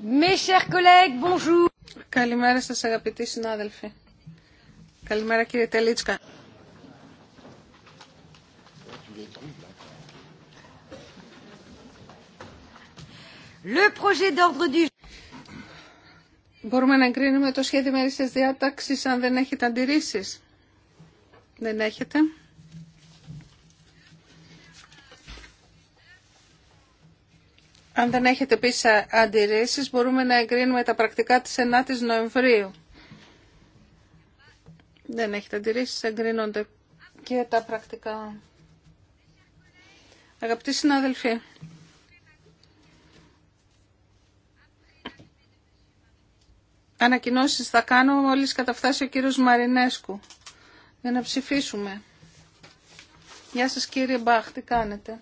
Mes chers collègues, bonjour. Καλημέρα σας αγαπητοί συνάδελφοι. Καλημέρα κύριε Τελίτσκα. Le projet d'ordre du Μπορούμε να εγκρίνουμε το σχέδιο μερίσες διάταξης αν δεν έχετε αντιρρήσεις. Δεν έχετε. Αν δεν έχετε επίση αντιρρήσεις, μπορούμε να εγκρίνουμε τα πρακτικά της 9η Νοεμβρίου. Δεν έχετε αντιρρήσει, εγκρίνονται και τα πρακτικά. Αγαπητοί συνάδελφοι, ανακοινώσεις θα κάνω μόλι καταφτάσει ο κύριο Μαρινέσκου για να ψηφίσουμε. Γεια σας κύριε Μπαχ, τι κάνετε.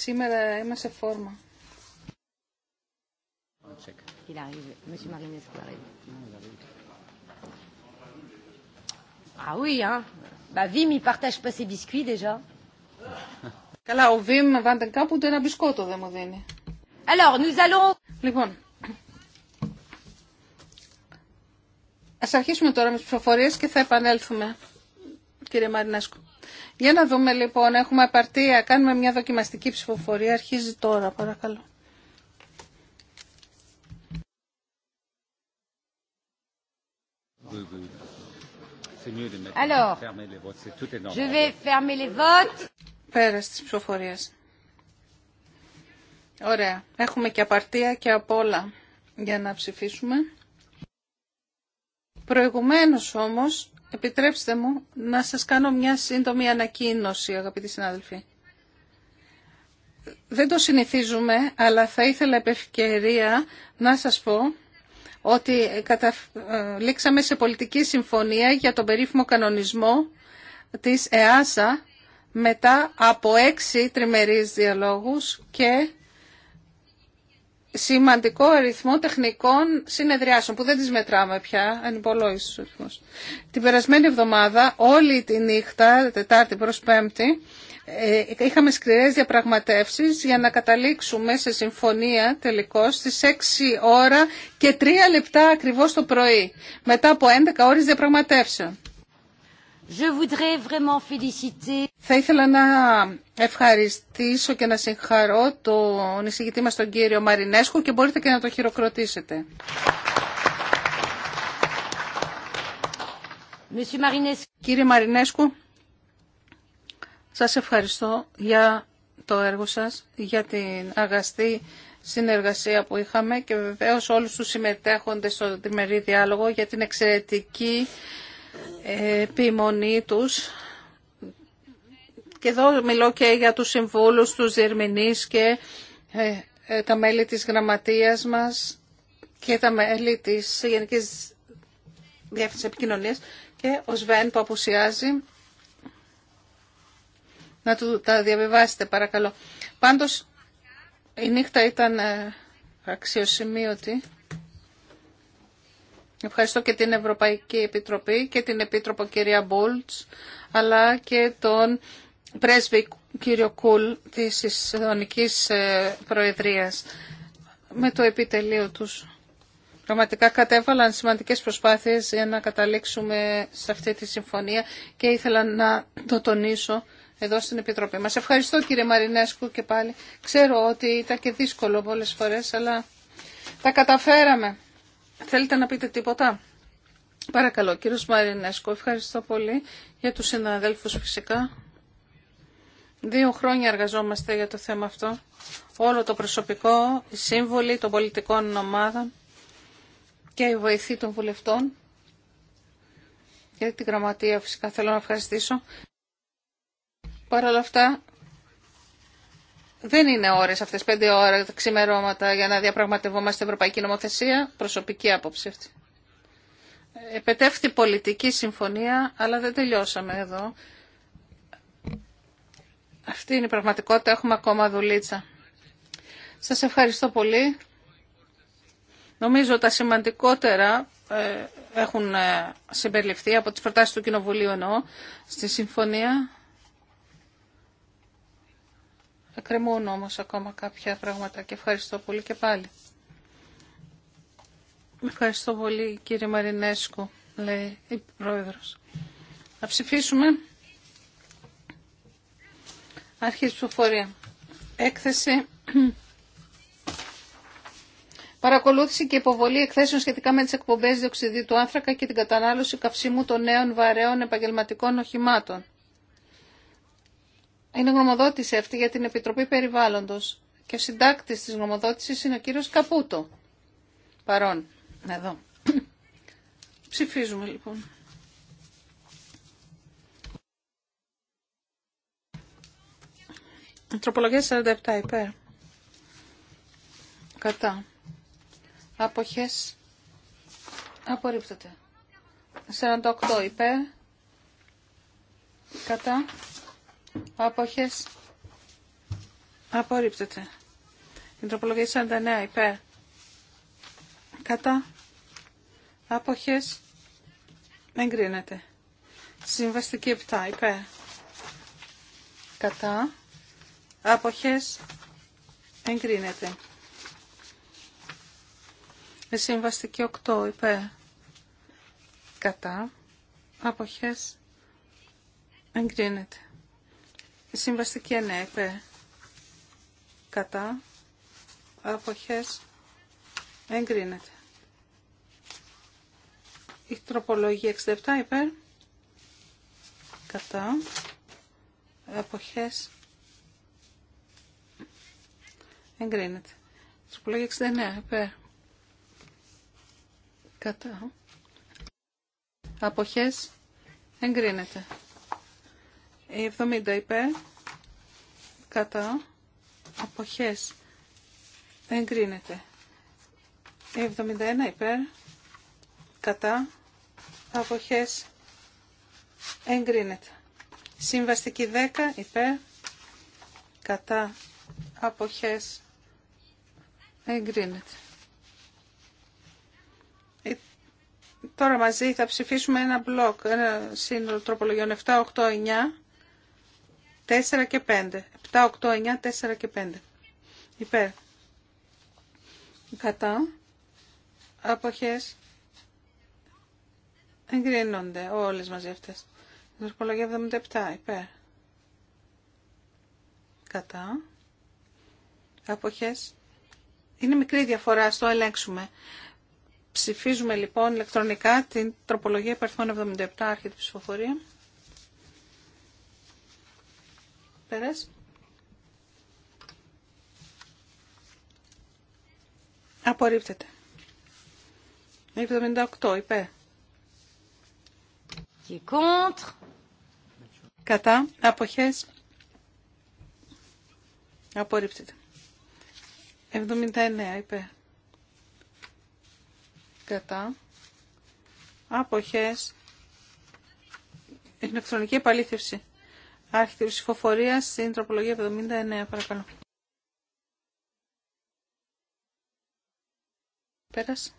Σήμερα είμαστε φόρμα. Ah oui, hein. Bah, Vim, il partage pas ses biscuits déjà. Καλά, ο Βίμ βάντε κάπου ούτε ένα μπισκότο δεν μου δίνει. Alors, nous allons... Λοιπόν, ας αρχίσουμε τώρα με τις προφορίε και θα επανέλθουμε, κύριε Μαρινέσκου. Για να δούμε λοιπόν, έχουμε απαρτία, κάνουμε μια δοκιμαστική ψηφοφορία, αρχίζει τώρα παρακαλώ. Alors, je vais fermer Πέρας ψηφοφορίας. Ωραία. Έχουμε και απαρτία και απ' όλα για να ψηφίσουμε. Προηγουμένως όμως Επιτρέψτε μου να σας κάνω μια σύντομη ανακοίνωση, αγαπητοί συνάδελφοι. Δεν το συνηθίζουμε, αλλά θα ήθελα επ' να σας πω ότι καταλήξαμε σε πολιτική συμφωνία για τον περίφημο κανονισμό της ΕΑΣΑ μετά από έξι τριμερείς διαλόγους και σημαντικό αριθμό τεχνικών συνεδριάσεων που δεν τις μετράμε πια, ανυπολόγιστος ο αριθμός. Την περασμένη εβδομάδα, όλη τη νύχτα, Τετάρτη προς Πέμπτη, ε, είχαμε σκληρές διαπραγματεύσεις για να καταλήξουμε σε συμφωνία τελικώς στις 6 ώρα και 3 λεπτά ακριβώς το πρωί, μετά από 11 ώρες διαπραγματεύσεων. Θα ήθελα να ευχαριστήσω και να συγχαρώ τον εισηγητή μας τον κύριο Μαρινέσκου και μπορείτε και να το χειροκροτήσετε. Κύριε Μαρινέσκου, σας ευχαριστώ για το έργο σας, για την αγαστή συνεργασία που είχαμε και βεβαίως όλους τους συμμετέχοντες στο διμερή διάλογο για την εξαιρετική επιμονή τους και εδώ μιλώ και για τους συμβούλους, τους διερμηνείς και ε, ε, τα μέλη της γραμματείας μας και τα μέλη της Γενικής Διεύθυνσης Επικοινωνίας και ο Σβέν που απουσιάζει. Να του τα διαβιβάσετε παρακαλώ. Πάντως η νύχτα ήταν ε, αξιοσημείωτη. Ευχαριστώ και την Ευρωπαϊκή Επιτροπή και την Επίτροπο κυρία Μπούλτς, αλλά και τον πρέσβη κύριο Κούλ της Ισδονικής ε, Προεδρίας με το επιτελείο τους. Πραγματικά κατέβαλαν σημαντικές προσπάθειες για να καταλήξουμε σε αυτή τη συμφωνία και ήθελα να το τονίσω εδώ στην Επιτροπή μας. Ευχαριστώ κύριε Μαρινέσκου και πάλι. Ξέρω ότι ήταν και δύσκολο πολλές φορές, αλλά τα καταφέραμε. Θέλετε να πείτε τίποτα. Παρακαλώ, κύριος Μαρινέσκο, ευχαριστώ πολύ για τους συναδέλφους φυσικά. Δύο χρόνια εργαζόμαστε για το θέμα αυτό. Όλο το προσωπικό, οι σύμβολοι των πολιτικών ομάδων και η βοηθή των βουλευτών. Και την γραμματεία φυσικά θέλω να ευχαριστήσω. Παρ' όλα αυτά δεν είναι ώρες αυτές, πέντε ώρες, ξημερώματα για να διαπραγματευόμαστε ευρωπαϊκή νομοθεσία. Προσωπική άποψη αυτή. Επετεύχθη πολιτική συμφωνία, αλλά δεν τελειώσαμε εδώ. Αυτή είναι η πραγματικότητα, έχουμε ακόμα δουλίτσα. Σας ευχαριστώ πολύ. Νομίζω τα σημαντικότερα ε, έχουν ε, συμπεριληφθεί από τις προτάσεις του Κοινοβουλίου εννοώ στη συμφωνία. Εκκρεμούν όμως ακόμα κάποια πράγματα και ευχαριστώ πολύ και πάλι. Ευχαριστώ πολύ κύριε Μαρινέσκου, λέει η Πρόεδρος. Θα ψηφίσουμε. Αρχής ψηφοφορία. Έκθεση. Παρακολούθηση και υποβολή εκθέσεων σχετικά με τις εκπομπές διοξιδίου του άνθρακα και την κατανάλωση καυσίμου των νέων βαρέων επαγγελματικών οχημάτων. Είναι γνωμοδότηση αυτή για την Επιτροπή Περιβάλλοντος και ο συντάκτης της γνωμοδότησης είναι ο κύριος Καπούτο. Παρόν. Εδώ. Ψηφίζουμε λοιπόν. Τροπολογία 47 υπέρ. Κατά. Αποχές. Απορρίπτεται. 48 υπέρ. Κατά. Αποχές. Απορρίπτεται. Η τροπολογία 49 υπέρ. Κατά. Αποχές. Εγκρίνεται. Συμβαστική 7 υπέρ. Κατά. Αποχές. Εγκρίνεται. Η συμβαστική 8 υπέρ. Κατά. Αποχές. Εγκρίνεται. Συμβαστική 9 υπέρ. Κατά. Αποχές. Εγκρίνεται. Η τροπολογία 67 υπέρ. Κατά. Αποχές. Εγκρίνεται. Η τροπολογία 69 υπέρ. Κατά. Αποχές. Εγκρίνεται. Η 70 υπέρ κατά αποχές εγκρίνεται. Η 71 υπέρ κατά αποχές εγκρίνεται. Συμβαστική 10 υπέρ κατά αποχές εγκρίνεται. Ε, τώρα μαζί θα ψηφίσουμε ένα μπλοκ, ένα σύνολο τροπολογιών 7, 8, 9 4 και 5. 7, 8, 9, 4 και 5. Υπέρ. Κατά. Αποχές. Εγκρίνονται όλες μαζί αυτές. Νορκολογία 77. Υπέρ. Κατά. Αποχές. Είναι μικρή διαφορά, στο ελέγξουμε. Ψηφίζουμε λοιπόν ηλεκτρονικά την τροπολογία υπερθών 77 η ψηφοφορία. Πέρας. Απορρίπτεται. 78 υπε. Και contre. Κατά. Αποχές. Απορρίπτεται. 79 υπέ. Κατά. Αποχές. Ηλεκτρονική επαλήθευση. Άρχεται η ψηφοφορία στην τροπολογία 79. Παρακαλώ. Πέρασε.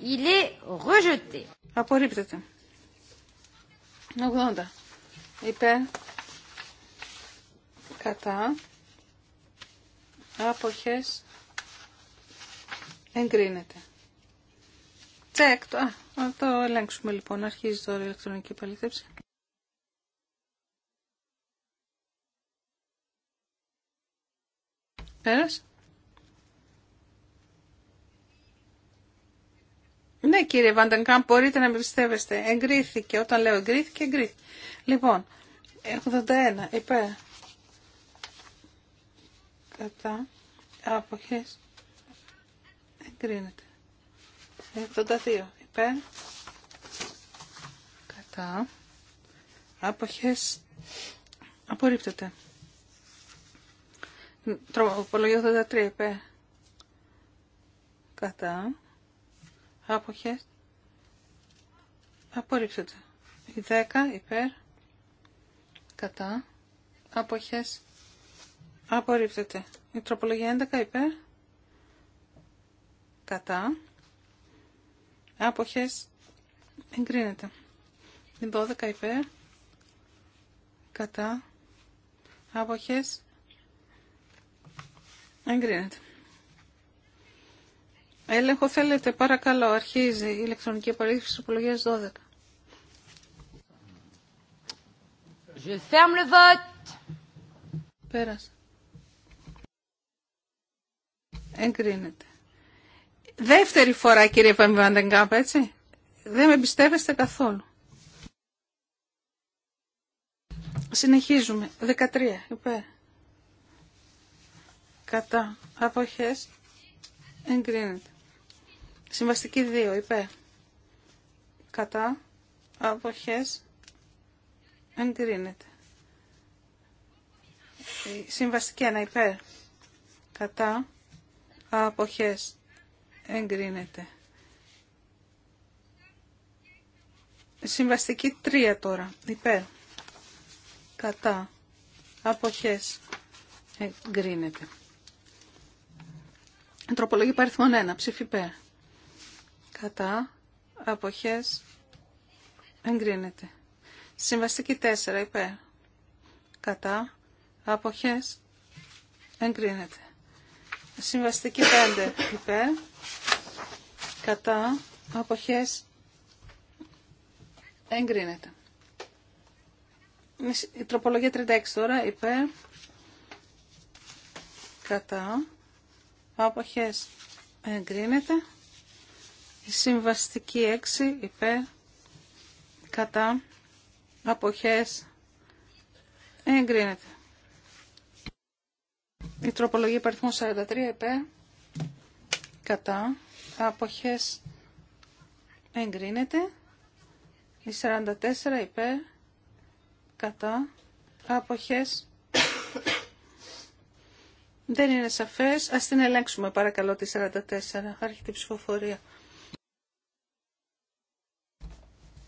Il est rejeté. Απορρίπτεται. 80. Υπέρ. Κατά. Άποχες. Εγκρίνεται. Τσεκ, το, θα το ελέγξουμε λοιπόν. Αρχίζει τώρα η ηλεκτρονική επαλήθευση. Πέρασε. Ναι κύριε Βαντεγκάμ, μπορείτε να με πιστεύεστε. Εγκρίθηκε. Όταν λέω εγκρίθηκε, εγκρίθηκε. Λοιπόν, 81 υπέρ. Κατά. Αποχές. Εγκρίνεται. 82 υπέρ κατά άποχες απορρίπτεται τροπολογία 83 υπέρ κατά άποχες απορρίπτεται η 10 υπέρ κατά άποχες απορρίπτεται η τροπολογία 11 υπέρ κατά άποχες εγκρίνεται. Την 12 υπέρ κατά άποχες εγκρίνεται. Έλεγχο θέλετε, παρακαλώ, αρχίζει η ηλεκτρονική απορρίθμιση της 12. Je ferme le vote. Πέρασε. Εγκρίνεται. Δεύτερη φορά κύριε Παμιβαντεγκάμπ, έτσι. Δεν με εμπιστεύεστε καθόλου. Συνεχίζουμε. 13. Υπέ. Κατά. Αποχές. Εγκρίνεται. Συμβαστική 2. Υπέ. Κατά. Αποχές. Εγκρίνεται. Συμβαστική 1. Υπέ. Κατά. Αποχές. Εγκρίνεται. Συμβαστική 3 τώρα. Υπέρ. Κατά. Αποχές. Εγκρίνεται. Τροπολογή παριθμών 1. Ψήφι υπέρ. Κατά. Αποχές. Εγκρίνεται. Συμβαστική 4. Υπέρ. Κατά. Αποχές. Εγκρίνεται. Συμβαστική 5 υπέρ. Κατά. Αποχές. Εγκρίνεται. Η τροπολογία 36 τώρα υπέρ. Κατά. Αποχές. Εγκρίνεται. Η συμβαστική 6 υπέρ. Κατά. Αποχές. Εγκρίνεται. Η τροπολογία υπαριθμό 43 υπέρ κατά αποχές εγκρίνεται. Η 44 υπέρ κατά αποχές δεν είναι σαφές. Ας την ελέγξουμε παρακαλώ τη 44. Άρχεται η ψηφοφορία.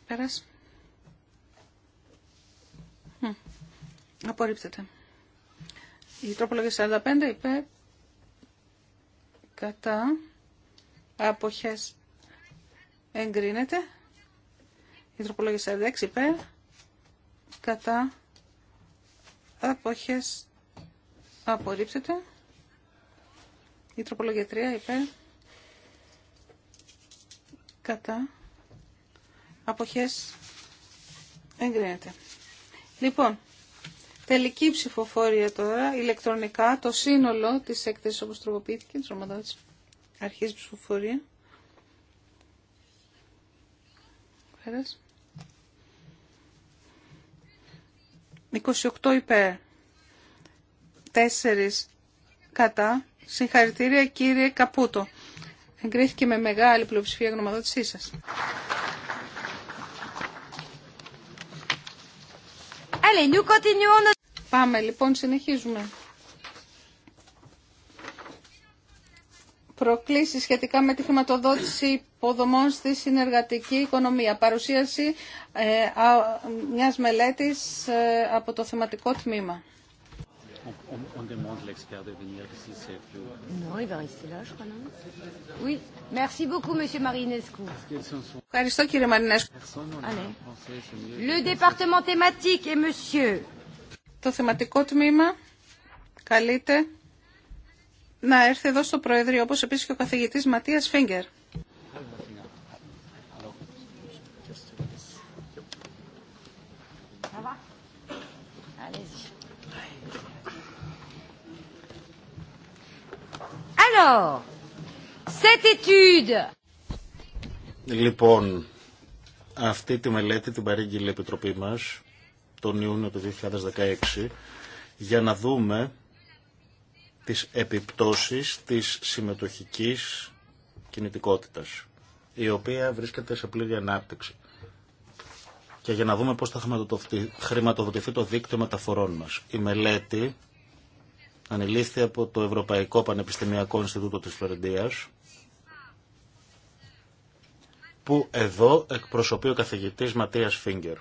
Πέρας. Απορρίπτεται. Η τροπολογία 45 υπέρ κατά αποχές εγκρίνεται. Η τροπολογία 46 υπέρ κατά αποχές απορρίψεται. Η τροπολογία 3 υπέρ κατά αποχές εγκρίνεται. Λοιπόν, Τελική ψηφοφορία τώρα, ηλεκτρονικά, το σύνολο της έκθεσης όπως τροποποιήθηκε, της αρχής ψηφοφορία. 28 υπέρ, 4 κατά. Συγχαρητήρια κύριε Καπούτο. Εγκρίθηκε με μεγάλη πλειοψηφία γνωματότησή σας. Allez, nous continuons Πάμε λοιπόν, συνεχίζουμε. Προκλήσεις σχετικά με τη χρηματοδότηση υποδομών στη συνεργατική οικονομία. Παρουσίαση ε, μιας μελέτης ε, από το θεματικό τμήμα. Ευχαριστώ κύριε Μαρινέσκου. Le département thématique est monsieur το θεματικό τμήμα καλείται να έρθει εδώ στο Προεδρείο, όπως επίσης και ο καθηγητής Ματίας Φίγκερ. Λοιπόν, αυτή τη μελέτη την παρήγγειλε η Επιτροπή μας τον Ιούνιο του 2016 για να δούμε τις επιπτώσεις της συμμετοχικής κινητικότητας, η οποία βρίσκεται σε πλήρη ανάπτυξη. Και για να δούμε πώς θα χρηματοδοτηθεί το δίκτυο μεταφορών μας. Η μελέτη ανελήφθη από το Ευρωπαϊκό Πανεπιστημιακό Ινστιτούτο της Φλωρεντίας, που εδώ εκπροσωπεί ο καθηγητής Ματίας Φίγκερ.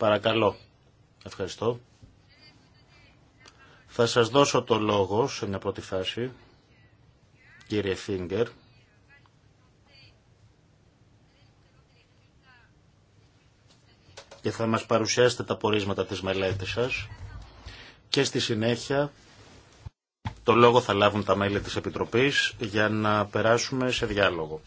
Παρακαλώ. Ευχαριστώ. Θα σας δώσω το λόγο σε μια πρώτη φάση, κύριε Φίγκερ. και θα μας παρουσιάσετε τα πορίσματα της μελέτης σας και στη συνέχεια το λόγο θα λάβουν τα μέλη της Επιτροπής για να περάσουμε σε διάλογο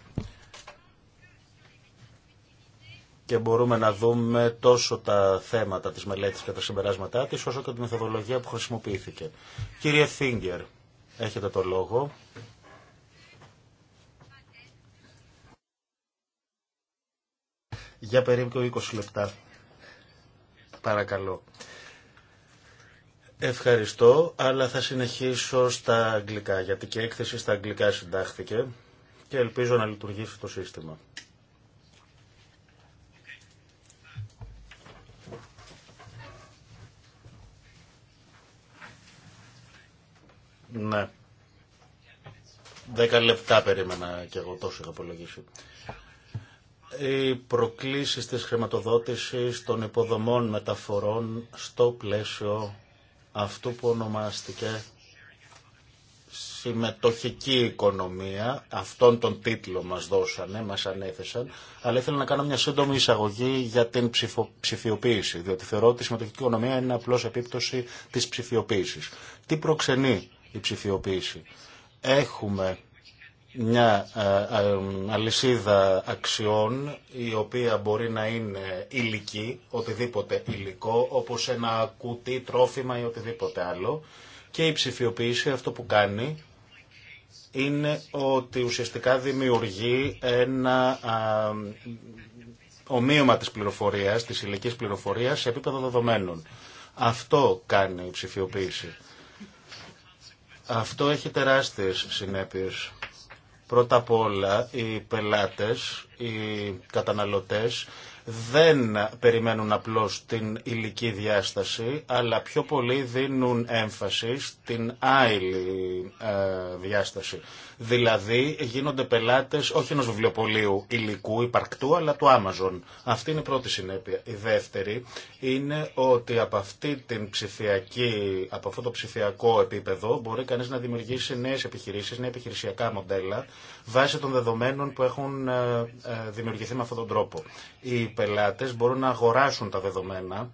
και μπορούμε να δούμε τόσο τα θέματα της μελέτης και τα συμπεράσματά της, όσο και τη μεθοδολογία που χρησιμοποιήθηκε. Κύριε Φίνγκερ, έχετε το λόγο. Για περίπου 20 λεπτά. Παρακαλώ. Ευχαριστώ, αλλά θα συνεχίσω στα αγγλικά, γιατί και η έκθεση στα αγγλικά συντάχθηκε και ελπίζω να λειτουργήσει το σύστημα. Ναι. Δέκα λεπτά περίμενα και εγώ τόσο είχα απολογήσει. Οι προκλήσεις της χρηματοδότησης των υποδομών μεταφορών στο πλαίσιο αυτού που ονομάστηκε συμμετοχική οικονομία, αυτόν τον τίτλο μας δώσανε, μας ανέθεσαν, αλλά ήθελα να κάνω μια σύντομη εισαγωγή για την ψηφο, ψηφιοποίηση, διότι θεωρώ ότι η συμμετοχική οικονομία είναι απλώς επίπτωση της ψηφιοποίησης. Τι προξενεί η ψηφιοποίηση. Έχουμε μια ε, ε, αλυσίδα αξιών η οποία μπορεί να είναι υλική, οτιδήποτε υλικό, όπως ένα κουτί, τρόφιμα ή οτιδήποτε άλλο. Και η ψηφιοποίηση αυτό που κάνει είναι ότι ουσιαστικά δημιουργεί ένα ομοίωμα της πληροφορίας, της υλικής πληροφορίας σε επίπεδο δεδομένων. Αυτό κάνει η ψηφιοποίηση. Αυτό έχει τεράστιες συνέπειες. Πρώτα απ' όλα οι πελάτες, οι καταναλωτές δεν περιμένουν απλώς την ηλική διάσταση, αλλά πιο πολύ δίνουν έμφαση στην άειλη ε, διάσταση. Δηλαδή γίνονται πελάτες όχι ενός βιβλιοπολίου υλικού, υπαρκτού, αλλά του Amazon. Αυτή είναι η πρώτη συνέπεια. Η δεύτερη είναι ότι από, αυτή την ψηφιακή, από αυτό το ψηφιακό επίπεδο μπορεί κανείς να δημιουργήσει νέες επιχειρήσεις, νέα επιχειρησιακά μοντέλα, βάσει των δεδομένων που έχουν ε, ε, δημιουργηθεί με αυτόν τον τρόπο. Η πελάτες μπορούν να αγοράσουν τα δεδομένα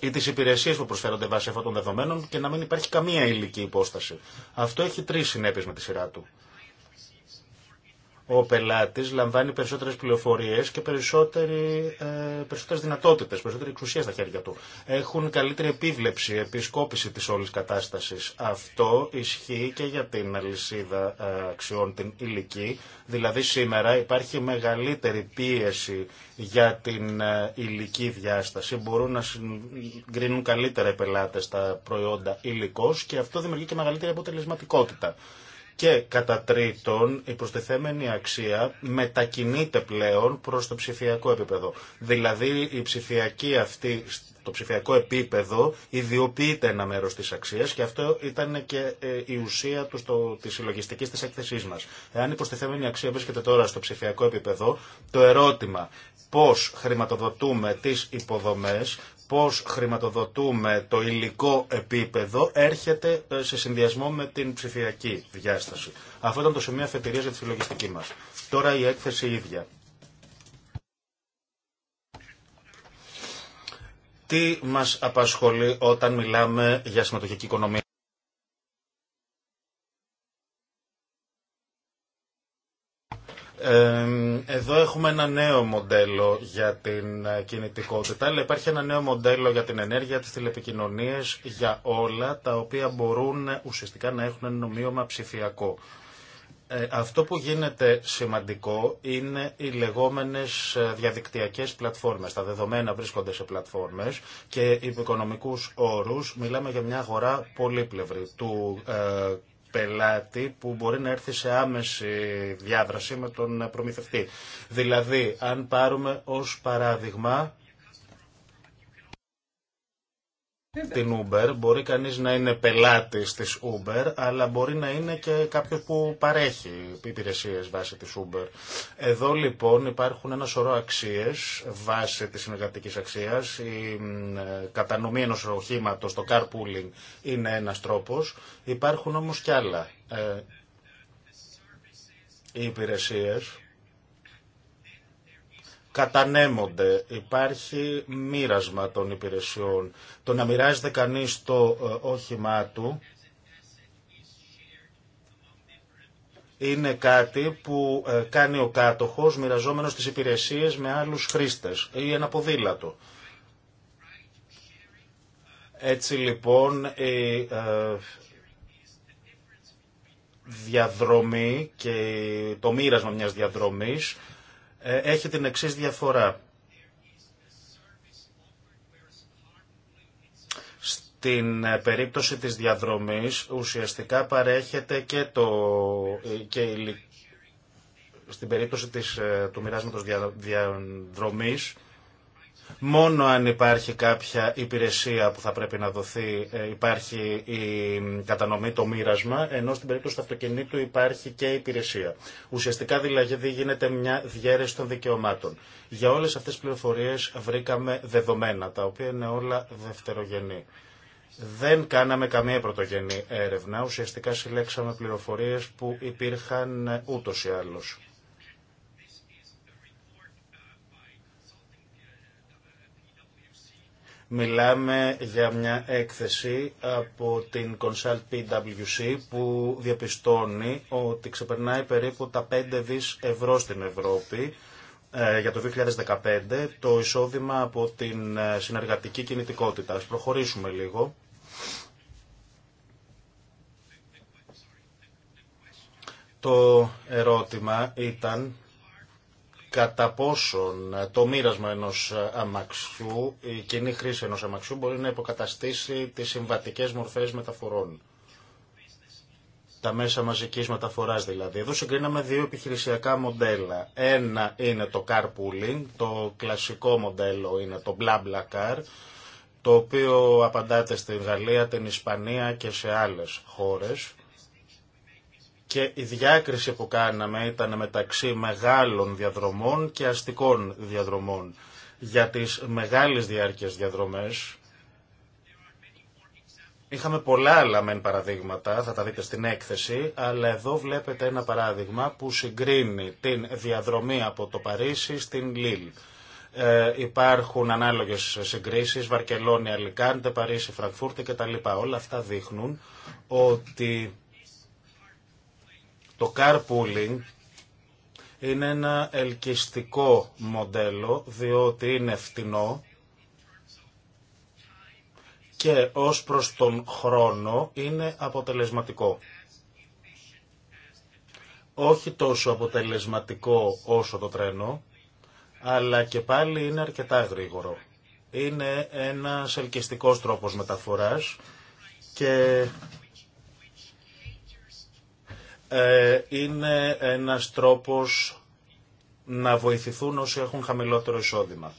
ή τις υπηρεσίες που προσφέρονται βάσει αυτών των δεδομένων και να μην υπάρχει καμία υλική υπόσταση. Αυτό έχει τρεις συνέπειες με τη σειρά του ο πελάτης λαμβάνει περισσότερες πληροφορίες και περισσότερη, ε, περισσότερες δυνατότητες, περισσότερη εξουσία στα χέρια του. Έχουν καλύτερη επίβλεψη, επισκόπηση της όλης κατάστασης. Αυτό ισχύει και για την αλυσίδα ε, αξιών, την υλική. Δηλαδή σήμερα υπάρχει μεγαλύτερη πίεση για την υλική ε, διάσταση. Μπορούν να συγκρίνουν καλύτερα οι πελάτες τα προϊόντα υλικός και αυτό δημιουργεί και μεγαλύτερη αποτελεσματικότητα. Και κατά τρίτον, η προστιθέμενη αξία μετακινείται πλέον προς το ψηφιακό επίπεδο. Δηλαδή η ψηφιακή αυτή το ψηφιακό επίπεδο ιδιοποιείται ένα μέρο τη αξία και αυτό ήταν και ε, η ουσία του στο, της συλλογιστικής της έκθεσής μας. Εάν η προστιθέμενη αξία βρίσκεται τώρα στο ψηφιακό επίπεδο, το ερώτημα πώς χρηματοδοτούμε τις υποδομές, πώς χρηματοδοτούμε το υλικό επίπεδο, έρχεται ε, σε συνδυασμό με την ψηφιακή διάσταση. Αυτό ήταν το σημείο αφετηρία για τη συλλογιστική μα. Τώρα η έκθεση ίδια. τι μας απασχολεί όταν μιλάμε για συμμετοχική οικονομία. Εδώ έχουμε ένα νέο μοντέλο για την ε, κινητικότητα, αλλά υπάρχει ένα νέο μοντέλο για την ενέργεια, τις τηλεπικοινωνίες, για όλα τα οποία μπορούν ουσιαστικά να έχουν ένα νομίωμα ψηφιακό. Ε, αυτό που γίνεται σημαντικό είναι οι λεγόμενες ε, διαδικτυακές πλατφόρμες. Τα δεδομένα βρίσκονται σε πλατφόρμες και υπό οικονομικούς όρους μιλάμε για μια αγορά πολύπλευρη του ε, πελάτη που μπορεί να έρθει σε άμεση διάδραση με τον προμηθευτή. Δηλαδή, αν πάρουμε ως παράδειγμα την Uber. Μπορεί κανεί να είναι πελάτης της Uber, αλλά μπορεί να είναι και κάποιο που παρέχει υπηρεσίε βάσει της Uber. Εδώ λοιπόν υπάρχουν ένα σωρό αξίε βάσει της συνεργατική αξίας. Η κατανομή ενός οχήματο, το carpooling, είναι ένα τρόπο, Υπάρχουν όμω κι άλλα. Ε, οι υπηρεσίες κατανέμονται, υπάρχει μοίρασμα των υπηρεσιών. Το να μοιράζεται κανείς το ε, όχημά του είναι κάτι που ε, κάνει ο κάτοχος μοιραζόμενος τις υπηρεσίες με άλλους χρήστες ή ένα ποδήλατο. Έτσι λοιπόν η ε, διαδρομή και το μοίρασμα μιας διαδρομής ε, έχει την εξή διαφορά. Στην ε, περίπτωση της διαδρομής ουσιαστικά παρέχεται και το ε, και στην περίπτωση της, του μοιράσματος διαδρομής Μόνο αν υπάρχει κάποια υπηρεσία που θα πρέπει να δοθεί ε, υπάρχει η κατανομή, το μοίρασμα, ενώ στην περίπτωση του αυτοκινήτου υπάρχει και η υπηρεσία. Ουσιαστικά δηλαδή γίνεται μια διέρεση των δικαιωμάτων. Για όλες αυτές τις πληροφορίες βρήκαμε δεδομένα, τα οποία είναι όλα δευτερογενή. Δεν κάναμε καμία πρωτογενή έρευνα, ουσιαστικά συλλέξαμε πληροφορίες που υπήρχαν ε, ούτως ή άλλως. Μιλάμε για μια έκθεση από την Consult PwC που διαπιστώνει ότι ξεπερνάει περίπου τα 5 δις ευρώ στην Ευρώπη ε, για το 2015 το εισόδημα από την ε, συνεργατική κινητικότητα. Ας προχωρήσουμε λίγο. Το ερώτημα ήταν κατά πόσον το μοίρασμα ενός αμαξιού, η κοινή χρήση ενός αμαξιού μπορεί να υποκαταστήσει τις συμβατικές μορφές μεταφορών. Τα μέσα μαζικής μεταφοράς δηλαδή. Εδώ συγκρίναμε δύο επιχειρησιακά μοντέλα. Ένα είναι το carpooling, το κλασικό μοντέλο είναι το bla car, το οποίο απαντάται στην Γαλλία, την Ισπανία και σε άλλες χώρες και η διάκριση που κάναμε ήταν μεταξύ μεγάλων διαδρομών και αστικών διαδρομών. Για τις μεγάλες διάρκειες διαδρομές είχαμε πολλά άλλα μεν παραδείγματα, θα τα δείτε στην έκθεση, αλλά εδώ βλέπετε ένα παράδειγμα που συγκρίνει την διαδρομή από το Παρίσι στην Λίλ. Ε, υπάρχουν ανάλογες συγκρίσεις, Βαρκελόνη, Αλικάντε, Παρίσι, Φραγκφούρτη κτλ. Όλα αυτά δείχνουν ότι το carpooling είναι ένα ελκυστικό μοντέλο διότι είναι φτηνό και ως προς τον χρόνο είναι αποτελεσματικό. Όχι τόσο αποτελεσματικό όσο το τρένο, αλλά και πάλι είναι αρκετά γρήγορο. Είναι ένας ελκυστικός τρόπος μεταφοράς και ε, είναι ένας τρόπος να βοηθηθούν όσοι έχουν χαμηλότερο εισόδημα.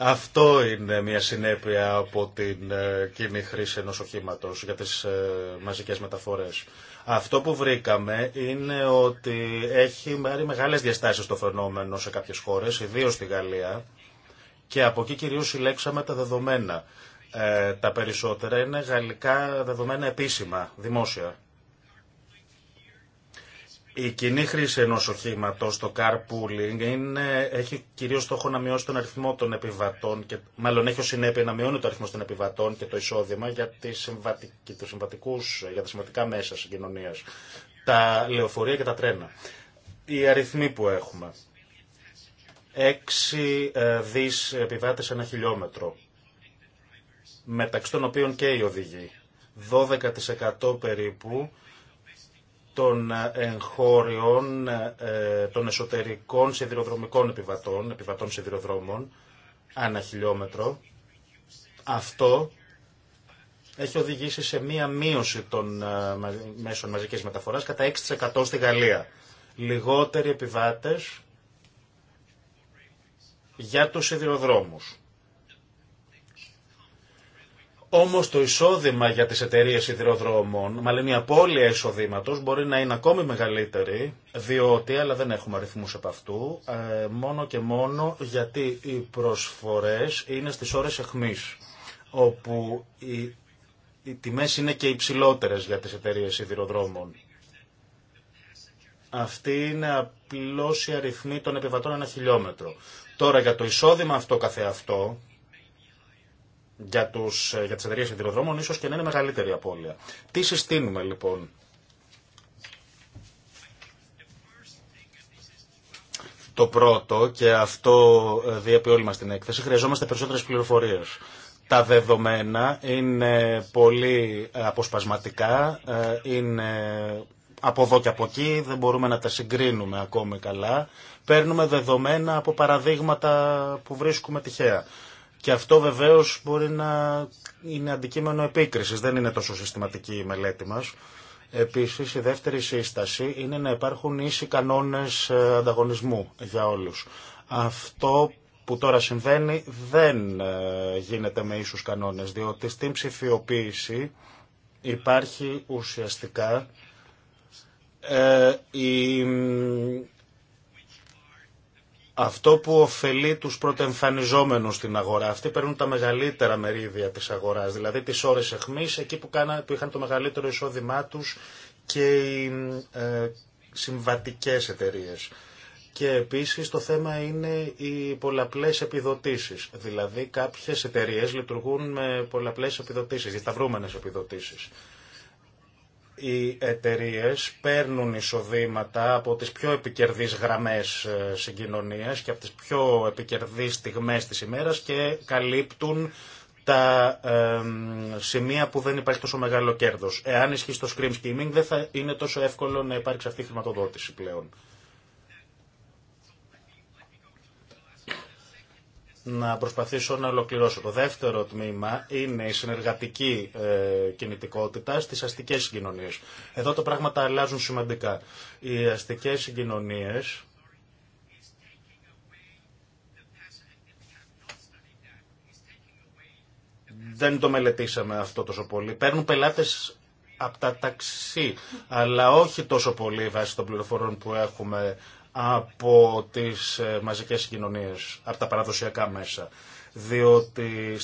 Αυτό είναι μια συνέπεια από την ε, κοινή χρήση ενός οχήματος για τις ε, μαζικές μεταφορές. Αυτό που βρήκαμε είναι ότι έχει μεγάλες διαστάσεις το φαινόμενο σε κάποιες χώρες, ιδίως στη Γαλλία, και από εκεί κυρίως συλλέξαμε τα δεδομένα. Ε, τα περισσότερα είναι γαλλικά δεδομένα επίσημα, δημόσια. Η κοινή χρήση ενός οχήματος, το carpooling, είναι, έχει κυρίως στόχο να μειώσει τον αριθμό των επιβατών, και, μάλλον έχει ως συνέπεια να μειώνει το αριθμό των επιβατών και το εισόδημα για, τις συμβατικ, συμβατικούς, για τα συμβατικά μέσα συγκοινωνία, τα λεωφορεία και τα τρένα. Οι αριθμοί που έχουμε. 6 ε, δις επιβάτες ένα χιλιόμετρο μεταξύ των οποίων και οι οδηγοί. 12% περίπου των ε, εγχώριων, ε, των εσωτερικών σιδηροδρομικών επιβατών, επιβατών σιδηροδρόμων, ανά χιλιόμετρο. Αυτό έχει οδηγήσει σε μία μείωση των ε, μέσων μαζικής μεταφοράς κατά 6% στη Γαλλία. Λιγότεροι επιβάτες για τους σιδηροδρόμους. Όμως το εισόδημα για τις εταιρείες σιδηροδρόμων, μάλλον η απώλεια εισοδήματος μπορεί να είναι ακόμη μεγαλύτερη, διότι, αλλά δεν έχουμε αριθμούς από αυτού, ε, μόνο και μόνο γιατί οι προσφορές είναι στις ώρες εχμής, όπου οι, οι τιμές είναι και υψηλότερες για τις εταιρείες σιδηροδρόμων. Αυτή είναι απλώς η αριθμή των επιβατών ένα χιλιόμετρο. Τώρα για το εισόδημα αυτό καθεαυτό, για, τους, ε, για τις εταιρείες ίσως και να είναι μεγαλύτερη απώλεια. Τι συστήνουμε λοιπόν. Το πρώτο, και αυτό ε, διέπει όλη μας την έκθεση, χρειαζόμαστε περισσότερες πληροφορίες. Τα δεδομένα είναι πολύ αποσπασματικά, ε, είναι από εδώ και από εκεί, δεν μπορούμε να τα συγκρίνουμε ακόμη καλά. Παίρνουμε δεδομένα από παραδείγματα που βρίσκουμε τυχαία. Και αυτό βεβαίω μπορεί να είναι αντικείμενο επίκριση. Δεν είναι τόσο συστηματική η μελέτη μα. Επίση, η δεύτερη σύσταση είναι να υπάρχουν ίσοι κανόνε ε, ανταγωνισμού για όλου. Αυτό που τώρα συμβαίνει δεν ε, γίνεται με ίσους κανόνες, διότι στην ψηφιοποίηση υπάρχει ουσιαστικά ε, η αυτό που ωφελεί τους πρωτεμφανιζόμενους στην αγορά. Αυτοί παίρνουν τα μεγαλύτερα μερίδια της αγοράς, δηλαδή τις ώρες εχμής, εκεί που, κάνα, που είχαν το μεγαλύτερο εισόδημά τους και οι ε, συμβατικές εταιρείες. Και επίσης το θέμα είναι οι πολλαπλές επιδοτήσεις. Δηλαδή κάποιες εταιρείες λειτουργούν με πολλαπλές επιδοτήσεις, διασταυρούμενες επιδοτήσεις οι εταιρείε παίρνουν εισοδήματα από τις πιο επικερδείς γραμμές ε, συγκοινωνίας και από τις πιο επικερδείς στιγμές της ημέρας και καλύπτουν τα σημεία που δεν υπάρχει τόσο μεγάλο κέρδος. Εάν ισχύει το screen skimming δεν θα είναι τόσο εύκολο να υπάρξει αυτή η χρηματοδότηση πλέον. να προσπαθήσω να ολοκληρώσω. Το δεύτερο τμήμα είναι η συνεργατική ε, κινητικότητα στις αστικές συγκοινωνίες. Εδώ τα πράγματα αλλάζουν σημαντικά. Οι αστικές συγκοινωνίες δεν το μελετήσαμε αυτό τόσο πολύ. Παίρνουν πελάτες από τα ταξί, αλλά όχι τόσο πολύ βάσει των πληροφορών που έχουμε από τις ε, μαζικές κοινωνίες, από τα παραδοσιακά μέσα. Διότι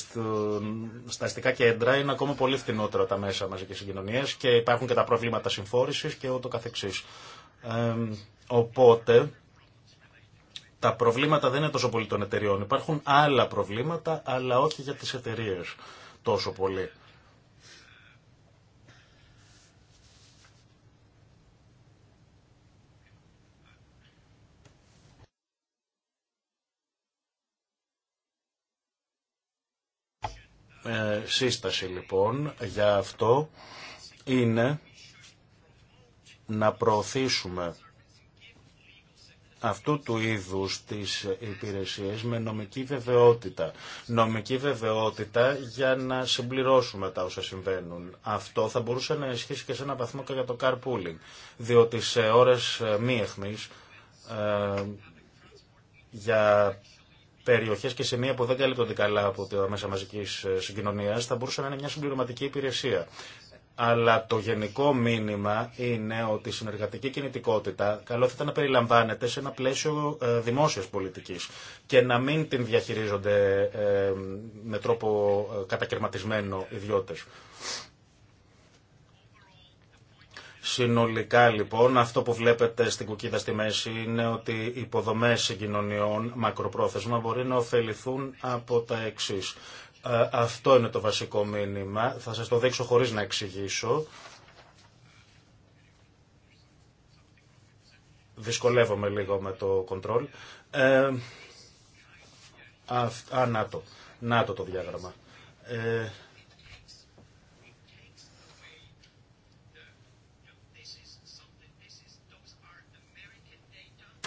στα αστικά κέντρα είναι ακόμα πολύ φθηνότερα τα μέσα μαζικές συγκοινωνίες και υπάρχουν και τα προβλήματα συμφόρησης και ούτω καθεξής. οπότε τα προβλήματα δεν είναι τόσο πολύ των εταιριών. Υπάρχουν άλλα προβλήματα, αλλά όχι για τις εταιρείε τόσο πολύ. Ε, σύσταση λοιπόν για αυτό είναι να προωθήσουμε αυτού του είδους τις υπηρεσίες με νομική βεβαιότητα. Νομική βεβαιότητα για να συμπληρώσουμε τα όσα συμβαίνουν. Αυτό θα μπορούσε να ισχύσει και σε ένα βαθμό και για το carpooling. Διότι σε ώρες ε, μη εχμής, ε, για περιοχέ και σημεία που δεν καλύπτονται καλά από τα μέσα μαζική ε, συγκοινωνία θα μπορούσε να είναι μια συμπληρωματική υπηρεσία. Αλλά το γενικό μήνυμα είναι ότι η συνεργατική κινητικότητα καλό θα ήταν να περιλαμβάνεται σε ένα πλαίσιο ε, δημόσιας πολιτικής και να μην την διαχειρίζονται ε, με τρόπο κατακαιρματισμένο ιδιώτες. Συνολικά λοιπόν, αυτό που βλέπετε στην κουκίδα στη μέση είναι ότι οι υποδομές συγκοινωνιών μακροπρόθεσμα μπορεί να ωφεληθούν από τα εξή. Ε, αυτό είναι το βασικό μήνυμα. Θα σας το δείξω χωρίς να εξηγήσω. Δυσκολεύομαι λίγο με το κοντρόλ. Ε, α, να το. Να το το διάγραμμα. Ε,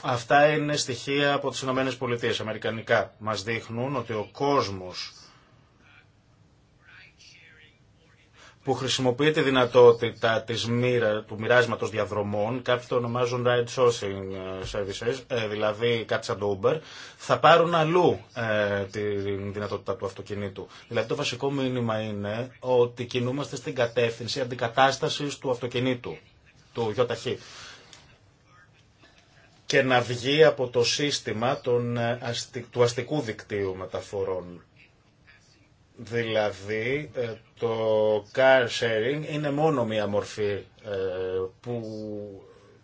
Αυτά είναι στοιχεία από τις Ηνωμένες Πολιτείες, αμερικανικά. Μας δείχνουν ότι ο κόσμος που χρησιμοποιεί τη δυνατότητα της μοίρα, του μοιράσματο διαδρομών, κάποιοι το ονομάζουν ride sourcing ε, services, ε, δηλαδή κάτι σαν το Uber, θα πάρουν αλλού ε, τη δυνατότητα του αυτοκινήτου. Δηλαδή το βασικό μήνυμα είναι ότι κινούμαστε στην κατεύθυνση αντικατάστασης του αυτοκινήτου, του ΙΟΤΑΧΗ και να βγει από το σύστημα ε, του αστικού δικτύου μεταφορών. Δηλαδή ε, το car sharing είναι μόνο μία μορφή ε, που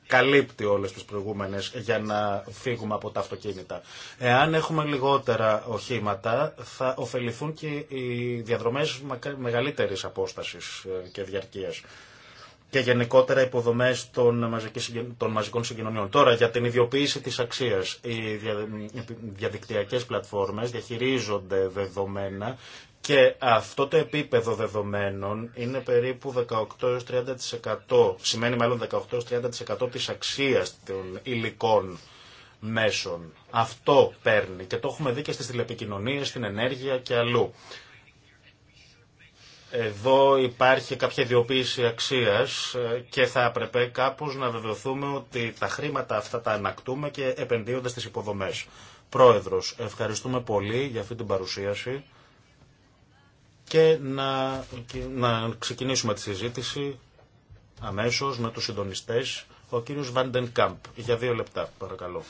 καλύπτει όλες τις προηγούμενες για να φύγουμε από τα αυτοκίνητα. Εάν έχουμε λιγότερα οχήματα θα ωφεληθούν και οι διαδρομές μεγαλύτερης απόστασης και διαρκείας και γενικότερα υποδομέ των, μαζικών συγκοινωνιών. Τώρα, για την ιδιοποίηση τη αξία. Οι διαδικτυακέ πλατφόρμες διαχειρίζονται δεδομένα και αυτό το επίπεδο δεδομένων είναι περίπου 18-30%, σημαίνει μάλλον 18-30% της αξίας των υλικών μέσων. Αυτό παίρνει και το έχουμε δει και στις τηλεπικοινωνίες, στην ενέργεια και αλλού. Εδώ υπάρχει κάποια ιδιοποίηση αξίας και θα έπρεπε κάπως να βεβαιωθούμε ότι τα χρήματα αυτά τα ανακτούμε και επενδύονται στις υποδομές. Πρόεδρος, ευχαριστούμε πολύ για αυτή την παρουσίαση και να, να ξεκινήσουμε τη συζήτηση αμέσως με τους συντονιστές. Ο κύριος Βαντεν Κάμπ, για δύο λεπτά, παρακαλώ.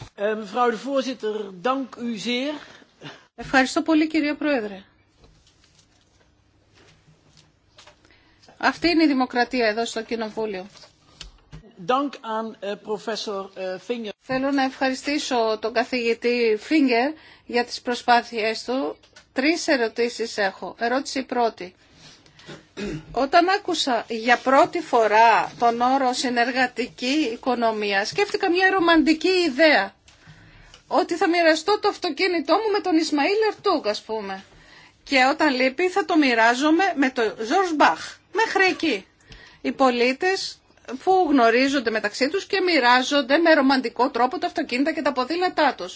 Ευχαριστώ πολύ κύριε Πρόεδρε. Αυτή είναι η δημοκρατία εδώ στο Κοινοβούλιο. Eh, eh, Θέλω να ευχαριστήσω τον καθηγητή Φίνγκερ για τις προσπάθειές του. Τρεις ερωτήσεις έχω. Ερώτηση πρώτη. Όταν άκουσα για πρώτη φορά τον όρο συνεργατική οικονομία, σκέφτηκα μια ρομαντική ιδέα. Ότι θα μοιραστώ το αυτοκίνητό μου με τον Ισμαήλ Ερτούγκ, ας πούμε. Και όταν λείπει θα το μοιράζομαι με τον Ζορς Μέχρι εκεί. Οι πολίτες που γνωρίζονται μεταξύ τους και μοιράζονται με ρομαντικό τρόπο τα αυτοκίνητα και τα ποδήλατά του.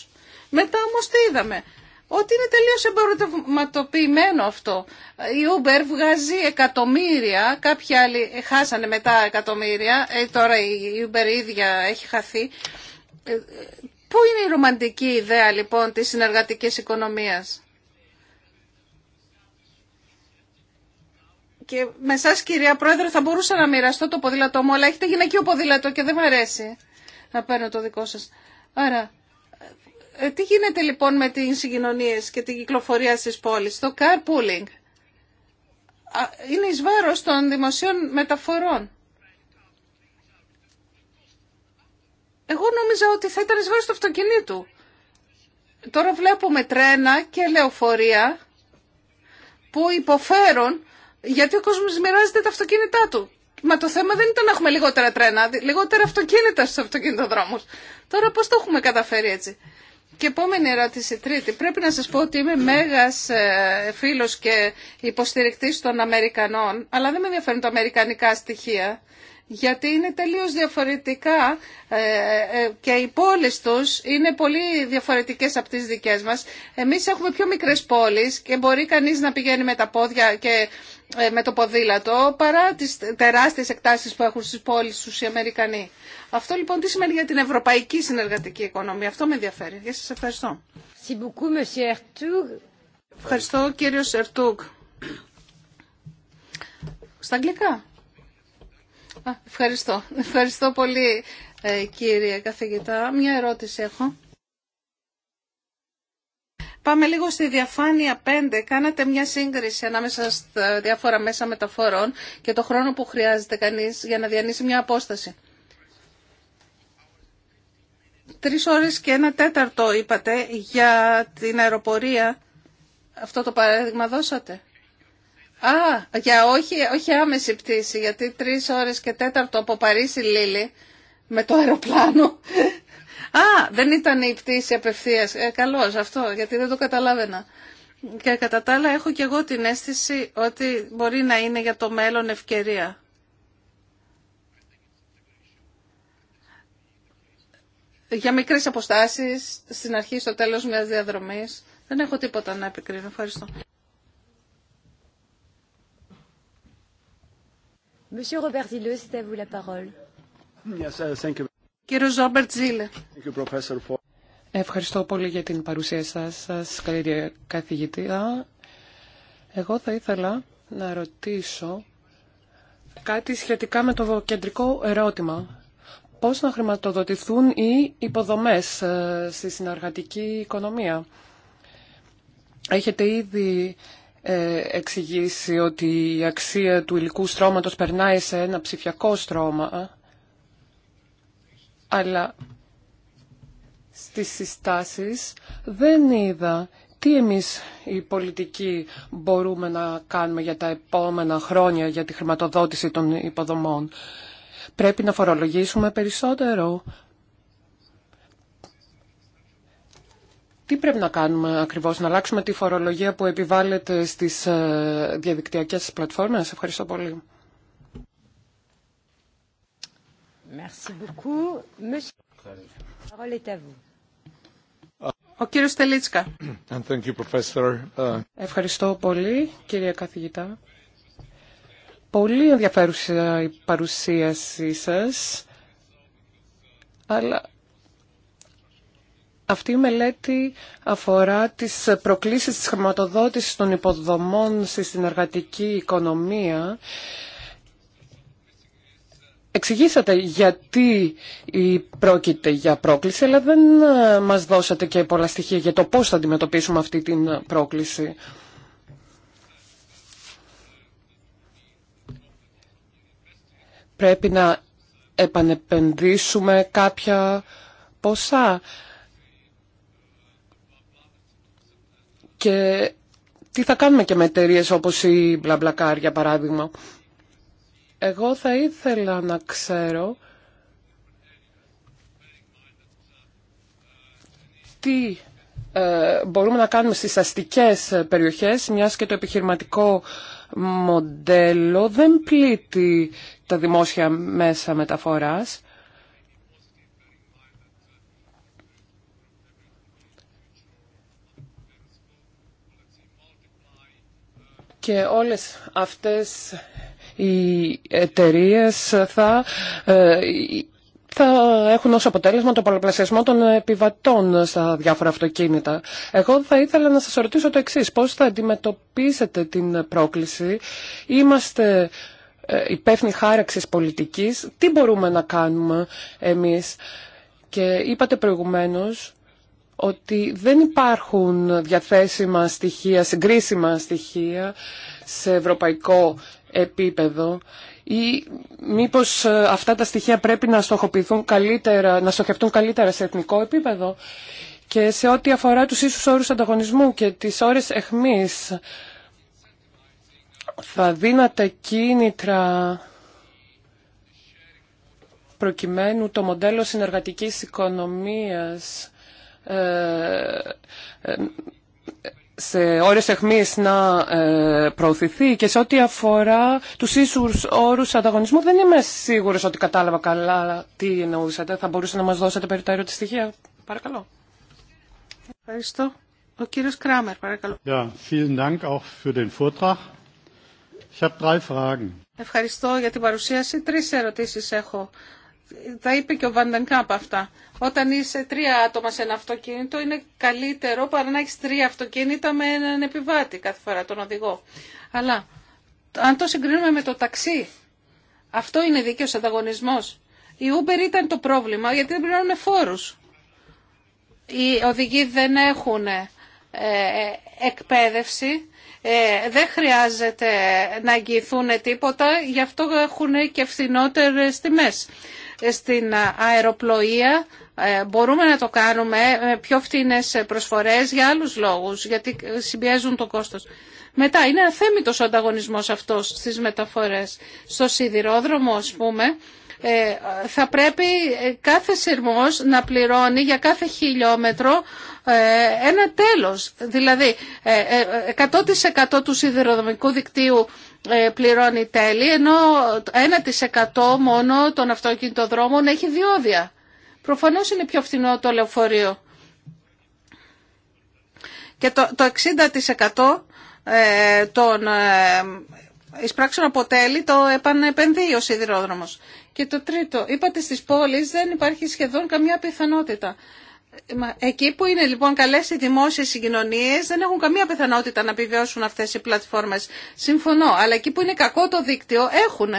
Μετά όμω τι είδαμε. Ότι είναι τελείως εμπορευματοποιημένο αυτό. Η Uber βγάζει εκατομμύρια, κάποιοι άλλοι χάσανε μετά εκατομμύρια, ε, τώρα η Uber ίδια έχει χαθεί. Ε, ε, πού είναι η ρομαντική ιδέα λοιπόν της συνεργατικής οικονομίας. και με εσά κυρία Πρόεδρε θα μπορούσα να μοιραστώ το ποδήλατό μου, αλλά έχετε γυναικείο ποδήλατο και δεν μου αρέσει να παίρνω το δικό σας. Άρα, ε, τι γίνεται λοιπόν με τις συγκοινωνίες και την κυκλοφορία στις πόλεις, το carpooling. Είναι εις βάρος των δημοσίων μεταφορών. Εγώ νόμιζα ότι θα ήταν εις βάρος του αυτοκινήτου. Τώρα βλέπουμε τρένα και λεωφορεία που υποφέρουν γιατί ο Κόσμο μοιράζεται τα αυτοκίνητά του. Μα το θέμα δεν ήταν να έχουμε λιγότερα τρένα, λιγότερα αυτοκίνητα στου αυτοκινητοδρόμου. Τώρα πώ το έχουμε καταφέρει έτσι. Και επόμενη ερώτηση, τρίτη. Πρέπει να σας πω ότι είμαι μέγας ε, φίλος και υποστηρικτής των Αμερικανών, αλλά δεν με ενδιαφέρουν τα αμερικανικά στοιχεία, γιατί είναι τελείως διαφορετικά ε, ε, και οι πόλεις τους είναι πολύ διαφορετικές από τις δικές μας. Εμείς έχουμε πιο μικρές πόλεις και μπορεί κανείς να πηγαίνει με τα πόδια και ε, με το ποδήλατο παρά τις τεράστιες εκτάσεις που έχουν στις πόλεις τους οι Αμερικανοί. Αυτό λοιπόν τι σημαίνει για την ευρωπαϊκή συνεργατική οικονομία. Αυτό με ενδιαφέρει. Σα σας ευχαριστώ. Ευχαριστώ κύριο Σερτούγκ. Στα αγγλικά. ευχαριστώ. Ευχαριστώ πολύ ε, κύριε καθηγητά. Μια ερώτηση έχω. Πάμε λίγο στη διαφάνεια 5. Κάνατε μια σύγκριση ανάμεσα στα διάφορα μέσα μεταφορών και το χρόνο που χρειάζεται κανείς για να διανύσει μια απόσταση. Τρεις ώρες και ένα τέταρτο είπατε για την αεροπορία. Αυτό το παράδειγμα δώσατε. Α, για όχι, όχι άμεση πτήση, γιατί τρεις ώρες και τέταρτο από Παρίσι Λίλη με το αεροπλάνο Α, δεν ήταν η πτήση απευθεία. Ε, αυτό, γιατί δεν το καταλάβαινα. Και κατά τα άλλα έχω και εγώ την αίσθηση ότι μπορεί να είναι για το μέλλον ευκαιρία. Για μικρές αποστάσεις, στην αρχή, στο τέλος μιας διαδρομής. Δεν έχω τίποτα να επικρίνω. Ευχαριστώ. Monsieur Robert Dilleux, c'est à vous la parole. Yes, uh, thank you. Ευχαριστώ πολύ για την παρουσία σας, σας καλή καθήγητη. Εγώ θα ήθελα να ρωτήσω κάτι σχετικά με το κεντρικό ερώτημα. Πώς να χρηματοδοτηθούν οι υποδομές ε, στη συνεργατική οικονομία. Έχετε ήδη ε, εξηγήσει ότι η αξία του υλικού στρώματος περνάει σε ένα ψηφιακό στρώμα αλλά στις συστάσεις δεν είδα τι εμείς οι πολιτικοί μπορούμε να κάνουμε για τα επόμενα χρόνια για τη χρηματοδότηση των υποδομών. Πρέπει να φορολογήσουμε περισσότερο. Τι πρέπει να κάνουμε ακριβώς, να αλλάξουμε τη φορολογία που επιβάλλεται στις ε, διαδικτυακές πλατφόρμες. Ευχαριστώ πολύ. Ευχαριστώ πολύ, κύριε καθηγητά. Πολύ ενδιαφέρουσα η παρουσίασή σας, αλλά αυτή η μελέτη αφορά τις προκλήσεις της χρηματοδότησης των υποδομών στη συνεργατική οικονομία Εξηγήσατε γιατί πρόκειται για πρόκληση, αλλά δεν ε, μας δώσατε και πολλά στοιχεία για το πώς θα αντιμετωπίσουμε αυτή την πρόκληση. Πρέπει να επανεπενδύσουμε κάποια ποσά. Και τι θα κάνουμε και με εταιρείε όπως η Μπλαμπλακάρ για παράδειγμα. Εγώ θα ήθελα να ξέρω τι ε, μπορούμε να κάνουμε στις αστικές περιοχές, μιας και το επιχειρηματικό μοντέλο δεν πλήττει τα δημόσια μέσα μεταφοράς. Και όλες αυτές οι εταιρείε θα ε, θα έχουν ως αποτέλεσμα το πολλαπλασιασμό των επιβατών στα διάφορα αυτοκίνητα. Εγώ θα ήθελα να σας ρωτήσω το εξής, πώς θα αντιμετωπίσετε την πρόκληση. Είμαστε ε, υπεύθυνοι χάραξης πολιτικής, τι μπορούμε να κάνουμε εμείς. Και είπατε προηγουμένως ότι δεν υπάρχουν διαθέσιμα στοιχεία, συγκρίσιμα στοιχεία σε ευρωπαϊκό επίπεδο ή μήπως ε, αυτά τα στοιχεία πρέπει να στοχοποιηθούν καλύτερα, να στοχευτούν καλύτερα σε εθνικό επίπεδο και σε ό,τι αφορά τους ίσους όρους ανταγωνισμού και τις ώρες εχμής θα δίνατε κίνητρα προκειμένου το μοντέλο συνεργατικής οικονομίας ε, ε, σε ώρες εχμής να ε, προωθηθεί και σε ό,τι αφορά τους ίσους όρους ανταγωνισμού δεν είμαι σίγουρος ότι κατάλαβα καλά τι εννοούσατε. Θα μπορούσατε να μας δώσετε περιττέρω τη στοιχεία. Παρακαλώ. Ευχαριστώ. Ο κύριος Κράμερ, παρακαλώ. Yeah, Ευχαριστώ για την παρουσίαση. Τρεις ερωτήσεις έχω τα είπε και ο Κάπ αυτά. Όταν είσαι τρία άτομα σε ένα αυτοκίνητο είναι καλύτερο παρά να έχει τρία αυτοκίνητα με έναν επιβάτη κάθε φορά, τον οδηγό. Αλλά αν το συγκρίνουμε με το ταξί, αυτό είναι δίκαιο ανταγωνισμό. Η Uber ήταν το πρόβλημα γιατί δεν πληρώνουν φόρους. Οι οδηγοί δεν έχουν ε, ε, εκπαίδευση, ε, δεν χρειάζεται να εγγυηθούν τίποτα, γι' αυτό έχουν και φθηνότερε τιμέ στην αεροπλοεία ε, μπορούμε να το κάνουμε με πιο φτηνές προσφορές για άλλους λόγους, γιατί συμπιέζουν το κόστος. Μετά είναι αθέμητος ο ανταγωνισμός αυτός στις μεταφορές. Στο σιδηρόδρομο, ας πούμε, ε, θα πρέπει ε, κάθε σειρμός να πληρώνει για κάθε χιλιόμετρο ε, ένα τέλος. Δηλαδή 100% του σιδηροδρομικού δικτύου πληρώνει τέλη, ενώ 1% μόνο των αυτοκινητοδρόμων έχει διόδια. Προφανώς είναι πιο φθηνό το λεωφορείο. Και το, το 60% των εισπράξεων αποτέλει το επανεπενδύει ο σιδηρόδρομος. Και το τρίτο, είπατε στις πόλεις δεν υπάρχει σχεδόν καμία πιθανότητα. Εκεί που είναι λοιπόν καλές οι δημόσιες συγκοινωνίες δεν έχουν καμία πιθανότητα να επιβιώσουν αυτές οι πλατφόρμες. Συμφωνώ, αλλά εκεί που είναι κακό το δίκτυο έχουν.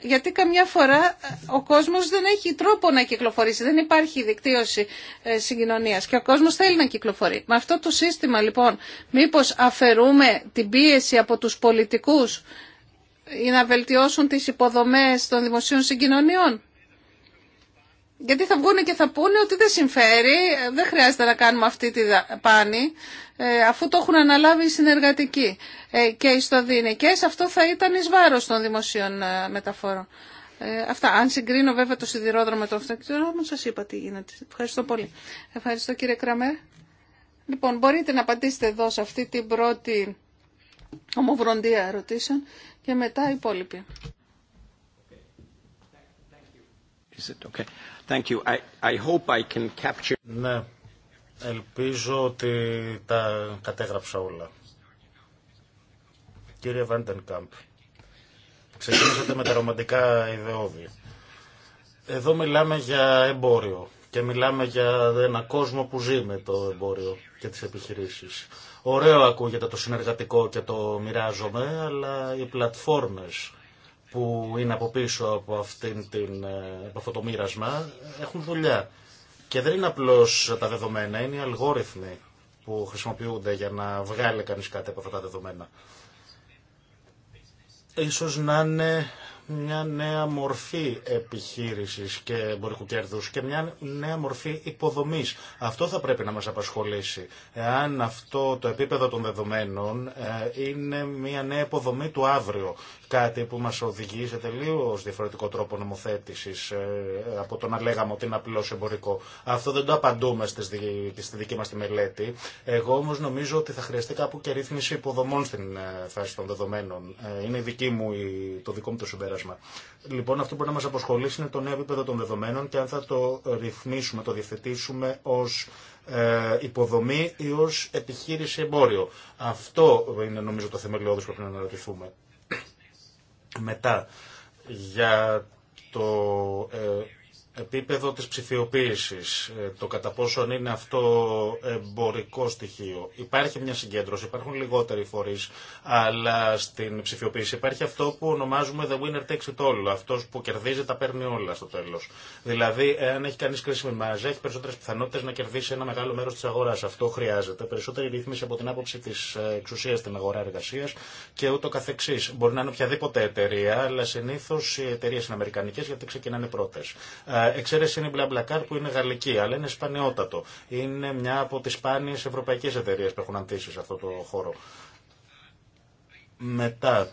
Γιατί καμιά φορά ε, ο κόσμος δεν έχει τρόπο να κυκλοφορήσει, δεν υπάρχει δικτύωση ε, συγκοινωνίας και ο κόσμος θέλει να κυκλοφορεί. Με αυτό το σύστημα λοιπόν μήπως αφαιρούμε την πίεση από τους πολιτικούς ή να βελτιώσουν τις υποδομές των δημοσίων συγκοινωνιών. Γιατί θα βγουν και θα πούνε ότι δεν συμφέρει, δεν χρειάζεται να κάνουμε αυτή τη πάνη, ε, αφού το έχουν αναλάβει οι συνεργατικοί ε, και οι στοδυνικές, αυτό θα ήταν εις βάρος των δημοσίων ε, μεταφορών. αυτά. Αν συγκρίνω βέβαια το σιδηρόδρομο με το αυτοκίνητο, σας είπα τι γίνεται. Ευχαριστώ πολύ. Ευχαριστώ κύριε Κραμέρ. Λοιπόν, μπορείτε να απαντήσετε εδώ σε αυτή την πρώτη ομοβροντία ερωτήσεων και μετά οι υπόλοιποι. Ναι, ελπίζω ότι τα κατέγραψα όλα. Κύριε Βάντενκαμπ, ξεκίνησατε με τα ρομαντικά ιδεώδη. Εδώ μιλάμε για εμπόριο και μιλάμε για ένα κόσμο που ζει με το εμπόριο και τις επιχειρήσεις. Ωραίο ακούγεται το συνεργατικό και το μοιράζομαι, αλλά οι πλατφόρμες που είναι από πίσω από, αυτήν την, ε, από αυτό το μοίρασμα έχουν δουλειά. Και δεν είναι απλώς τα δεδομένα, είναι οι αλγόριθμοι που χρησιμοποιούνται για να βγάλει κανείς κάτι από αυτά τα δεδομένα. Ίσως να είναι μια νέα μορφή επιχείρησης και εμπορικού κέρδους και μια νέα μορφή υποδομής. Αυτό θα πρέπει να μας απασχολήσει. Εάν αυτό το επίπεδο των δεδομένων ε, είναι μια νέα υποδομή του αύριο, κάτι που μας οδηγεί σε τελείως διαφορετικό τρόπο νομοθέτησης ε, από το να λέγαμε ότι είναι απλώς εμπορικό. Αυτό δεν το απαντούμε στη δική μας τη μελέτη. Εγώ όμως νομίζω ότι θα χρειαστεί κάπου και ρύθμιση υποδομών στην ε, φάση των δεδομένων. Είναι δική μου, το δικό μου το συμπέρασμα. Λοιπόν, αυτό που μπορεί να μα αποσχολήσει είναι το νέο επίπεδο των δεδομένων και αν θα το ρυθμίσουμε, το διευθετήσουμε ω ε, υποδομή ή ω επιχείρηση εμπόριο. Αυτό είναι νομίζω το θεμελιώδη που πρέπει να αναρωτηθούμε. Μετά, για το ε, επίπεδο της ψηφιοποίησης, ε, το κατά πόσον είναι αυτό εμπορικό στοιχείο. Υπάρχει μια συγκέντρωση, υπάρχουν λιγότεροι φορείς, αλλά στην ψηφιοποίηση υπάρχει αυτό που ονομάζουμε the winner takes it all, αυτός που κερδίζει τα παίρνει όλα στο τέλος. Δηλαδή, αν έχει κανείς κρίσιμη μάζα, έχει περισσότερες πιθανότητες να κερδίσει ένα μεγάλο μέρος της αγοράς. Αυτό χρειάζεται. Περισσότερη ρύθμιση από την άποψη της ε, εξουσίας στην αγορά εργασία και ούτω καθεξής. Μπορεί να είναι οποιαδήποτε εταιρεία, αλλά συνήθω οι εταιρείε είναι αμερικανικές γιατί ξεκινάνε πρώτες εξαίρεση είναι η BlaBlaCar που είναι γαλλική, αλλά είναι σπανιότατο. Είναι μια από τις σπάνιες ευρωπαϊκές εταιρείες που έχουν αντίσει σε αυτό το χώρο. Μετά,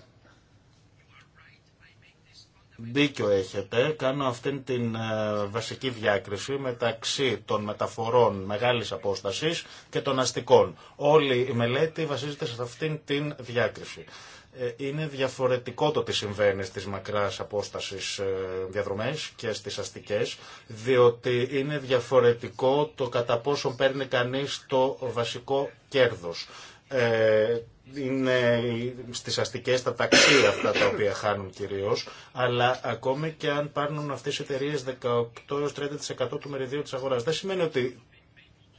Δίκιο έχετε. Κάνω αυτήν την ε, βασική διάκριση μεταξύ των μεταφορών μεγάλης απόστασης και των αστικών. Όλη η μελέτη βασίζεται σε αυτήν την διάκριση. Ε, είναι διαφορετικό το τι συμβαίνει στις μακράς απόστασης ε, διαδρομές και στις αστικές, διότι είναι διαφορετικό το κατά πόσο παίρνει κανείς το βασικό κέρδος. Ε, είναι στις αστικές τα ταξί αυτά τα οποία χάνουν κυρίως, αλλά ακόμη και αν πάρουν αυτές οι εταιρείε 18-30% του μεριδίου της αγοράς. Δεν σημαίνει ότι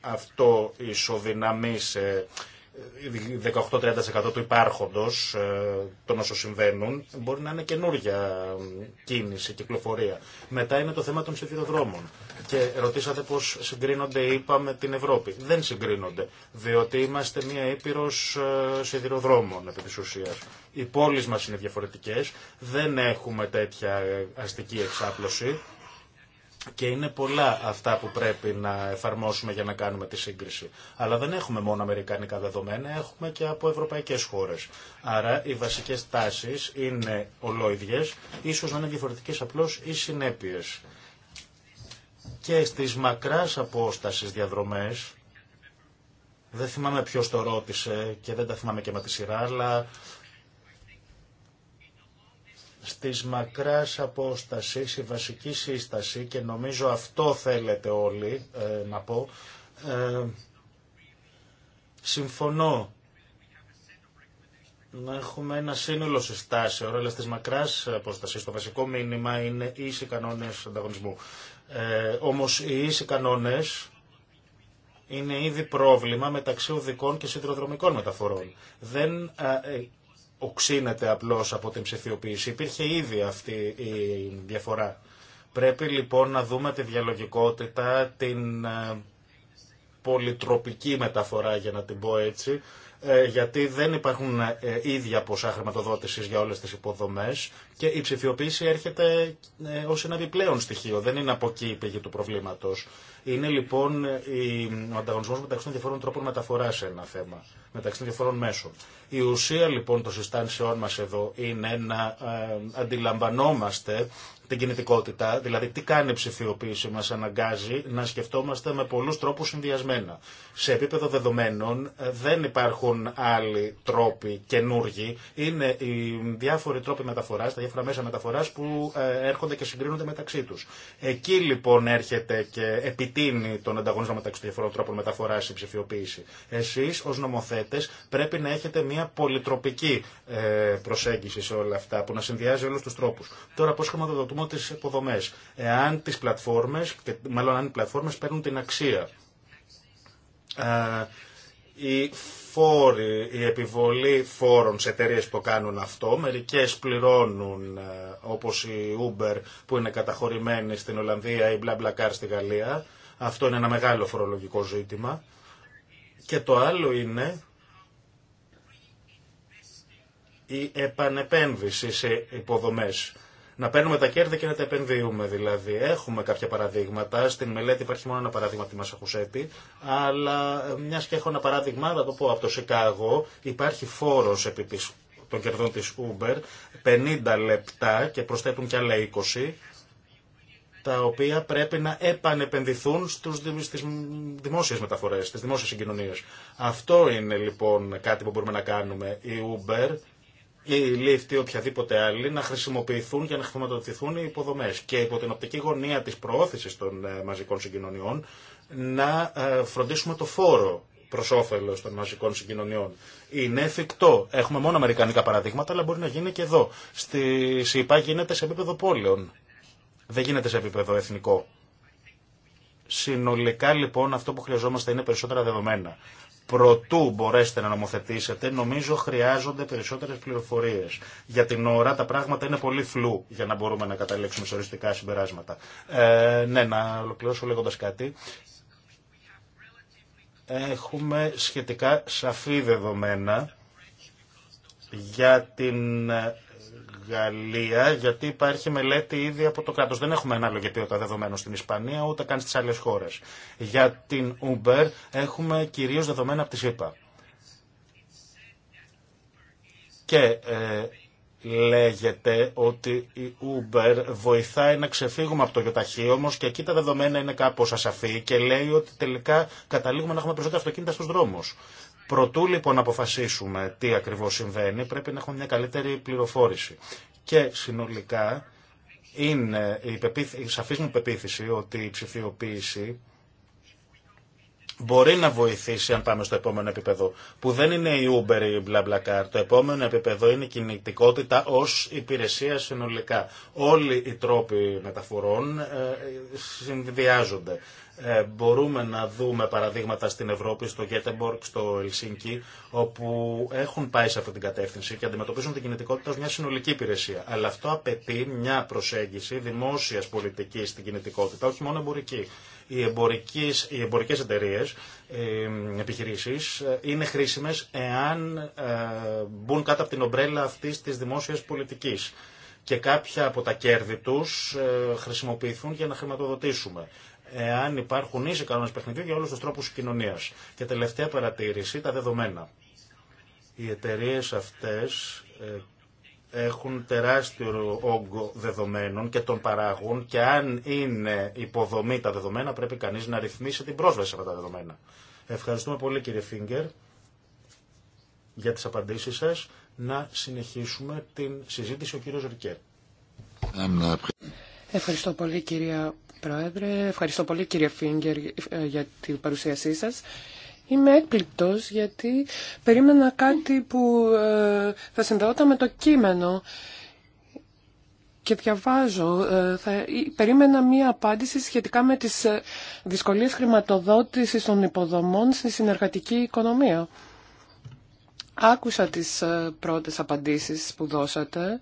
αυτό ισοδυναμεί σε 18-30% του υπάρχοντος ε, των όσων συμβαίνουν μπορεί να είναι καινούργια κίνηση, κυκλοφορία. Μετά είναι το θέμα των σιδηροδρόμων. Και ρωτήσατε πώς συγκρίνονται οι με την Ευρώπη. Δεν συγκρίνονται, διότι είμαστε μια ήπειρος ε, σιδηροδρόμων επί της ουσίας. Οι πόλεις μας είναι διαφορετικές, δεν έχουμε τέτοια αστική εξάπλωση. Και είναι πολλά αυτά που πρέπει να εφαρμόσουμε για να κάνουμε τη σύγκριση. Αλλά δεν έχουμε μόνο αμερικανικά δεδομένα, έχουμε και από ευρωπαϊκές χώρες. Άρα οι βασικές τάσεις είναι ολόιδιες, ίσως να είναι διαφορετικές απλώς οι συνέπειες. Και στις μακράς απόστασεις διαδρομές, δεν θυμάμαι ποιος το ρώτησε και δεν τα θυμάμαι και με τη σειρά, αλλά στις μακράς απόστασεις η βασική σύσταση και νομίζω αυτό θέλετε όλοι ε, να πω ε, συμφωνώ να έχουμε ένα σύνολο συστάσεων, αλλά στι μακράς απόσταση, το βασικό μήνυμα είναι ίσοι κανόνες ανταγωνισμού. Ε, Όμω οι ίσοι κανόνε είναι ήδη πρόβλημα μεταξύ οδικών και σιδηροδρομικών μεταφορών. Δεν ε, οξύνεται απλώς από την ψηφιοποίηση. Υπήρχε ήδη αυτή η διαφορά. Πρέπει λοιπόν να δούμε τη διαλογικότητα, την ε, πολυτροπική μεταφορά για να την πω έτσι, ε, γιατί δεν υπάρχουν ε, ίδια ποσά χρηματοδότηση για όλε τι υποδομέ και η ψηφιοποίηση έρχεται ε, ω ένα διπλέον στοιχείο. Δεν είναι από εκεί η πηγή του προβλήματο. Είναι λοιπόν ο ανταγωνισμό μεταξύ των διαφόρων τρόπων μεταφορά ένα θέμα, μεταξύ των διαφόρων μέσων. Η ουσία λοιπόν των συστάσεών μα εδώ είναι να αντιλαμβανόμαστε την κινητικότητα, δηλαδή τι κάνει η ψηφιοποίηση μας αναγκάζει να σκεφτόμαστε με πολλούς τρόπους συνδυασμένα. Σε επίπεδο δεδομένων ε, δεν υπάρχουν άλλοι τρόποι καινούργοι, είναι οι διάφοροι τρόποι μεταφοράς, τα διάφορα μέσα μεταφοράς που ε, έρχονται και συγκρίνονται μεταξύ τους. Εκεί λοιπόν έρχεται και επιτείνει τον ανταγωνισμό μεταξύ των διαφορών τρόπων μεταφοράς η ψηφιοποίηση. Εσείς ως νομοθέτες πρέπει να έχετε μια πολυτροπική ε, προσέγγιση σε όλα αυτά που να συνδυάζει όλους τους τρόπους. Τώρα πώς χρηματοδοτούμε μότες τι υποδομέ. Εάν τι πλατφόρμε, μάλλον αν οι παίρνουν την αξία. Ε, οι φόροι, η επιβολή φόρων σε εταιρείε που το κάνουν αυτό, μερικέ πληρώνουν ε, όπω η Uber που είναι καταχωρημένη στην Ολλανδία ή BlaBlaCar στη Γαλλία. Αυτό είναι ένα μεγάλο φορολογικό ζήτημα. Και το άλλο είναι η επανεπένδυση σε υποδομές να παίρνουμε τα κέρδη και να τα επενδύουμε. Δηλαδή, έχουμε κάποια παραδείγματα. Στην μελέτη υπάρχει μόνο ένα παράδειγμα από τη Μασαχουσέτη, αλλά ε, μια και έχω ένα παράδειγμα, θα το πω από το Σικάγο, υπάρχει φόρο επί των κερδών τη Uber, 50 λεπτά και προσθέτουν κι άλλα 20, τα οποία πρέπει να επανεπενδυθούν στους, στις δημόσιες μεταφορές, στις δημόσιες συγκοινωνίες. Αυτό είναι λοιπόν κάτι που μπορούμε να κάνουμε. Η Uber ή η λήφτη ή οποιαδήποτε άλλη να χρησιμοποιηθούν για να χρηματοδοτηθούν οι υποδομέ. Και υπό την οπτική γωνία τη προώθηση των ε, μαζικών συγκοινωνιών να ε, φροντίσουμε το φόρο προ όφελο των μαζικών συγκοινωνιών. Είναι εφικτό. Έχουμε μόνο αμερικανικά παραδείγματα, αλλά μπορεί να γίνει και εδώ. Στη ΣΥΠΑ γίνεται σε επίπεδο πόλεων. Δεν γίνεται σε επίπεδο εθνικό. Συνολικά λοιπόν αυτό που χρειαζόμαστε είναι περισσότερα δεδομένα προτού μπορέσετε να νομοθετήσετε, νομίζω χρειάζονται περισσότερε πληροφορίε. Για την ώρα τα πράγματα είναι πολύ φλού για να μπορούμε να καταλήξουμε σε οριστικά συμπεράσματα. Ε, ναι, να ολοκληρώσω λέγοντα κάτι. Έχουμε σχετικά σαφή δεδομένα για την ε, Γαλλία, γιατί υπάρχει μελέτη ήδη από το κράτο. Δεν έχουμε ανάλογη ποιότητα δεδομένων στην Ισπανία, ούτε καν στι άλλε χώρε. Για την Uber έχουμε κυρίω δεδομένα από τη ΣΥΠΑ. Και ε, λέγεται ότι η Uber βοηθάει να ξεφύγουμε από το γιοταχή, όμω και εκεί τα δεδομένα είναι κάπω ασαφή και λέει ότι τελικά καταλήγουμε να έχουμε περισσότερα αυτοκίνητα στου δρόμου. Προτού λοιπόν αποφασίσουμε τι ακριβώς συμβαίνει, πρέπει να έχουμε μια καλύτερη πληροφόρηση. Και συνολικά είναι η, πεποίθη, σαφής μου πεποίθηση ότι η ψηφιοποίηση μπορεί να βοηθήσει αν πάμε στο επόμενο επίπεδο, που δεν είναι η Uber ή η BlaBlaCar. Το επόμενο επίπεδο είναι η κινητικότητα ως υπηρεσία συνολικά. Όλοι οι τρόποι μεταφορών ε, συνδυάζονται. Ε, μπορούμε να δούμε παραδείγματα στην Ευρώπη, στο Γκέτεμπορκ, στο Ελσίνκι, όπου έχουν πάει σε αυτή την κατεύθυνση και αντιμετωπίζουν την κινητικότητα ως μια συνολική υπηρεσία. Αλλά αυτό απαιτεί μια προσέγγιση δημόσια πολιτική στην κινητικότητα, όχι μόνο εμπορική. Οι, εμπορικές, οι εμπορικές εταιρείες, οι ε, επιχειρήσεις, ε, είναι χρήσιμες εάν μπουν κάτω από την ομπρέλα αυτής της δημόσιας πολιτικής και κάποια από τα κέρδη τους χρησιμοποιηθούν για να χρηματοδοτήσουμε εάν υπάρχουν ίσοι κανόνε παιχνιδιού για όλου του τρόπου κοινωνία. Και τελευταία παρατήρηση, τα δεδομένα. Οι εταιρείε αυτέ ε, έχουν τεράστιο όγκο δεδομένων και τον παράγουν και αν είναι υποδομή τα δεδομένα πρέπει κανείς να ρυθμίσει την πρόσβαση σε αυτά τα δεδομένα. Ευχαριστούμε πολύ κύριε Φίγκερ για τις απαντήσεις σας. Να συνεχίσουμε την συζήτηση ο κύριος Ρικέ. Ευχαριστώ πολύ κυρία Πρόεδρε, ευχαριστώ πολύ κύριε Φίνγκερ για την παρουσίασή σας. Είμαι έκπληκτος γιατί περίμενα κάτι που ε, θα συνδεόταν με το κείμενο και διαβάζω, ε, περίμενα μία απάντηση σχετικά με τις ε, δυσκολίες χρηματοδότησης των υποδομών στη συνεργατική οικονομία. Άκουσα τις ε, πρώτες απαντήσεις που δώσατε.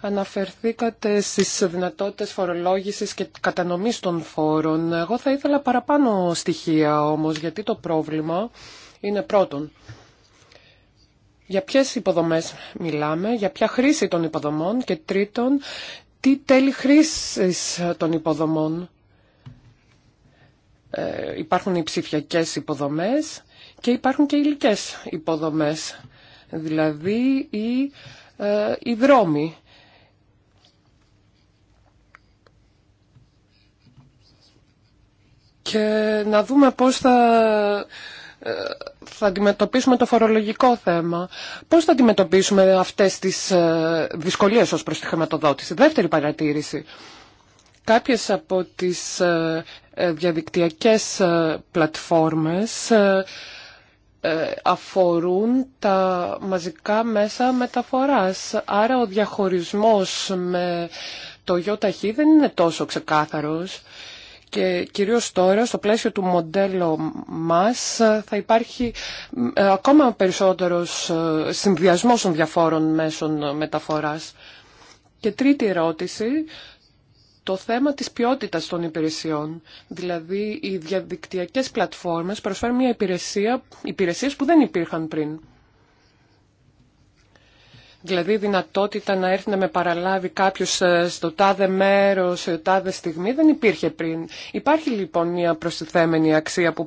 Αναφερθήκατε στις δυνατότητες φορολόγησης και κατανομής των φόρων. Εγώ θα ήθελα παραπάνω στοιχεία όμως, γιατί το πρόβλημα είναι πρώτον. Για ποιες υποδομές μιλάμε, για ποια χρήση των υποδομών και τρίτον, τι τέλει χρήσης των υποδομών. Ε, υπάρχουν οι ψηφιακές υποδομές και υπάρχουν και οι υλικές υποδομές δηλαδή ε, οι, δρόμοι. Και να δούμε πώς θα, ε, θα αντιμετωπίσουμε το φορολογικό θέμα. Πώς θα αντιμετωπίσουμε αυτές τις ε, δυσκολίες ως προς τη χρηματοδότηση. Δεύτερη παρατήρηση. Κάποιες από τις διαδικτυακές πλατφόρμες ε, αφορούν τα μαζικά μέσα μεταφοράς. Άρα ο διαχωρισμός με το ΙΟΤΑΧΗ δεν είναι τόσο ξεκάθαρος και κυρίως τώρα στο πλαίσιο του μοντέλου μας θα υπάρχει ε, ακόμα περισσότερος ε, συνδυασμός των διαφόρων μέσων μεταφοράς. Και τρίτη ερώτηση, το θέμα της ποιότητας των υπηρεσιών. Δηλαδή, οι διαδικτυακές πλατφόρμες προσφέρουν μια υπηρεσία, υπηρεσίες που δεν υπήρχαν πριν. Δηλαδή, η δυνατότητα να έρθει να με παραλάβει κάποιος ε, στο τάδε μέρος, σε τάδε στιγμή, δεν υπήρχε πριν. Υπάρχει λοιπόν μια προστιθέμενη αξία που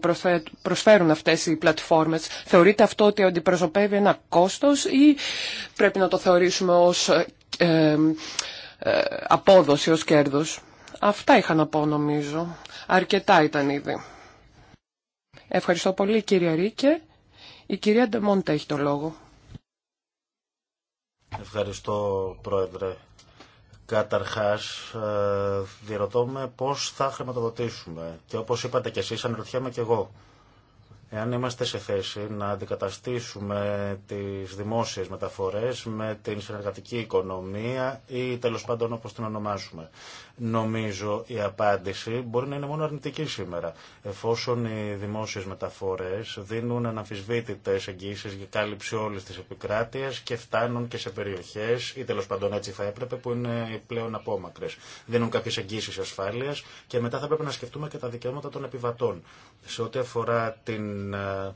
προσφέρουν αυτές οι πλατφόρμες. Θεωρείτε αυτό ότι αντιπροσωπεύει ένα κόστος ή πρέπει να το θεωρήσουμε ως ε, ε, ε, απόδοση ως κέρδος. Αυτά είχα να πω νομίζω. Αρκετά ήταν ήδη. Ευχαριστώ πολύ κύριε Ρίκε. Η κυρία Ντεμόντα έχει το λόγο. Ευχαριστώ πρόεδρε. Καταρχάς, ε, διερωτώ με πώς θα χρηματοδοτήσουμε. Και όπως είπατε και εσείς, αναρωτιέμαι κι εγώ εάν είμαστε σε θέση να αντικαταστήσουμε τις δημόσιες μεταφορές με την συνεργατική οικονομία ή τέλος πάντων όπως την ονομάσουμε. Νομίζω η τελος παντων οπως την ονομαζουμε μπορεί να είναι μόνο αρνητική σήμερα. Εφόσον οι δημόσιες μεταφορές δίνουν αναμφισβήτητες εγγύησεις για κάλυψη όλης της επικράτειας και φτάνουν και σε περιοχές ή τέλος πάντων έτσι θα έπρεπε που είναι πλέον απόμακρες. Δίνουν κάποιες εγγύησεις ασφάλειας και μετά θα πρέπει να σκεφτούμε και τα δικαιώματα των επιβατών. Σε ό,τι αφορά την την ε,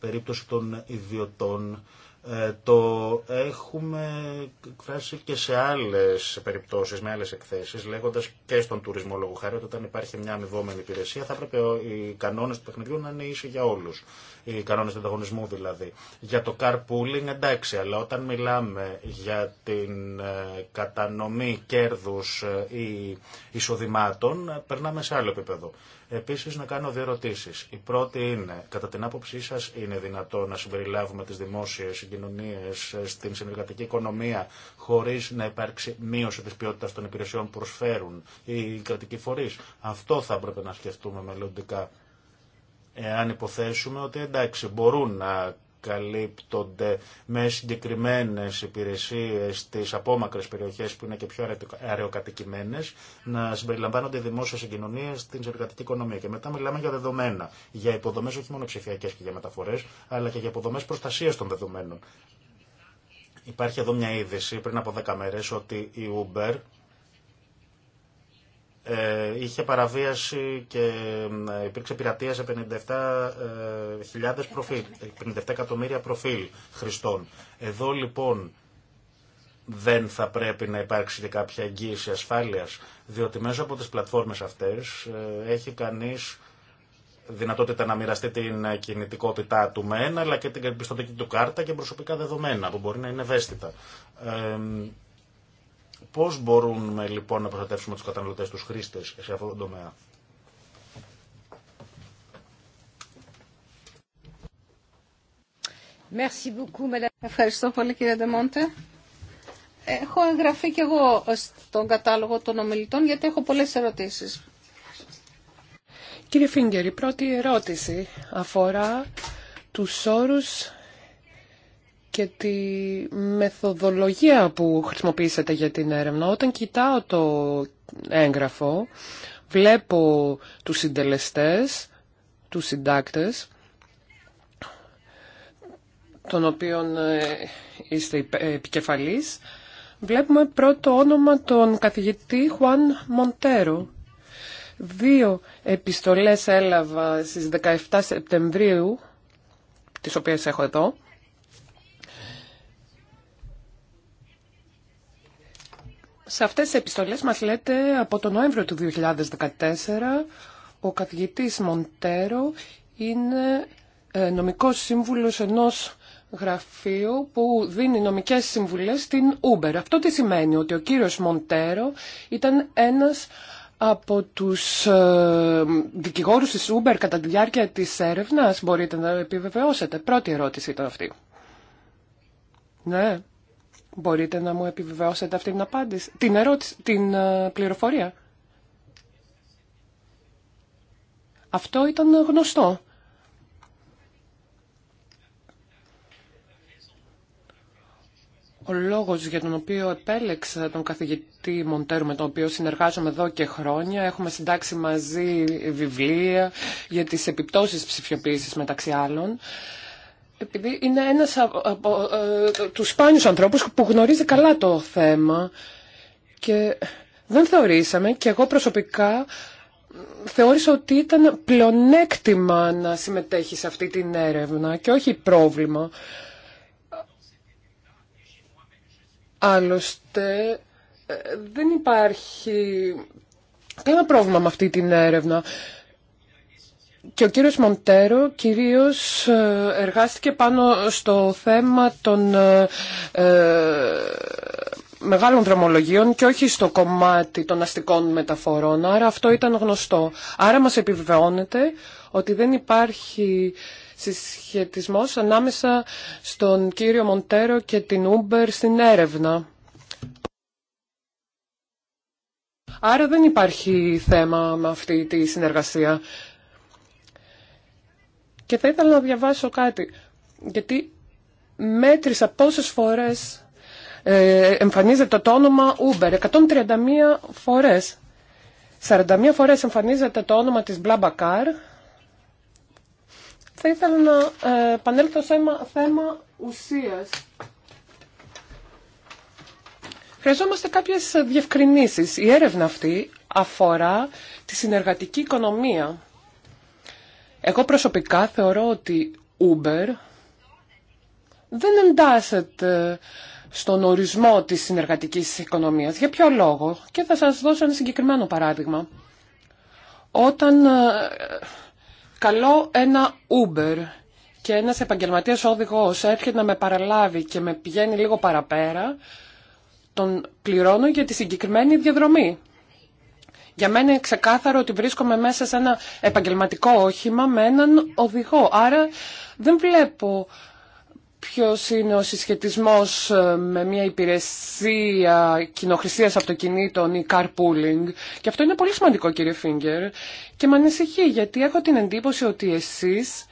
περίπτωση των ιδιωτών ε, το έχουμε εκφράσει και σε άλλες περιπτώσεις, με άλλες εκθέσεις, λέγοντας και στον τουρισμό λόγου χάρη ότι όταν υπάρχει μια αμοιβόμενη υπηρεσία θα έπρεπε οι κανόνες του παιχνιδιού να είναι ίσοι για όλους. Οι κανόνες του ανταγωνισμού δηλαδή. Για το carpooling εντάξει, αλλά όταν μιλάμε για την ε, κατανομή κέρδους ή εισοδημάτων, περνάμε σε άλλο επίπεδο. Επίση, να κάνω δύο ερωτήσει. Η πρώτη είναι, κατά την άποψή σα, είναι δυνατό να συμπεριλάβουμε τι δημόσιε συγκοινωνίε στην συνεργατική οικονομία χωρί να υπάρξει μείωση τη ποιότητα των υπηρεσιών που προσφέρουν οι κρατικοί φορεί. Αυτό θα έπρεπε να σκεφτούμε μελλοντικά εάν υποθέσουμε ότι εντάξει μπορούν να καλύπτονται με συγκεκριμένε υπηρεσίε στι απόμακρε περιοχέ που είναι και πιο αεροκατοικημένε, να συμπεριλαμβάνονται δημόσια δημόσιε συγκοινωνίε στην εργατική οικονομία. Και μετά μιλάμε για δεδομένα, για υποδομέ όχι μόνο ψηφιακέ και για μεταφορέ, αλλά και για υποδομέ προστασία των δεδομένων. Υπάρχει εδώ μια είδηση πριν από 10 μέρε ότι η Uber ε, είχε παραβίαση και υπήρξε πειρατεία σε 57, ε, προφίλ, 57 εκατομμύρια προφίλ χρηστών. Εδώ λοιπόν δεν θα πρέπει να υπάρξει και κάποια εγγύηση ασφάλειας, διότι μέσα από τις πλατφόρμες αυτές ε, έχει κανείς δυνατότητα να μοιραστεί την κινητικότητά του με ένα, αλλά και την πιστοτική του κάρτα και προσωπικά δεδομένα που μπορεί να είναι ευαίσθητα. Πώ μπορούμε λοιπόν να προστατεύσουμε του καταναλωτέ του χρήστε σε αυτό το τομέα. Ευχαριστώ πολύ κύριε Ντεμόντε. Έχω εγγραφεί και εγώ στον κατάλογο των ομιλητών γιατί έχω πολλές ερωτήσεις. Κύριε Φίγκερ, η πρώτη ερώτηση αφορά τους όρους και τη μεθοδολογία που χρησιμοποιήσατε για την έρευνα. Όταν κοιτάω το έγγραφο, βλέπω τους συντελεστές, τους συντάκτες, των οποίων ε, είστε ε, επικεφαλής, βλέπουμε πρώτο όνομα τον καθηγητή Χουάν Μοντέρο. Δύο επιστολές έλαβα στις 17 Σεπτεμβρίου, τις οποίες έχω εδώ, Σε αυτές τις επιστολές μας λέτε από τον Νοέμβριο του 2014 ο καθηγητής Μοντέρο είναι ε, νομικός σύμβουλος ενός γραφείου που δίνει νομικές συμβουλές στην Uber. Αυτό τι σημαίνει ότι ο κύριος Μοντέρο ήταν ένας από τους ε, δικηγόρους της Uber κατά τη διάρκεια της έρευνας. Μπορείτε να επιβεβαιώσετε. Πρώτη ερώτηση ήταν αυτή. Ναι. Μπορείτε να μου επιβεβαιώσετε αυτή την απάντηση, την ερώτηση, την ε, πληροφορία. Αυτό ήταν γνωστό. Ο λόγος για τον οποίο επέλεξα τον καθηγητή Μοντέρου με τον οποίο συνεργάζομαι εδώ και χρόνια, έχουμε συντάξει μαζί βιβλία για τις επιπτώσεις ψηφιοποίησης μεταξύ άλλων, επειδή είναι ένας από τους σπάνιους ανθρώπους που γνωρίζει καλά το θέμα και δεν θεωρήσαμε και εγώ προσωπικά θεώρησα ότι ήταν πλονέκτημα να συμμετέχει σε αυτή την έρευνα και όχι πρόβλημα. Άλλωστε, ε, δεν υπάρχει κανένα πρόβλημα με αυτή την έρευνα και ο κύριος Μοντέρο κυρίως ε, εργάστηκε πάνω στο θέμα των ε, ε, μεγάλων δρομολογίων και όχι στο κομμάτι των αστικών μεταφορών. Άρα αυτό ήταν γνωστό. Άρα μας επιβεβαιώνεται ότι δεν υπάρχει συσχετισμός ανάμεσα στον κύριο Μοντέρο και την Uber στην έρευνα. Άρα δεν υπάρχει θέμα με αυτή τη συνεργασία. Και θα ήθελα να διαβάσω κάτι, γιατί μέτρησα πόσες φορές ε, εμφανίζεται το όνομα Uber, 131 φορές. 41 φορές εμφανίζεται το όνομα της Blablacar. Θα ήθελα να ε, επανέλθω σε θέμα ουσίας. Χρειαζόμαστε κάποιες διευκρινήσεις. Η έρευνα αυτή αφορά τη συνεργατική οικονομία. Εγώ προσωπικά θεωρώ ότι Uber δεν εντάσσεται στον ορισμό της συνεργατικής οικονομίας. Για ποιο λόγο. Και θα σας δώσω ένα συγκεκριμένο παράδειγμα. Όταν ε, καλώ ένα Uber και ένας επαγγελματίας οδηγός έρχεται να με παραλάβει και με πηγαίνει λίγο παραπέρα, τον πληρώνω για τη συγκεκριμένη διαδρομή. Για μένα είναι ξεκάθαρο ότι βρίσκομαι μέσα σε ένα επαγγελματικό όχημα με έναν οδηγό. Άρα δεν βλέπω ποιο είναι ο συσχετισμός ε, με μια υπηρεσία κοινοχρησίας αυτοκινήτων ή carpooling. Και αυτό είναι πολύ σημαντικό κύριε Φίγκερ και με ανησυχεί γιατί έχω την εντύπωση ότι εσείς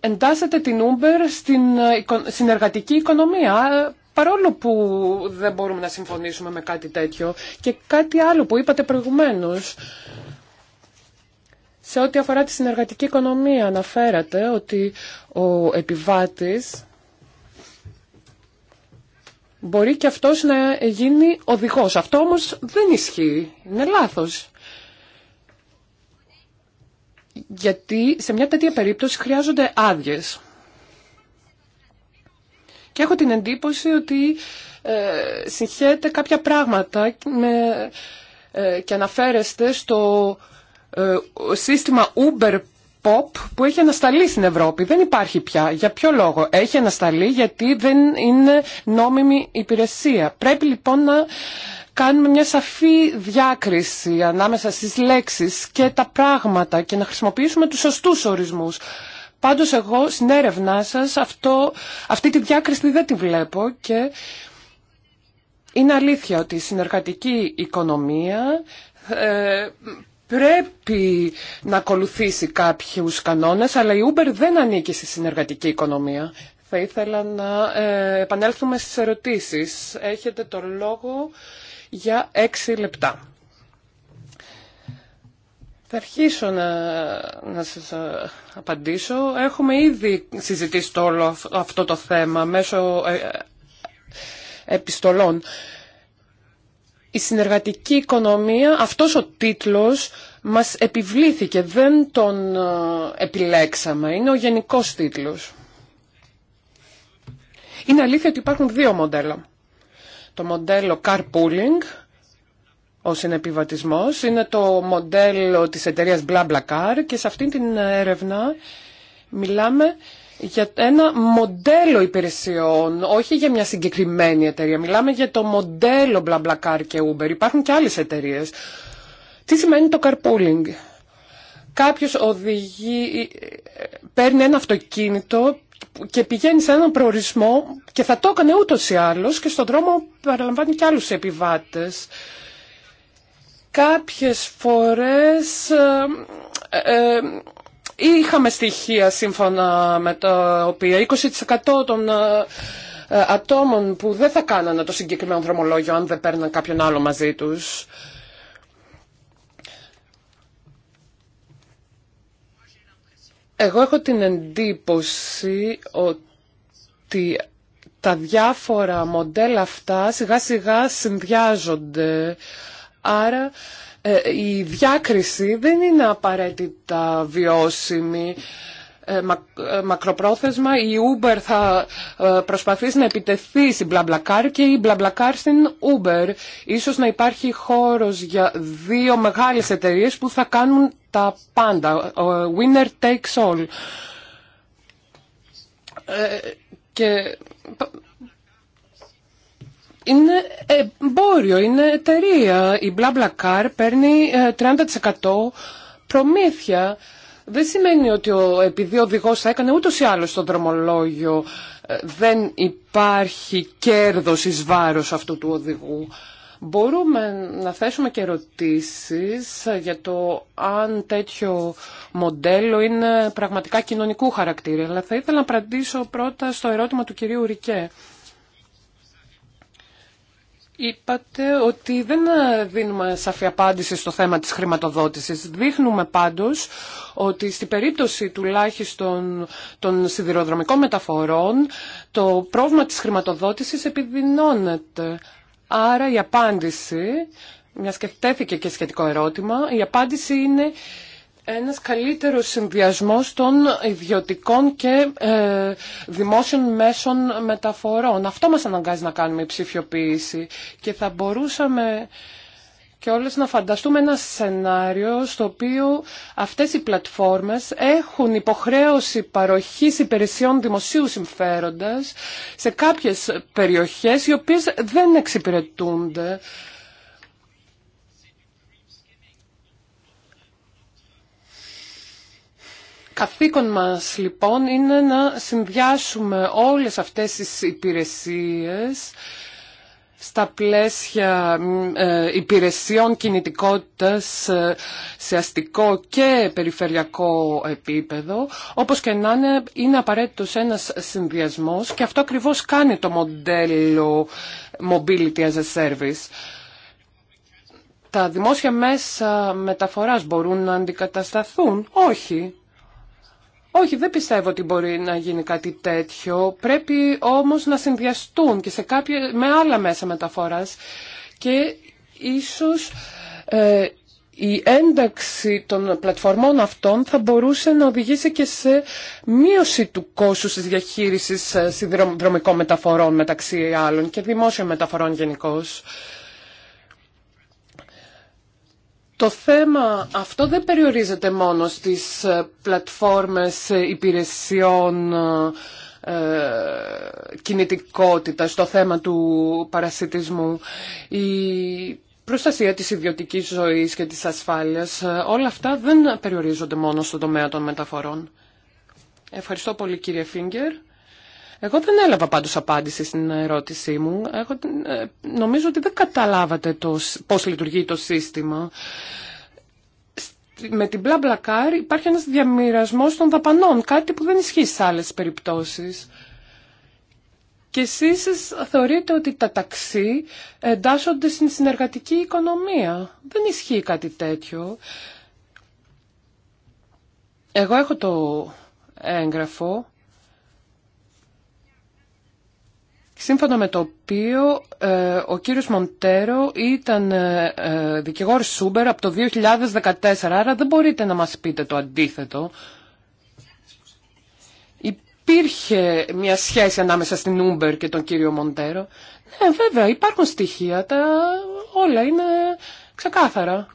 εντάσσετε την Uber στην ε, συνεργατική οικονομία παρόλο που δεν μπορούμε να συμφωνήσουμε με κάτι τέτοιο και κάτι άλλο που είπατε προηγουμένως σε ό,τι αφορά τη συνεργατική οικονομία αναφέρατε ότι ο επιβάτης μπορεί και αυτός να γίνει οδηγός. Αυτό όμως δεν ισχύει. Είναι λάθος. Γιατί σε μια τέτοια περίπτωση χρειάζονται άδειες. Και έχω την εντύπωση ότι ε, συγχαίρεται κάποια πράγματα με, ε, και αναφέρεστε στο ε, σύστημα Uber Pop που έχει ανασταλεί στην Ευρώπη. Δεν υπάρχει πια. Για ποιο λόγο. Έχει ανασταλεί γιατί δεν είναι νόμιμη υπηρεσία. Πρέπει λοιπόν να κάνουμε μια σαφή διάκριση ανάμεσα στις λέξεις και τα πράγματα και να χρησιμοποιήσουμε τους σωστούς ορισμούς. Πάντως εγώ στην έρευνά σας αυτό, αυτή τη διάκριση δεν τη βλέπω και είναι αλήθεια ότι η συνεργατική οικονομία ε, πρέπει να ακολουθήσει κάποιους κανόνες, αλλά η Uber δεν ανήκει στη συνεργατική οικονομία. Θα ήθελα να ε, επανέλθουμε στις ερωτήσεις. Έχετε το λόγο για έξι λεπτά. Θα αρχίσω να, να σας ε, απαντήσω. Έχουμε ήδη συζητήσει όλο αυτό το θέμα μέσω ε, ε, επιστολών. Η συνεργατική οικονομία, αυτός ο τίτλος μας επιβλήθηκε, δεν τον επιλέξαμε, είναι ο γενικός τίτλος. Είναι αλήθεια ότι υπάρχουν δύο μοντέλα. Το μοντέλο carpooling, ο συνεπιβατισμός είναι το μοντέλο της εταιρείας BlaBlaCar και σε αυτή την έρευνα μιλάμε για ένα μοντέλο υπηρεσιών, όχι για μια συγκεκριμένη εταιρεία. Μιλάμε για το μοντέλο BlaBlaCar και Uber. Υπάρχουν και άλλες εταιρείες. Τι σημαίνει το carpooling. Κάποιος οδηγεί, παίρνει ένα αυτοκίνητο και πηγαίνει σε έναν προορισμό και θα το έκανε ούτως ή άλλως και στον δρόμο παραλαμβάνει και άλλους επιβάτες. Κάποιες φορές ε, ε, ε, είχαμε στοιχεία σύμφωνα με τα οποία 20% των ατόμων που δεν θα κάνανε το συγκεκριμένο δρομολόγιο αν δεν παίρναν κάποιον άλλο μαζί τους. Εγώ έχω την εντύπωση ότι τα διάφορα μοντέλα αυτά σιγά σιγά συνδυάζονται Άρα ε, η διάκριση δεν είναι απαραίτητα βιώσιμη. Ε, ε, μακροπρόθεσμα η Uber θα προσπαθήσει να επιτεθεί στην BlaBlaCar και η BlaBlaCar στην Uber. Ίσως να υπάρχει χώρος για δύο μεγάλες εταιρείες που θα κάνουν τα πάντα. Winner takes all. Και είναι εμπόριο, είναι εταιρεία. Η BlaBlaCar παίρνει 30% ε, προμήθεια. Δεν σημαίνει ότι ο, επειδή ο οδηγό θα έκανε ούτως ή άλλως το δρομολόγιο ε, δεν υπάρχει κέρδος εις βάρος αυτού του οδηγού. Μπορούμε να θέσουμε και ερωτήσεις ε, για το αν τέτοιο μοντέλο είναι πραγματικά κοινωνικού χαρακτήρα. Αλλά θα ήθελα να απαντήσω πρώτα στο ερώτημα του κυρίου Ρικέ. Είπατε ότι δεν ε, δίνουμε σαφή απάντηση στο θέμα της χρηματοδότησης. Δείχνουμε πάντως ότι στην περίπτωση τουλάχιστον των σιδηροδρομικών μεταφορών το πρόβλημα της χρηματοδότησης επιδεινώνεται. Άρα η απάντηση, μια και και σχετικό ερώτημα, η απάντηση είναι ένας καλύτερος συνδυασμός των ιδιωτικών και ε, δημόσιων μέσων μεταφορών. Αυτό μας αναγκάζει να κάνουμε η ψηφιοποίηση και θα μπορούσαμε και όλες να φανταστούμε ένα σενάριο στο οποίο αυτές οι πλατφόρμες έχουν υποχρέωση παροχής υπηρεσιών δημοσίου συμφέροντας σε κάποιες περιοχές οι οποίες δεν εξυπηρετούνται. Καθήκον μας λοιπόν είναι να συνδυάσουμε όλες αυτές τις υπηρεσίες στα πλαίσια ε, υπηρεσιών κινητικότητας ε, σε αστικό και περιφερειακό επίπεδο, όπως και να είναι, είναι απαραίτητος ένας συνδυασμός και αυτό ακριβώς κάνει το μοντέλο Mobility as a Service. Τα δημόσια μέσα μεταφοράς μπορούν να αντικατασταθούν. Όχι. Όχι, δεν πιστεύω ότι μπορεί να γίνει κάτι τέτοιο. Πρέπει όμως να συνδυαστούν και σε με άλλα μέσα μεταφοράς και ίσως ε, η ένταξη των πλατφορμών αυτών θα μπορούσε να οδηγήσει και σε μείωση του κόστου της διαχείρισης ε, συνδρομικών μεταφορών μεταξύ άλλων και δημόσιων μεταφορών γενικώ. Το θέμα αυτό δεν περιορίζεται μόνο στις ε, πλατφόρμες ε, υπηρεσιών ε, κινητικότητα στο θέμα του παρασιτισμού, η προστασία της ιδιωτικής ζωής και της ασφάλειας, όλα αυτά δεν περιορίζονται μόνο στον τομέα των μεταφορών. Ευχαριστώ πολύ κύριε Φίγκερ. Εγώ δεν έλαβα πάντως απάντηση στην ερώτησή μου. Ε, νομίζω ότι δεν καταλάβατε το, πώς λειτουργεί το σύστημα. Με την μπλα υπάρχει ένας διαμοιρασμός των δαπανών, κάτι που δεν ισχύει σε άλλες περιπτώσεις. Και εσείς θεωρείτε ότι τα ταξί εντάσσονται στην συνεργατική οικονομία. Δεν ισχύει κάτι τέτοιο. Εγώ έχω το έγγραφο σύμφωνα με το οποίο ε, ο κύριος Μοντέρο ήταν ε, ε, δικηγόρος Σούμπερ από το 2014, άρα δεν μπορείτε να μας πείτε το αντίθετο. Υπήρχε μια σχέση ανάμεσα στην Ούμπερ και τον κύριο Μοντέρο. Ναι, βέβαια, υπάρχουν στοιχεία, τα όλα είναι ξεκάθαρα.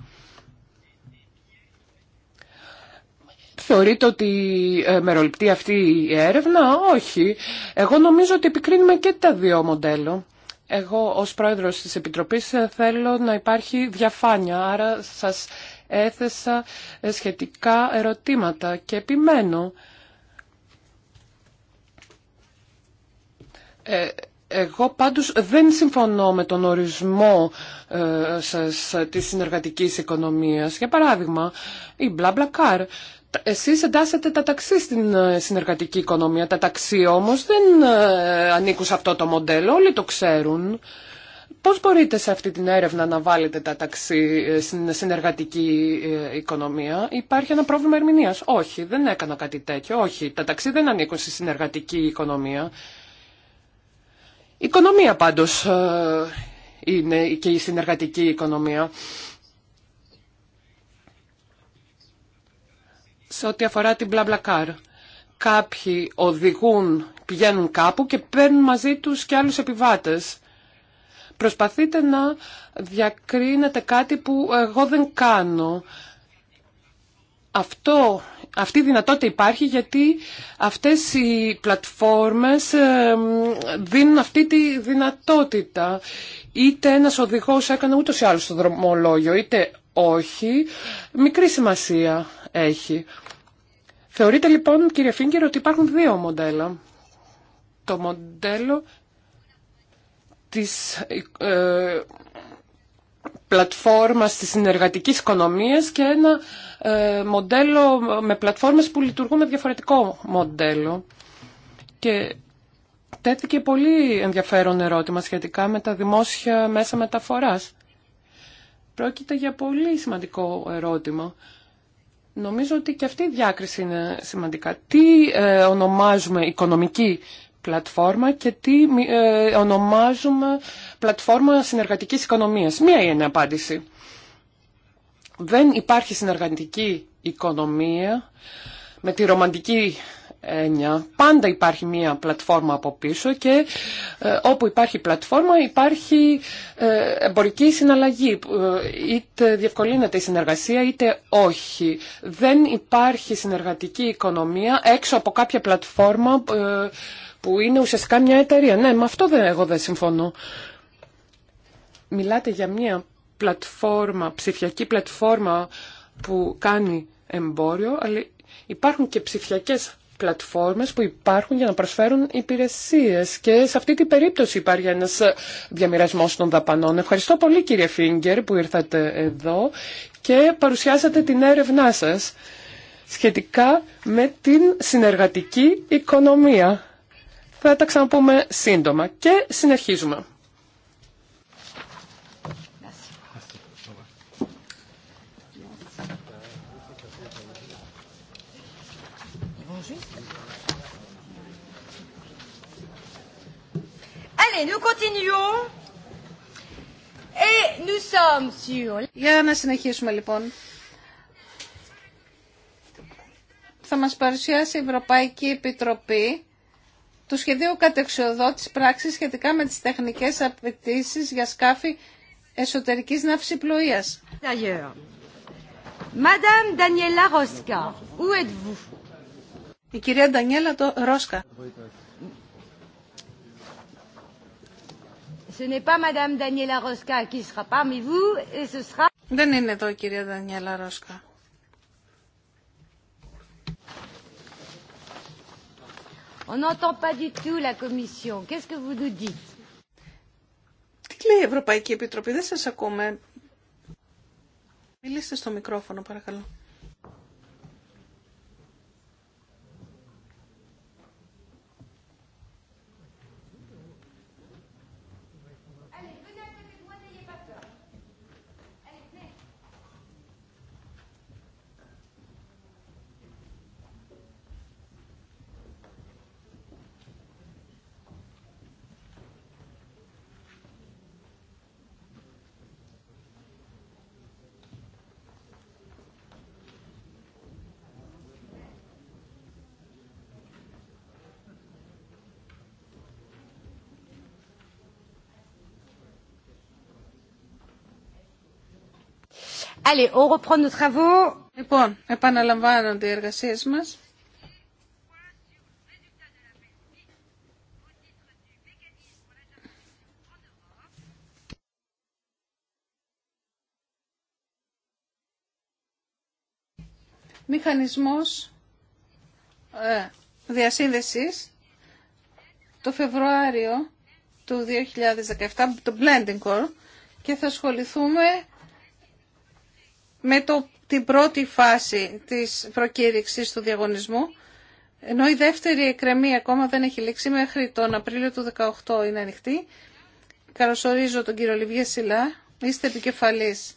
Θεωρείτε ότι ε, μεροληπτεί αυτή η έρευνα. Όχι. Εγώ νομίζω ότι επικρίνουμε και τα δύο μοντέλο. Εγώ ως πρόεδρος της Επιτροπής ε, θέλω να υπάρχει διαφάνεια, άρα σας έθεσα ε, σχετικά ερωτήματα και επιμένω. εγώ πάντως δεν συμφωνώ με τον ορισμό της συνεργατικής οικονομίας. Για παράδειγμα, η BlaBlaCar εσείς εντάσσετε τα ταξί στην ε, συνεργατική οικονομία. Τα ταξί όμως δεν ε, ανήκουν σε αυτό το μοντέλο, όλοι το ξέρουν. Πώς μπορείτε σε αυτή την έρευνα να βάλετε τα ταξί ε, στην συνεργατική οικονομία. Υπάρχει ένα πρόβλημα ερμηνείας. Όχι, δεν έκανα κάτι τέτοιο. Όχι, τα ταξί δεν ανήκουν στη συνεργατική οικονομία. Οικονομία πάντως είναι και η συνεργατική οικονομία. σε ό,τι αφορά την BlaBlaCar. Κάποιοι οδηγούν, πηγαίνουν κάπου και παίρνουν μαζί τους και άλλους επιβάτες. Προσπαθείτε να διακρίνετε κάτι που εγώ δεν κάνω. Αυτό, αυτή η δυνατότητα υπάρχει γιατί αυτές οι πλατφόρμες ε, δίνουν αυτή τη δυνατότητα. Είτε ένας οδηγός έκανε ούτως ή άλλως το δρομολόγιο, είτε όχι, μικρή σημασία έχει. Θεωρείτε λοιπόν, κύριε Φίγκερ, ότι υπάρχουν δύο μοντέλα. Το μοντέλο της ε, πλατφόρμας της συνεργατικής οικονομίας και ένα ε, μοντέλο με πλατφόρμες που λειτουργούν με διαφορετικό μοντέλο. Και τέθηκε πολύ ενδιαφέρον ερώτημα σχετικά με τα δημόσια μέσα μεταφοράς. Πρόκειται για πολύ σημαντικό ερώτημα. Νομίζω ότι και αυτή η διάκριση είναι σημαντικά. Τι ε, ονομάζουμε οικονομική πλατφόρμα και τι ε, ονομάζουμε πλατφόρμα συνεργατικής οικονομίας. Μία είναι απάντηση. Δεν υπάρχει συνεργατική οικονομία με τη ρομαντική πλατφόρμα υπάρχει ε, εμπορική συναλλαγή. Ε, είτε διευκολύνεται η συνεργασία είτε όχι. Δεν υπάρχει συνεργατική οικονομία έξω από κάποια πλατφόρμα ε, που είναι ουσιαστικά μια εταιρεία. Ναι, με αυτό δεν, εγώ δεν συμφωνώ. Μιλάτε για μια πλατφόρμα, ψηφιακή πλατφόρμα που κάνει εμπόριο, αλλά υπάρχουν και ψηφιακές πλατφόρμες που υπάρχουν για να προσφέρουν υπηρεσίες και σε αυτή την περίπτωση υπάρχει ένας διαμοιρασμός των δαπανών. Ευχαριστώ πολύ κύριε Φίγκερ που ήρθατε εδώ και παρουσιάσατε την έρευνά σας σχετικά με την συνεργατική οικονομία. Θα τα ξαναπούμε σύντομα και συνεχίζουμε. Allez, nous continuons. Et nous sommes sur... Για να συνεχίσουμε λοιπόν. Θα μας παρουσιάσει η Ευρωπαϊκή Επιτροπή του σχεδίου κατεξοδότης πράξης σχετικά με τις τεχνικές απαιτήσει για σκάφη εσωτερικής ναυσιπλοείας. Madame Daniela Rosca, où êtes-vous? Η κυρία Ντανιέλα Ρόσκα. Ce n'est pas madame Daniela Rosca qui sera parmi vous et ce sera Δεν είναι το κυρία Daniela Roska. On n'entend pas du tout la commission. Qu'est-ce que vous nous dites? Τι λέει η Ευρωπαϊκή Επιτροπή, δεν σας ακούμε. Μιλήστε στο μικρόφωνο, παρακαλώ. Λοιπόν, επαναλαμβάνονται οι εργασίε μα. Μηχανισμός ε, διασύνδεσης το Φεβρουάριο του 2017, το Blending Core, και θα ασχοληθούμε με το, την πρώτη φάση της προκήρυξης του διαγωνισμού, ενώ η δεύτερη εκκρεμή ακόμα δεν έχει λήξει μέχρι τον Απρίλιο του 2018 είναι ανοιχτή. Καλωσορίζω τον κύριο Λιβιέ Σιλά, είστε επικεφαλής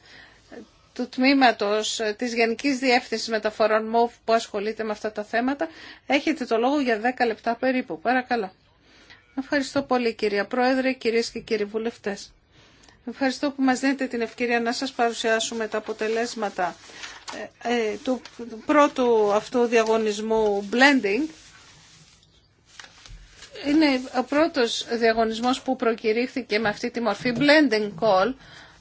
του τμήματος της Γενικής Διεύθυνσης Μεταφορών ΜΟΒ που ασχολείται με αυτά τα θέματα. Έχετε το λόγο για 10 λεπτά περίπου. Παρακαλώ. Ευχαριστώ πολύ κυρία Πρόεδρε, κυρίες και κύριοι βουλευτές. Ευχαριστώ που μας δίνετε την ευκαιρία να σας παρουσιάσουμε τα αποτελέσματα ε, ε, του πρώτου αυτού διαγωνισμού blending. Είναι ο πρώτος διαγωνισμός που προκηρύχθηκε με αυτή τη μορφή blending call,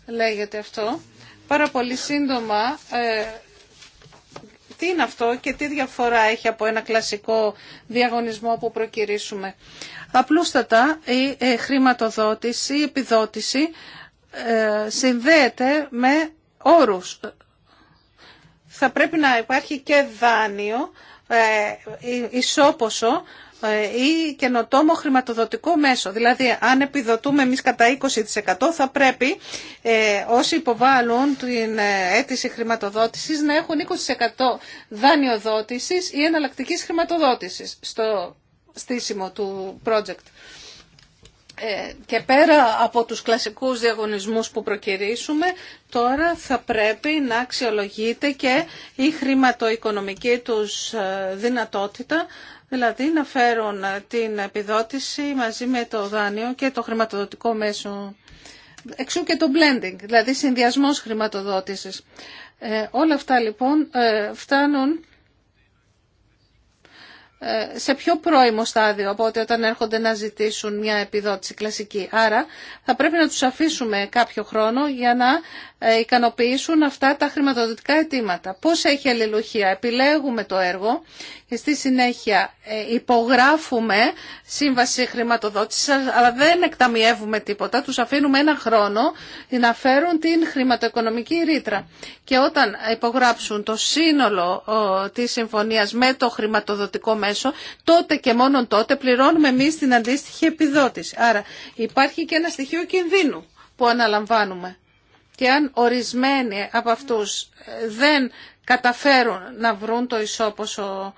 λέγεται αυτό. Πάρα πολύ σύντομα, ε, τι είναι αυτό και τι διαφορά έχει από ένα κλασικό διαγωνισμό που προκηρύσουμε. Απλούστατα η χρηματοδότηση, η επιδότηση ε, συνδέεται με όρους. Θα πρέπει να υπάρχει και δάνειο, ε, ισόποσο ε, ή καινοτόμο χρηματοδοτικό μέσο. Δηλαδή, αν επιδοτούμε εμεί κατά 20% θα πρέπει όσοι υποβάλλουν την αίτηση χρηματοδότησης να έχουν 20% δάνειο δότησης ή εναλλακτικής χρηματοδότησης στο στήσιμο του project. Ε, και πέρα από τους κλασικούς διαγωνισμούς που προκυρήσουμε, τώρα θα πρέπει να αξιολογείται και η χρηματοοικονομική τους ε, δυνατότητα, δηλαδή να φέρουν ε, την επιδότηση μαζί με το δάνειο και το χρηματοδοτικό μέσο. Εξού και το blending, δηλαδή συνδυασμός χρηματοδότησης. όλα αυτά λοιπόν φτάνουν ε, σε πιο πρώιμο στάδιο από ότι όταν έρχονται να ζητήσουν μια επιδότηση κλασική. Άρα θα πρέπει να τους αφήσουμε κάποιο χρόνο για να ε, ικανοποιήσουν αυτά τα χρηματοδοτικά αιτήματα. Πώς έχει αλληλουχία. Επιλέγουμε το έργο και στη συνέχεια ε, υπογράφουμε σύμβαση χρηματοδότησης αλλά δεν εκταμιεύουμε τίποτα. Τους αφήνουμε ένα χρόνο να φέρουν την χρηματοοικονομική ρήτρα. Και όταν υπογράψουν το σύνολο της συμφωνίας με το χρηματοδοτικό μέσο τότε και μόνο τότε πληρώνουμε εμεί την αντίστοιχη επιδότηση. Άρα υπάρχει και ένα στοιχείο κινδύνου που αναλαμβάνουμε. Και αν ορισμένοι από αυτούς ε, δεν καταφέρουν να βρουν το ισόποσο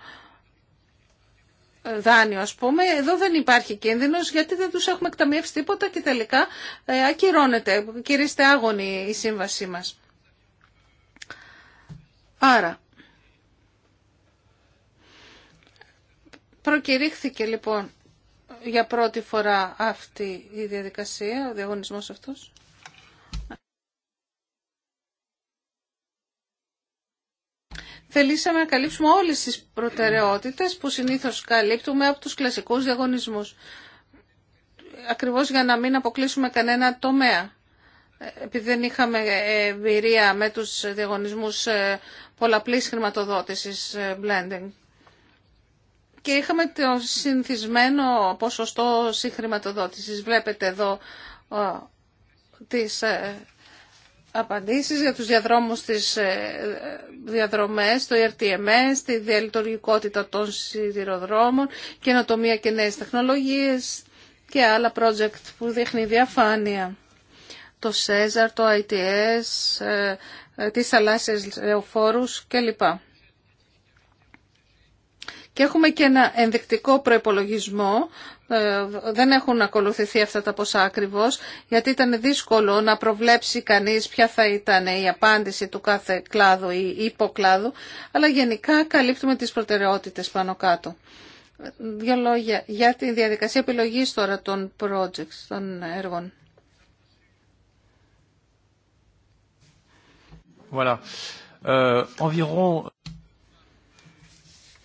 ε, δάνειο ας πούμε, εδώ δεν υπάρχει κίνδυνος γιατί δεν τους έχουμε εκταμιεύσει τίποτα και τελικά ε, ακυρώνεται, κυρίστε άγωνη η σύμβασή μας. Άρα, Προκηρύχθηκε λοιπόν για πρώτη φορά αυτή η διαδικασία, ο διαγωνισμός αυτός. Θελήσαμε να καλύψουμε όλες τις προτεραιότητες που συνήθως καλύπτουμε από τους κλασικούς διαγωνισμούς. Ακριβώς για να μην αποκλείσουμε κανένα τομέα. Επειδή δεν είχαμε εμπειρία με τους διαγωνισμούς ε, πολλαπλής χρηματοδότησης, ε, blending και είχαμε το συνηθισμένο ποσοστό συγχρηματοδότησης. Βλέπετε εδώ τις ε, απαντήσεις για τους διαδρόμους της ε, διαδρομές, το RTMS, τη διαλειτουργικότητα των σιδηροδρόμων, καινοτομία και νέες τεχνολογίες και άλλα project που δείχνει διαφάνεια. Το CESAR, το ITS, ε, τις θαλάσσιες λεωφόρους κλπ. Και έχουμε και ένα ενδεικτικό προπολογισμό. Ε, δεν έχουν ακολουθηθεί αυτά τα ποσά ακριβώς, γιατί ήταν δύσκολο να προβλέψει κανείς ποια θα ήταν η απάντηση του κάθε κλάδου ή υποκλάδου, αλλά γενικά καλύπτουμε τις προτεραιότητες πάνω κάτω. Δύο λόγια για τη διαδικασία επιλογής τώρα των projects, των έργων. Voilà. Euh,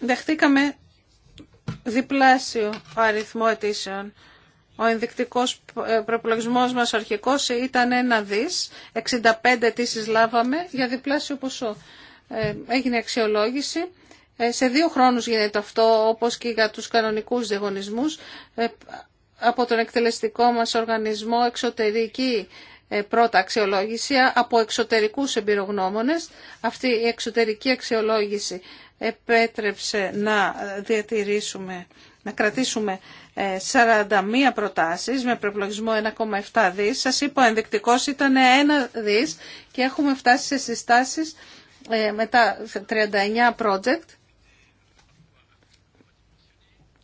δεχτήκαμε διπλάσιο αριθμό αιτήσεων. Ο ενδεικτικός ε, προπολογισμός μας αρχικός ήταν ένα δις, 65 αιτήσει λάβαμε για διπλάσιο ποσό. Ε, έγινε αξιολόγηση. Ε, σε δύο χρόνους γίνεται αυτό, όπως και για τους κανονικούς διαγωνισμούς. Από τον εκτελεστικό μας οργανισμό εξωτερική ε, πρώτα αξιολόγηση από εξωτερικούς εμπειρογνώμονες. Αυτή η εξωτερική αξιολόγηση επέτρεψε να διατηρήσουμε, να κρατήσουμε 41 ε, προτάσεις με προεπλογισμό 1,7 δις. Σας είπα, ο ενδεικτικός ήταν 1 δις και έχουμε φτάσει σε συστάσεις ε, μετά 39 project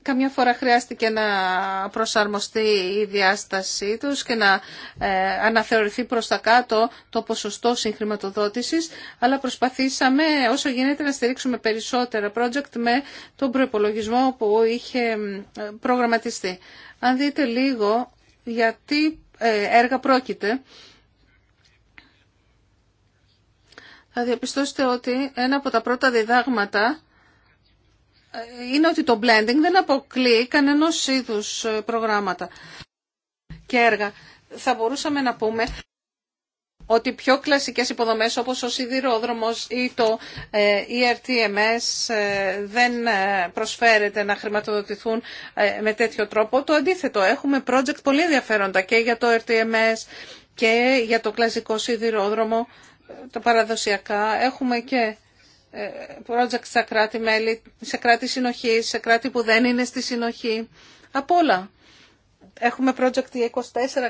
Καμιά φορά χρειάστηκε να προσαρμοστεί η διάστασή τους και να ε, αναθεωρηθεί προς τα κάτω το ποσοστό συγχρηματοδότησης, αλλά προσπαθήσαμε όσο γίνεται να στηρίξουμε περισσότερα project με τον προπολογισμό που είχε προγραμματιστεί. Αν δείτε λίγο γιατί ε, έργα πρόκειται, θα διαπιστώσετε ότι ένα από τα πρώτα διδάγματα ε, είναι ότι το blending δεν αποκλεί κανένα είδου ε, προγράμματα και έργα. Θα μπορούσαμε να πούμε ότι πιο κλασικές υποδομές όπως ο σιδηρόδρομος ή το ε, ERTMS δεν προσφέρεται να χρηματοδοτηθούν με τέτοιο τρόπο. Το αντίθετο, έχουμε project πολύ ενδιαφέροντα και για το ERTMS και για το κλασικό σιδηρόδρομο, τα παραδοσιακά. Έχουμε και ε, project στα κράτη-μέλη, σε κράτη συνοχή, σε κράτη που δεν είναι στη συνοχή. Από όλα. Έχουμε project 24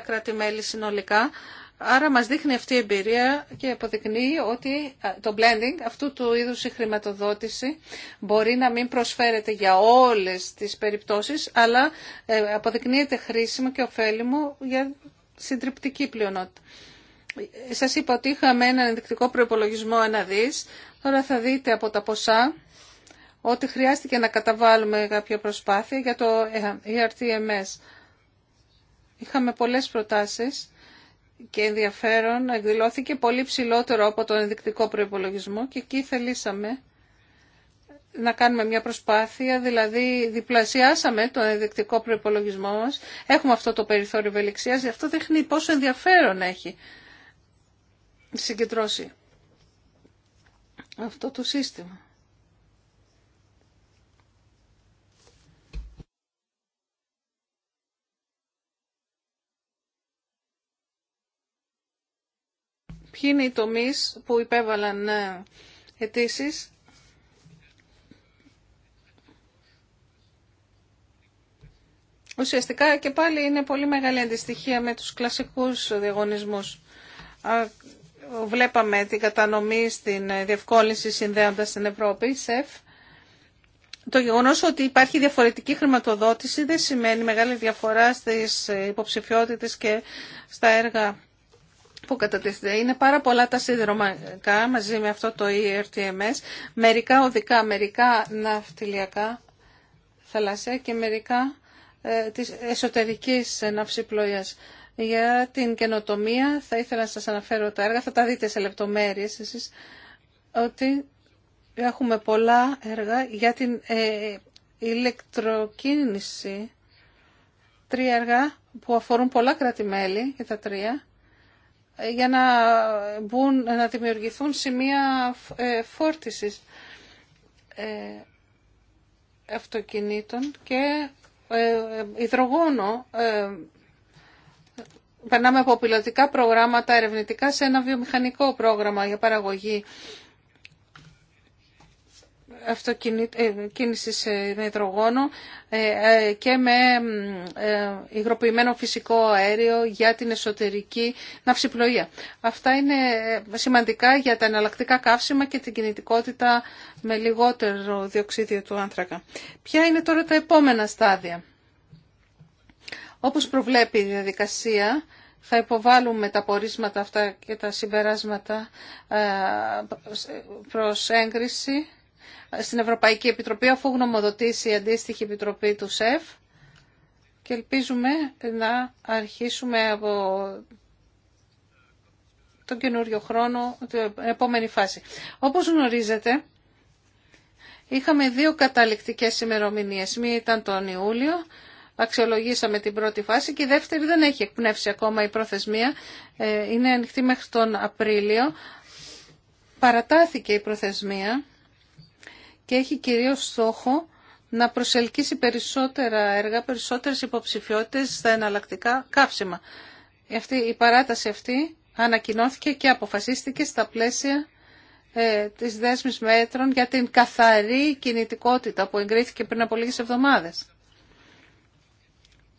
κράτη-μέλη συνολικά. Άρα μας δείχνει αυτή η εμπειρία και αποδεικνύει ότι ε, το blending αυτού του είδους η χρηματοδότηση μπορεί να μην προσφέρεται για όλες τις περιπτώσεις, αλλά ε, αποδεικνύεται χρήσιμο και ωφέλιμο για συντριπτική πλειονότητα. Σας είπα ότι είχαμε έναν ενδεικτικό προϋπολογισμό ένα δις. Τώρα θα δείτε από τα ποσά ότι χρειάστηκε να καταβάλουμε κάποια προσπάθεια για το ERTMS. Είχαμε πολλές προτάσεις και ενδιαφέρον εκδηλώθηκε πολύ ψηλότερο από τον ενδεικτικό προϋπολογισμό και εκεί θελήσαμε να κάνουμε μια προσπάθεια, δηλαδή διπλασιάσαμε τον ενδεικτικό προϋπολογισμό μας. Έχουμε αυτό το περιθώριο ευελιξίας, αυτό δείχνει πόσο ενδιαφέρον έχει συγκεντρώσει αυτό το σύστημα. Ποιοι είναι οι τομείς που υπέβαλαν ε, αιτήσει. Ουσιαστικά και πάλι είναι πολύ μεγάλη αντιστοιχία με τους κλασικούς διαγωνισμούς βλέπαμε την κατανομή στην ε, διευκόλυνση συνδέοντα στην Ευρώπη, ΣΕΦ, το γεγονό ότι υπάρχει διαφορετική χρηματοδότηση δεν σημαίνει μεγάλη διαφορά στι ε, υποψηφιότητε και στα έργα που κατατίθεται. Είναι πάρα πολλά τα σύνδρομακά μαζί με αυτό το ERTMS, μερικά οδικά, μερικά ναυτιλιακά θαλασσία και μερικά ε, της εσωτερικής ε, για την καινοτομία. Θα ήθελα να σας αναφέρω τα έργα, θα τα δείτε σε λεπτομέρειες εσείς, ότι έχουμε πολλά έργα για την ε, ηλεκτροκίνηση. Τρία έργα που αφορούν πολλά κράτη-μέλη, και τα τρία, ε, για να, μπουν, να δημιουργηθούν σημεία ε, φόρτισης αυτοκινήτων και υδρογόνο περνάμε από πιλωτικά προγράμματα ερευνητικά σε ένα βιομηχανικό πρόγραμμα για παραγωγή αυτοκίνηση ε, ε, μετρογόνου ε, και με υγροποιημένο φυσικό αέριο για την εσωτερική ναυσιπλοεία. Αυτά είναι σημαντικά για τα εναλλακτικά καύσιμα και την κινητικότητα με λιγότερο διοξίδιο του άνθρακα. Ποια είναι τώρα τα επόμενα στάδια. Όπως προβλέπει η διαδικασία, θα υποβάλουμε τα πορίσματα αυτά και τα συμπεράσματα ε, προς έγκριση στην Ευρωπαϊκή Επιτροπή, αφού γνωμοδοτήσει η αντίστοιχη Επιτροπή του ΣΕΦ και ελπίζουμε να αρχίσουμε από τον καινούριο χρόνο, την επόμενη φάση. Όπως γνωρίζετε, είχαμε δύο καταληκτικές ημερομηνίες. Μία ήταν τον Ιούλιο αξιολογήσαμε την πρώτη φάση και η δεύτερη δεν έχει εκπνεύσει ακόμα η προθεσμία. Ε, είναι ανοιχτή μέχρι τον Απρίλιο. Παρατάθηκε η προθεσμία και έχει κυρίως στόχο να προσελκύσει περισσότερα έργα, περισσότερες υποψηφιότητες στα εναλλακτικά καύσιμα. Αυτή, η παράταση αυτή ανακοινώθηκε και αποφασίστηκε στα πλαίσια ε, της δέσμης μέτρων για την καθαρή κινητικότητα που εγκρίθηκε πριν από λίγες εβδομάδες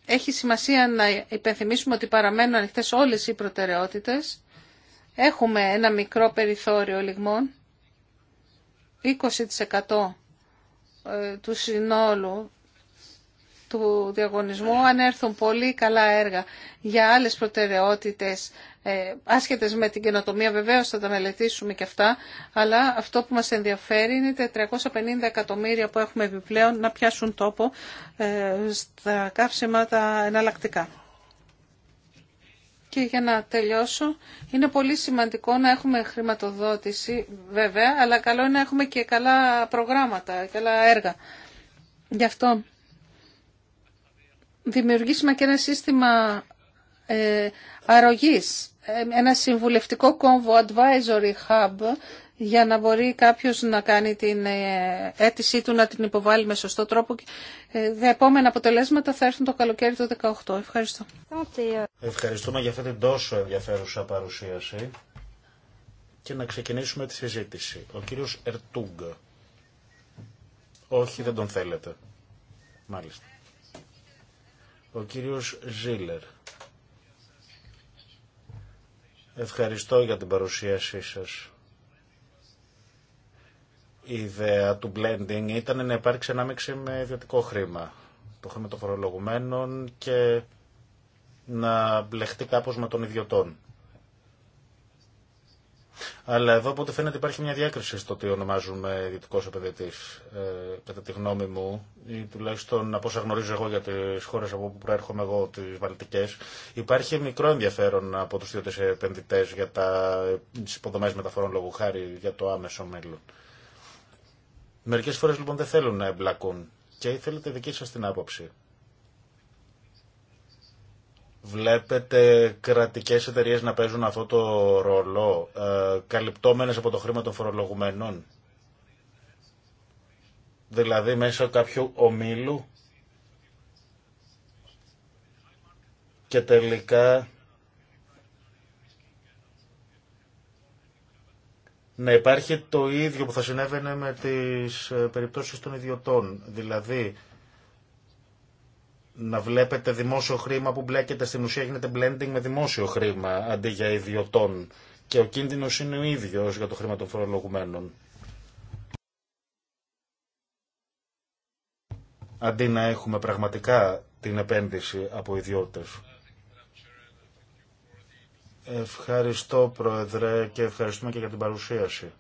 έχει σημασία να υπενθυμίσουμε ότι παραμένουν ανοιχτέ όλες οι προτεραιότητες. Έχουμε ένα μικρό περιθώριο λιγμών, 20% ε, του συνόλου του διαγωνισμού, αν έρθουν πολύ καλά έργα για άλλες προτεραιότητες ε, άσχετες με την καινοτομία βεβαίως θα τα μελετήσουμε και αυτά, αλλά αυτό που μας ενδιαφέρει είναι τα 350 εκατομμύρια που έχουμε επιπλέον να πιάσουν τόπο ε, στα καύσιμα τα εναλλακτικά. Και για να τελειώσω, είναι πολύ σημαντικό να έχουμε χρηματοδότηση βέβαια, αλλά καλό είναι να έχουμε και καλά προγράμματα, καλά έργα. Γι' αυτό δημιουργήσουμε και ένα σύστημα ε, αρρωγής ε, ένα συμβουλευτικό κόμβο advisory hub για να μπορεί κάποιος να κάνει την ε, αίτησή του να την υποβάλει με σωστό τρόπο. Ε, τα επόμενα αποτελέσματα θα έρθουν το καλοκαίρι του 2018. Ευχαριστώ. Ευχαριστούμε για αυτή την τόσο ενδιαφέρουσα παρουσίαση και να ξεκινήσουμε τη συζήτηση. Ο κύριος Ερτούγκ. Όχι, δεν τον θέλετε. Μάλιστα. Ο κύριος Ζήλερ. Ευχαριστώ για την παρουσίασή σας. Η ιδέα του blending ήταν να υπάρξει ανάμεξη με ιδιωτικό χρήμα, το χρήμα των φορολογουμένων και να μπλεχτεί κάπως με τον ιδιωτών. Αλλά εδώ από ό,τι φαίνεται υπάρχει μια διάκριση στο τι ονομάζουμε δυτικό επενδυτή. Ε, κατά τη γνώμη μου, ή τουλάχιστον από όσα γνωρίζω εγώ για τι χώρε από όπου προέρχομαι εγώ, τι Βαλτικέ, υπάρχει μικρό ενδιαφέρον από του ιδιώτε επενδυτέ για τι υποδομέ μεταφορών λόγου χάρη για το άμεσο μέλλον. Μερικέ φορέ λοιπόν δεν θέλουν να εμπλακούν. Και θέλετε δική σα την άποψη. Βλέπετε κρατικές εταιρείες να παίζουν αυτό το ρόλο, ε, καλυπτόμενες από το χρήμα των φορολογουμένων. Δηλαδή μέσα κάποιου ομίλου και τελικά να υπάρχει το ίδιο που θα συνέβαινε με τις ε, περιπτώσεις των ιδιωτών. Δηλαδή να βλέπετε δημόσιο χρήμα που μπλέκεται στην ουσία γίνεται blending με δημόσιο χρήμα αντί για ιδιωτών και ο κίνδυνος είναι ο ίδιος για το χρήμα των φορολογουμένων. Αντί να έχουμε πραγματικά την επένδυση από ιδιώτες. Ευχαριστώ Πρόεδρε και ευχαριστούμε και για την παρουσίαση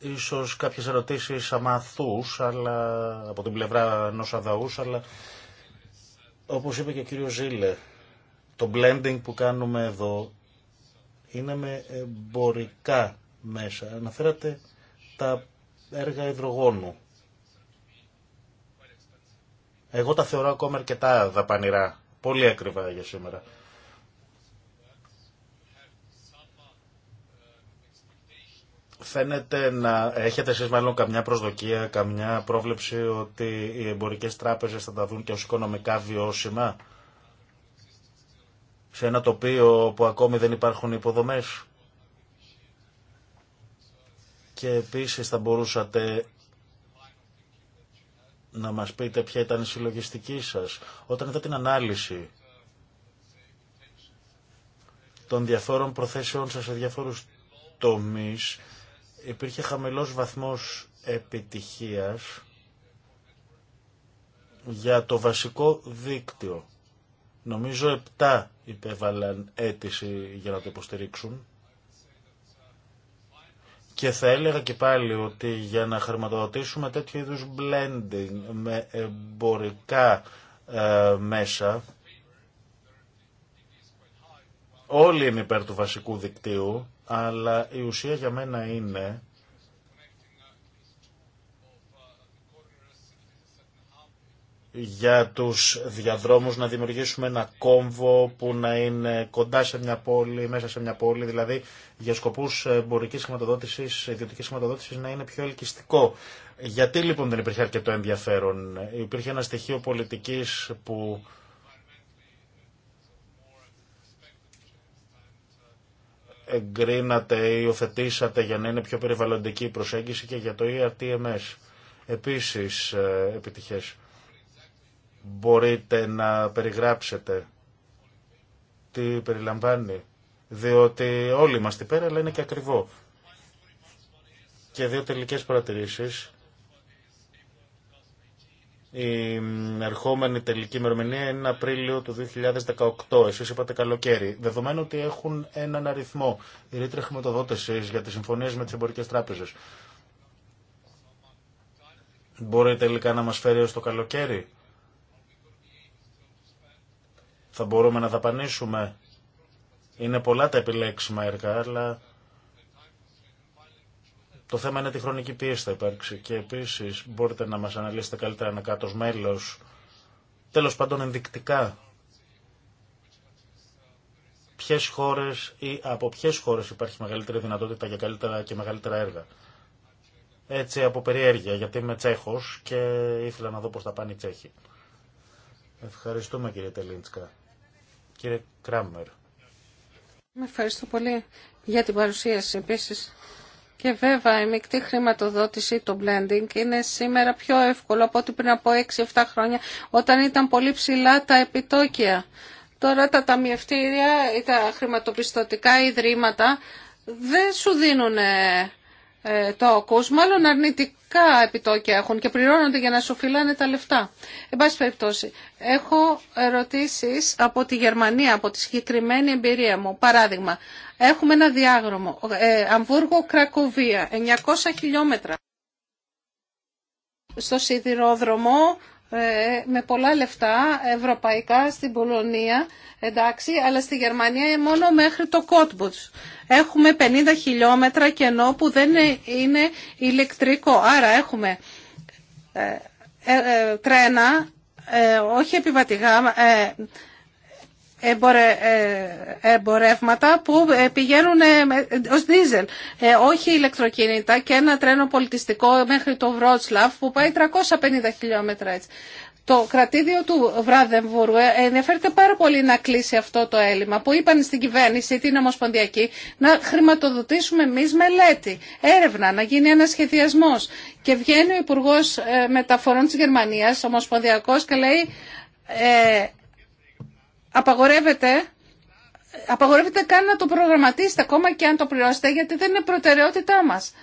ίσως κάποιες ερωτήσεις αμαθούς αλλά, από την πλευρά ενό αδαούς, αλλά όπως είπε και ο κύριος Ζήλε, το blending που κάνουμε εδώ είναι με εμπορικά μέσα. Αναφέρατε τα έργα υδρογόνου. Εγώ τα θεωρώ ακόμα αρκετά δαπανηρά. Πολύ ακριβά για σήμερα. φαίνεται να έχετε εσείς μάλλον καμιά προσδοκία, καμιά πρόβλεψη ότι οι εμπορικές τράπεζες θα τα δουν και ως οικονομικά βιώσιμα σε ένα τοπίο που ακόμη δεν υπάρχουν υποδομές. Και επίσης θα μπορούσατε να μας πείτε ποια ήταν η συλλογιστική σας όταν είδα την ανάλυση των διαφόρων προθέσεων σας σε διαφόρους τομείς υπήρχε χαμηλός βαθμός επιτυχίας για το βασικό δίκτυο. Νομίζω 7 υπέβαλαν αίτηση για να το υποστηρίξουν. Και θα έλεγα και πάλι ότι για να χρηματοδοτήσουμε τέτοιου είδους blending με εμπορικά ε, μέσα, όλοι είναι υπέρ του βασικού δικτύου, αλλά η ουσία για μένα είναι για τους διαδρόμους να δημιουργήσουμε ένα κόμβο που να είναι κοντά σε μια πόλη, μέσα σε μια πόλη, δηλαδή για σκοπούς εμπορικής χρηματοδότησης, ιδιωτικής χρηματοδότησης να είναι πιο ελκυστικό. Γιατί λοιπόν δεν υπήρχε αρκετό ενδιαφέρον. Υπήρχε ένα στοιχείο πολιτικής που εγκρίνατε ή υιοθετήσατε για να είναι πιο περιβαλλοντική η προσέγγιση και για το ERTMS. Επίσης, ε, επιτυχές, μπορείτε να περιγράψετε τι περιλαμβάνει, διότι όλοι είμαστε πέρα, αλλά είναι και ακριβό. Και δύο τελικές παρατηρήσεις η ερχόμενη τελική ημερομηνία είναι Απρίλιο του 2018. Εσεί είπατε καλοκαίρι. Δεδομένου ότι έχουν έναν αριθμό η ρήτρα χρηματοδότηση για τι συμφωνίε με τι εμπορικέ τράπεζε. Μπορεί τελικά να μα φέρει ω το καλοκαίρι. Θα μπορούμε να δαπανίσουμε. Είναι πολλά τα επιλέξιμα έργα, αλλά το θέμα είναι τη χρονική πίεση θα υπάρξει και επίσης μπορείτε να μας αναλύσετε καλύτερα ένα κάτω μέλο. τέλος πάντων ενδεικτικά, Ποιε χώρε ή από ποιε χώρε υπάρχει μεγαλύτερη δυνατότητα για καλύτερα και μεγαλύτερα έργα. Έτσι από περιέργεια, γιατί είμαι Τσέχος και ήθελα να δω πώς θα πάνε οι Τσέχοι. Ευχαριστούμε κύριε Τελίντσκα. Κύριε Κράμερ. ευχαριστώ πολύ για την παρουσίαση επίσης. Και βέβαια η μεικτή χρηματοδότηση, το blending, είναι σήμερα πιο εύκολο από ό,τι πριν από 6-7 χρόνια όταν ήταν πολύ ψηλά τα επιτόκια. Τώρα τα ταμιευτήρια ή τα χρηματοπιστωτικά ιδρύματα δεν σου δίνουν ε, το μάλλον αρνητικά επιτόκια έχουν και πληρώνονται για να σου φυλάνε τα λεφτά. Εν πάση περιπτώσει, έχω ερωτήσεις από τη Γερμανία, από τη συγκεκριμένη εμπειρία μου. Παράδειγμα, έχουμε ένα ένα ε, Αμβούργο-Κρακοβία, 900 χιλιόμετρα. Στο σιδηρόδρομο ε, με πολλά λεφτά ευρωπαϊκά στην Πολωνία, εντάξει, αλλά στη Γερμανία μόνο μέχρι το Κότμποτς. Έχουμε 50 χιλιόμετρα κενό που δεν ε, είναι ηλεκτρικό. Άρα έχουμε ε, τρένα, όχι επιβατηγά ε, εμπορεύματα που ε, πηγαίνουν ε, ως δίζελ, όχι ηλεκτροκίνητα και ένα τρένο πολιτιστικό μέχρι το Βρότσλαφ που πάει 350 χιλιόμετρα έτσι. Το κρατήδιο του Βράδεμβουρου ενδιαφέρεται πάρα πολύ να κλείσει αυτό το έλλειμμα που είπαν στην κυβέρνηση, την Ομοσπονδιακή, να χρηματοδοτήσουμε εμεί μελέτη, έρευνα, να γίνει ένα σχεδιασμό. Και βγαίνει ο Υπουργό Μεταφορών τη Γερμανία, Ομοσπονδιακό, και λέει απαγορεύεται απαγορεύεται καν να το προγραμματίσετε ακόμα και αν το πληρώσετε γιατί δεν είναι προτεραιότητά μας.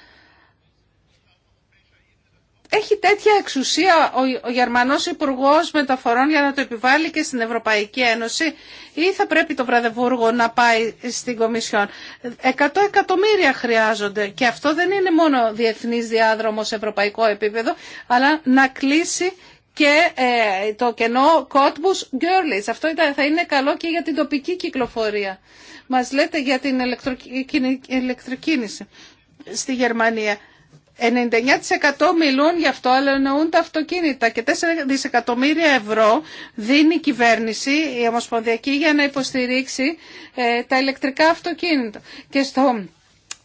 Έχει τέτοια εξουσία ο, ο Γερμανός υπουργό Μεταφορών για να το επιβάλλει και στην Ευρωπαϊκή Ένωση ή θα πρέπει το Βραδεβούργο να πάει στην Κομισιόν. Εκατό εκατομμύρια χρειάζονται και αυτό δεν είναι μόνο διεθνής διάδρομος σε ευρωπαϊκό επίπεδο αλλά να κλείσει και ε, το κενό Cottbus Girlies. Αυτό θα είναι καλό και για την τοπική κυκλοφορία. Μας λέτε για την ηλεκτροκίνηση στη Γερμανία. 99% μιλούν γι' αυτό, αλλά εννοούν τα αυτοκίνητα. Και 4 δισεκατομμύρια ευρώ δίνει η κυβέρνηση, η Ομοσπονδιακή, για να υποστηρίξει ε, τα ηλεκτρικά αυτοκίνητα. Και στο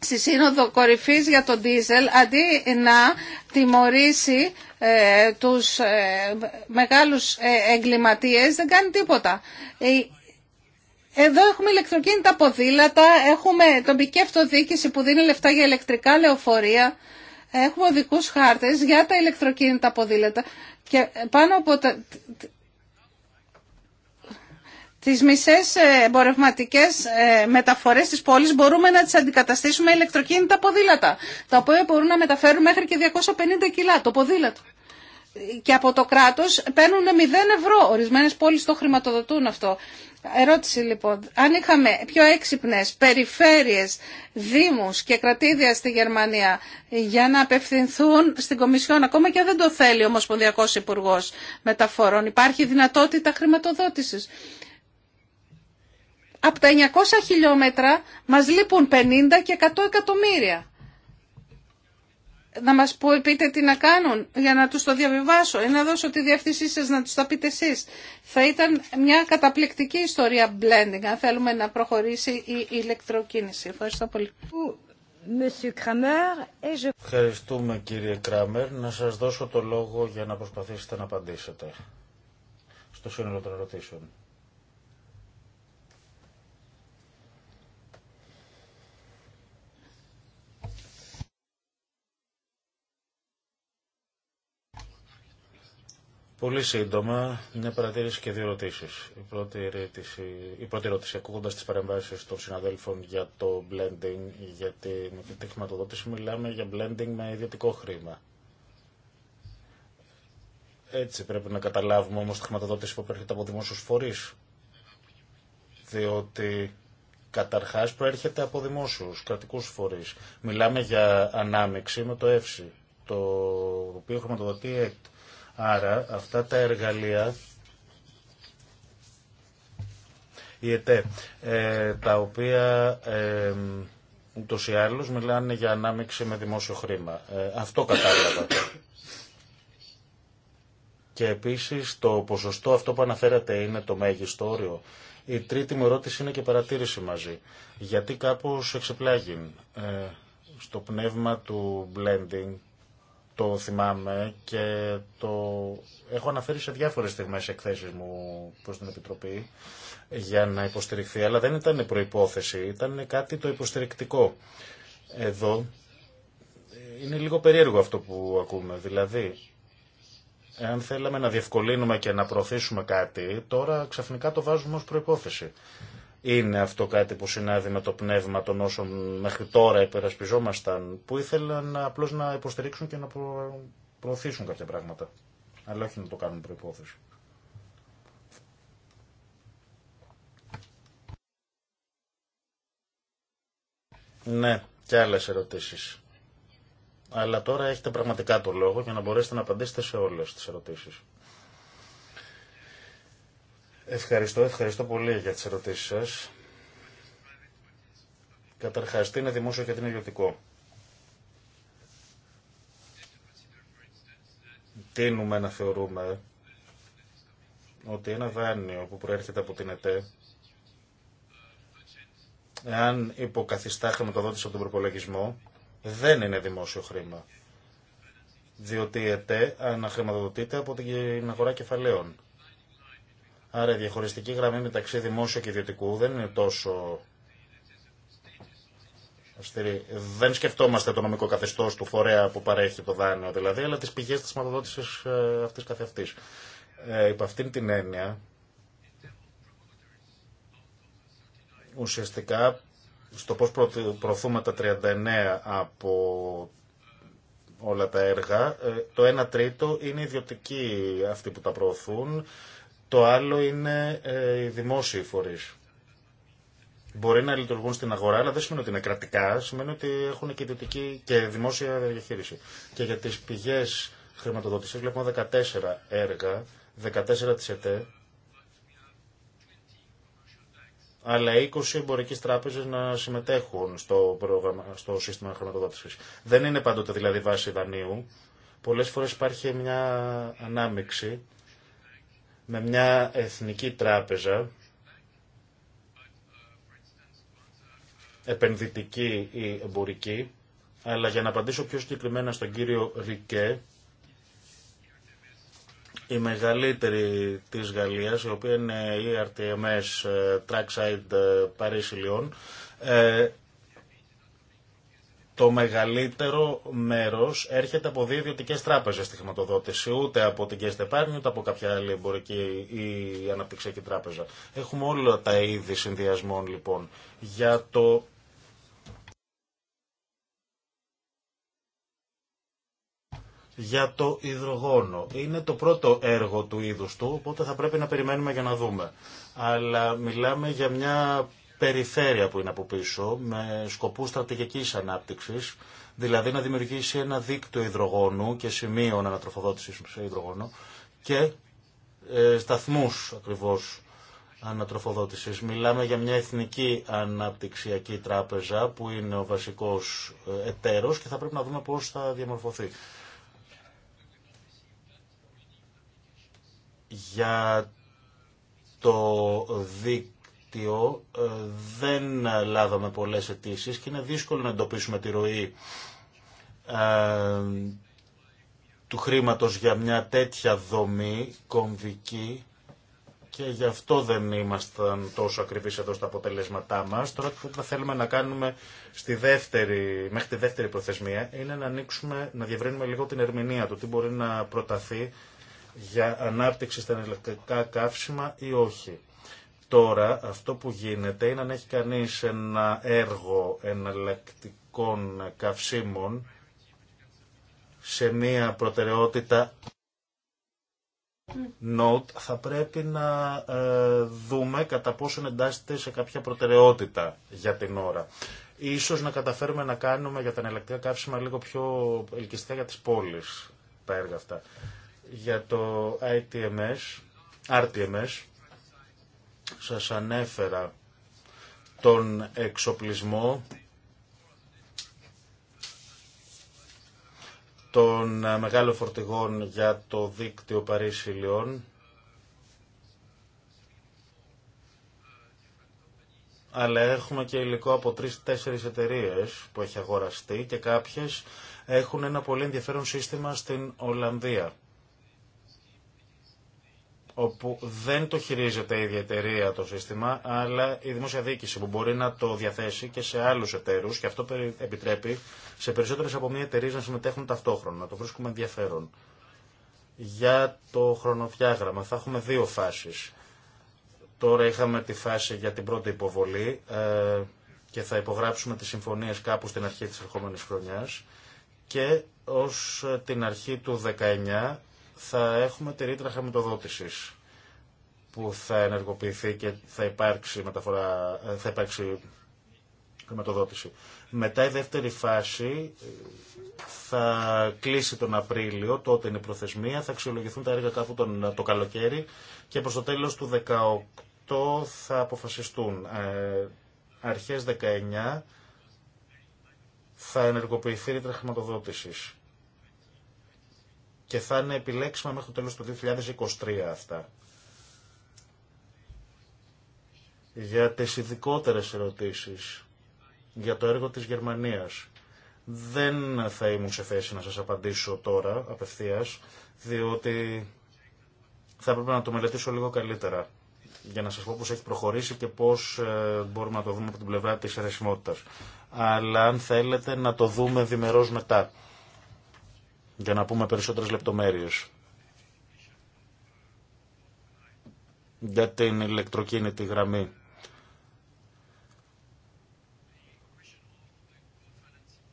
στη Σύνοδο Κορυφής για τον Ντίζελ αντί να τιμωρήσει ε, τους ε, μεγάλους ε, εγκληματίες δεν κάνει τίποτα. Εδώ έχουμε ηλεκτροκίνητα ποδήλατα, έχουμε τοπική αυτοδίκηση που δίνει λεφτά για ηλεκτρικά λεωφορεία, έχουμε οδικούς χάρτες για τα ηλεκτροκίνητα ποδήλατα και πάνω από τα Τις μισές ε, εμπορευματικέ ε, μεταφορές της πόλης μπορούμε να τις αντικαταστήσουμε ηλεκτροκίνητα ποδήλατα, τα οποία μπορούν να μεταφέρουν μέχρι και 250 κιλά το ποδήλατο. Και από το κράτος παίρνουν 0 ευρώ. Ορισμένες πόλεις το χρηματοδοτούν αυτό. Ερώτηση λοιπόν, αν είχαμε πιο έξυπνες περιφέρειες, δήμους και κρατήδια στη Γερμανία για να απευθυνθούν στην Κομισιόν, ακόμα και δεν το θέλει ο Ομοσπονδιακός Υπουργός Μεταφορών, υπάρχει δυνατότητα χρηματοδότηση από τα 900 χιλιόμετρα μας λείπουν 50 και 100 εκατομμύρια. Να μας πω, πείτε τι να κάνουν για να τους το διαβιβάσω ή ε, να δώσω τη διεύθυνσή σας να τους τα πείτε εσείς. Θα ήταν μια καταπληκτική ιστορία blending αν θέλουμε να προχωρήσει η ηλεκτροκίνηση. Ευχαριστώ πολύ. Ευχαριστούμε κύριε Κράμερ. Να σας δώσω το λόγο για να προσπαθήσετε να απαντήσετε στο σύνολο των ερωτήσεων. Πολύ σύντομα, μια παρατήρηση και δύο ερωτήσει. Η, πρώτη ερώτηση, η πρώτη ερώτηση, ακούγοντα τι παρεμβάσει των συναδέλφων για το blending, Γιατί με τη χρηματοδότηση, μιλάμε για blending με ιδιωτικό χρήμα. Έτσι πρέπει να καταλάβουμε όμω τη χρηματοδότηση που προέρχεται από δημόσιου φορεί. Διότι καταρχά προέρχεται από δημόσιου, κρατικού φορεί. Μιλάμε για ανάμειξη με το ΕΦΣΥ, το οποίο χρηματοδοτεί Άρα αυτά τα εργαλεία η ΕΤΕ, ε, τα οποία ε, ούτως ή άλλως μιλάνε για ανάμειξη με δημόσιο χρήμα. Ε, αυτό κατάλαβα. Και επίσης το ποσοστό αυτό που αναφέρατε είναι το μέγιστο όριο. Η τρίτη μου ερώτηση είναι και παρατήρηση μαζί. Γιατί κάπως εξεπλάγει ε, στο πνεύμα του blending το θυμάμαι και το έχω αναφέρει σε διάφορες στιγμές εκθέσεις μου προς την Επιτροπή για να υποστηριχθεί, αλλά δεν ήταν προϋπόθεση, ήταν κάτι το υποστηρικτικό. Εδώ είναι λίγο περίεργο αυτό που ακούμε, δηλαδή αν θέλαμε να διευκολύνουμε και να προωθήσουμε κάτι, τώρα ξαφνικά το βάζουμε ως προϋπόθεση είναι αυτό κάτι που συνάδει με το πνεύμα των όσων μέχρι τώρα υπερασπιζόμασταν, που ήθελαν απλώ να υποστηρίξουν και να προωθήσουν κάποια πράγματα. Αλλά όχι να το κάνουν προπόθεση. Ναι, και άλλε ερωτήσεις. Αλλά τώρα έχετε πραγματικά το λόγο για να μπορέσετε να απαντήσετε σε όλες τις ερωτήσεις. Ευχαριστώ, ευχαριστώ πολύ για τις ερωτήσεις σας. Καταρχάς, τι είναι δημόσιο και τι είναι ιδιωτικό. Τίνουμε να θεωρούμε ότι ένα δάνειο που προέρχεται από την ΕΤΕ, εάν υποκαθιστά χρηματοδότηση από τον προπολογισμό, δεν είναι δημόσιο χρήμα. Διότι η ΕΤΕ αναχρηματοδοτείται από την αγορά κεφαλαίων. Άρα η διαχωριστική γραμμή μεταξύ δημόσιο και ιδιωτικού δεν είναι τόσο αυστηρή. Δεν σκεφτόμαστε το νομικό καθεστώ του φορέα που παρέχει το δάνειο δηλαδή, αλλά τι πηγέ τη χρηματοδότηση ε, αυτή καθ' Ε, υπ' αυτήν την έννοια, ουσιαστικά στο πώς προωθούμε τα 39 από όλα τα έργα, ε, το 1 τρίτο είναι ιδιωτικοί αυτοί που τα προωθούν το άλλο είναι ε, οι δημόσιοι φορείς. Μπορεί να λειτουργούν στην αγορά, αλλά δεν σημαίνει ότι είναι κρατικά, σημαίνει ότι έχουν και ιδιωτική και δημόσια διαχείριση. Και για τις πηγές χρηματοδότησης βλέπουμε 14 έργα, 14 τη ΕΤΕ, αλλά 20 εμπορικέ τράπεζε να συμμετέχουν στο, πρόγραμμα, στο σύστημα χρηματοδότηση. Δεν είναι πάντοτε δηλαδή βάση δανείου. Πολλέ φορέ υπάρχει μια ανάμειξη με μια εθνική τράπεζα επενδυτική ή εμπορική, αλλά για να απαντήσω πιο συγκεκριμένα στον κύριο Ρικέ, η μεγαλύτερη της Γαλλίας, η οποία είναι η RTMS ε, Trackside ε, Paris Lyon, ε, το μεγαλύτερο μέρο έρχεται από δύο ιδιωτικέ τράπεζε στη χρηματοδότηση. Ούτε από την Κέστε Πάρνη, ούτε από κάποια άλλη εμπορική ή αναπτυξιακή τράπεζα. Έχουμε όλα τα είδη συνδυασμών λοιπόν για το. για το υδρογόνο. Είναι το πρώτο έργο του είδους του, οπότε θα πρέπει να περιμένουμε για να δούμε. Αλλά μιλάμε για μια περιφέρεια που είναι από πίσω με σκοπού στρατηγική ανάπτυξης, δηλαδή να δημιουργήσει ένα δίκτυο υδρογόνου και σημείων ανατροφοδότησης σε υδρογόνο και ε, σταθμούς ακριβώς ανατροφοδότησης. Μιλάμε για μια εθνική αναπτυξιακή τράπεζα που είναι ο βασικός ε, εταίρος και θα πρέπει να δούμε πώς θα διαμορφωθεί. Για το δίκτυο δίκτυο ε, δεν λάβαμε πολλές αιτήσει και είναι δύσκολο να εντοπίσουμε τη ροή ε, του χρήματος για μια τέτοια δομή κομβική και γι' αυτό δεν ήμασταν τόσο ακριβείς εδώ στα αποτελέσματά μας. Τώρα που θα θέλουμε να κάνουμε στη δεύτερη, μέχρι τη δεύτερη προθεσμία είναι να, ανοίξουμε, να διευρύνουμε λίγο την ερμηνεία του, τι μπορεί να προταθεί για ανάπτυξη στα ενεργειακά καύσιμα ή όχι. Τώρα αυτό που γίνεται είναι αν έχει κανείς ένα έργο εναλλακτικών καυσίμων σε μία προτεραιότητα note θα πρέπει να ε, δούμε κατά πόσο εντάσσεται σε κάποια προτεραιότητα για την ώρα. Ίσως να καταφέρουμε να κάνουμε για τα εναλλακτικά καύσιμα λίγο πιο ελκυστικά για τις πόλεις τα έργα αυτά. Για το ITMS, RTMS, σας ανέφερα τον εξοπλισμό των μεγάλων φορτηγών για το δίκτυο αλλά έχουμε και υλικό από τρεις-τέσσερις εταιρείες που έχει αγοραστεί και κάποιες έχουν ένα πολύ ενδιαφέρον σύστημα στην Ολλανδία όπου δεν το χειρίζεται η ίδια εταιρεία το σύστημα, αλλά η δημόσια διοίκηση που μπορεί να το διαθέσει και σε άλλου εταίρου και αυτό επιτρέπει σε περισσότερε από μία εταιρεία να συμμετέχουν ταυτόχρονα. Να το βρίσκουμε ενδιαφέρον. Για το χρονοδιάγραμμα θα έχουμε δύο φάσει. Τώρα είχαμε τη φάση για την πρώτη υποβολή ε, και θα υπογράψουμε τις συμφωνίες κάπου στην αρχή της ερχόμενης χρονιάς και ως την αρχή του 19 θα έχουμε τη ρήτρα χρηματοδότηση που θα ενεργοποιηθεί και θα υπάρξει, μεταφορά, ε, θα υπάρξει χρηματοδότηση. Μετά η δεύτερη φάση θα κλείσει τον Απρίλιο, τότε είναι η προθεσμία, θα αξιολογηθούν τα έργα κάπου τον, το καλοκαίρι και προς το τέλος του 18 θα αποφασιστούν. Ε, αρχές 19 θα ενεργοποιηθεί η ρήτρα χρηματοδότησης και θα είναι επιλέξιμα μέχρι το τέλος του 2023 αυτά. Για τις ειδικότερε ερωτήσεις, για το έργο της Γερμανίας, δεν θα ήμουν σε θέση να σας απαντήσω τώρα, απευθείας, διότι θα έπρεπε να το μελετήσω λίγο καλύτερα για να σας πω πώς έχει προχωρήσει και πώς ε, μπορούμε να το δούμε από την πλευρά της αρεσιμότητας. Αλλά αν θέλετε να το δούμε διμερώς μετά για να πούμε περισσότερες λεπτομέρειες. Για την ηλεκτροκίνητη γραμμή.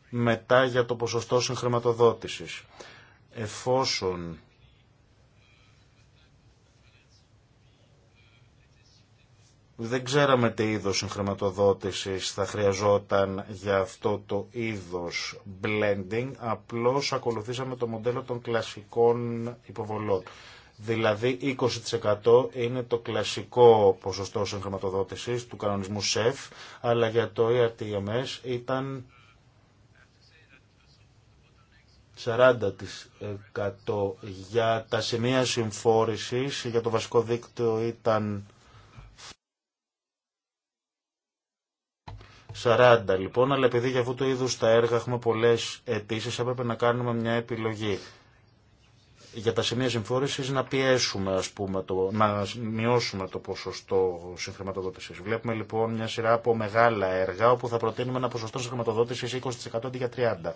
Μετά για το ποσοστό συγχρηματοδότησης. Εφόσον Δεν ξέραμε τι είδος συγχρηματοδότησης θα χρειαζόταν για αυτό το είδος blending, απλώς ακολουθήσαμε το μοντέλο των κλασικών υποβολών. Δηλαδή 20% είναι το κλασικό ποσοστό συγχρηματοδότησης του κανονισμού ΣΕΦ, αλλά για το ERTMS ήταν 40% για τα σημεία συμφόρησης, για το βασικό δίκτυο ήταν 40 λοιπόν, αλλά επειδή για αυτού του είδους τα έργα έχουμε πολλές αιτήσει, έπρεπε να κάνουμε μια επιλογή. Για τα σημεία συμφόρησης να πιέσουμε, ας πούμε, το, να μειώσουμε το ποσοστό συγχρηματοδότησης. Βλέπουμε λοιπόν μια σειρά από μεγάλα έργα όπου θα προτείνουμε ένα ποσοστό συγχρηματοδότησης 20% αντί για 30%.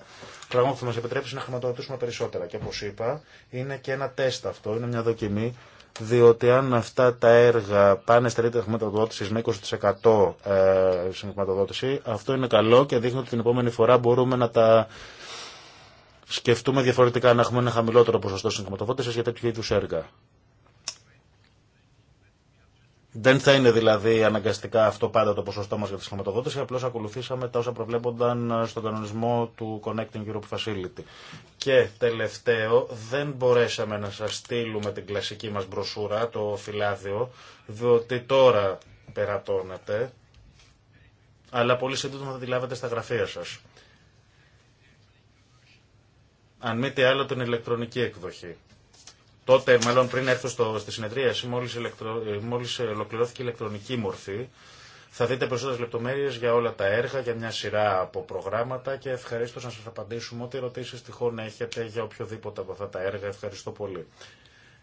Πράγμα που θα μας επιτρέψει να χρηματοδοτήσουμε περισσότερα. Και όπως είπα, είναι και ένα τεστ αυτό, είναι μια δοκιμή διότι αν αυτά τα έργα πάνε στα ρήτρα χρηματοδότηση με 20% ε, χρηματοδότηση, αυτό είναι καλό και δείχνει ότι την επόμενη φορά μπορούμε να τα σκεφτούμε διαφορετικά, να έχουμε ένα χαμηλότερο ποσοστό χρηματοδότηση για τέτοιου είδους έργα. Δεν θα είναι δηλαδή αναγκαστικά αυτό πάντα το ποσοστό μα για τη χρηματοδότηση, απλώ ακολουθήσαμε τα όσα προβλέπονταν ε, στον κανονισμό του Connecting Europe Facility. Και τελευταίο, δεν μπορέσαμε να σα στείλουμε την κλασική μα μπροσούρα, το φυλάδιο, διότι τώρα περατώνεται, αλλά πολύ σύντομα θα τη λάβετε στα γραφεία σα. Αν μη τι άλλο, την ηλεκτρονική εκδοχή. Τότε, μάλλον πριν έρθω στο, στη συνεδρία, μόλις, ε, μόλις ολοκληρώθηκε η ηλεκτρονική μορφή, θα δείτε περισσότερες λεπτομέρειες για όλα τα έργα, για μια σειρά από προγράμματα και ευχαρίστω να σας απαντήσουμε ό,τι ερωτήσεις τυχόν έχετε για οποιοδήποτε από αυτά τα έργα. Ευχαριστώ πολύ.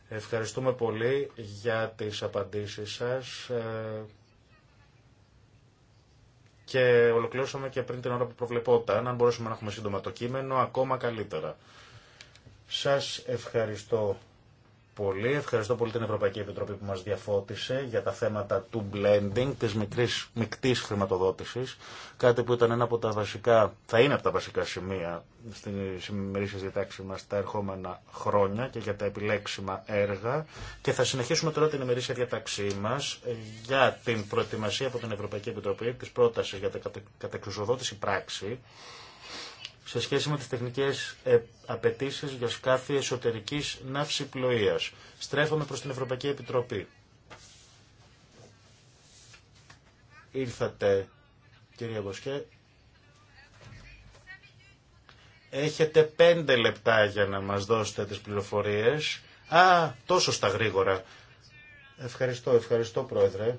Ευχαριστούμε πολύ για τις απαντήσεις σας. Ε, και ολοκληρώσαμε και πριν την ώρα που προβλεπόταν. Αν μπορέσουμε να έχουμε σύντομα το κείμενο, ακόμα καλύτερα. Σας ευχαριστώ πολύ. Ευχαριστώ πολύ την Ευρωπαϊκή Επιτροπή που μας διαφώτισε για τα θέματα του blending, της μικρής, μικτής χρηματοδότησης, κάτι που ήταν ένα από τα βασικά, θα είναι από τα βασικά σημεία στη σημερινή διατάξη μας τα ερχόμενα χρόνια και για τα επιλέξιμα έργα και θα συνεχίσουμε τώρα την ημερήσια διαταξή μας για την προετοιμασία από την Ευρωπαϊκή Επιτροπή της πρότασης για την κατεξουσοδότηση πράξη σε σχέση με τις τεχνικές ε, απαιτήσει για σκάφη εσωτερικής ναυσιπλοείας. Στρέφομαι προς την Ευρωπαϊκή Επιτροπή. Ήρθατε, κυρία Μποσκέ. Έχετε πέντε λεπτά για να μας δώσετε τις πληροφορίες. Α, τόσο στα γρήγορα. Ευχαριστώ, ευχαριστώ πρόεδρε.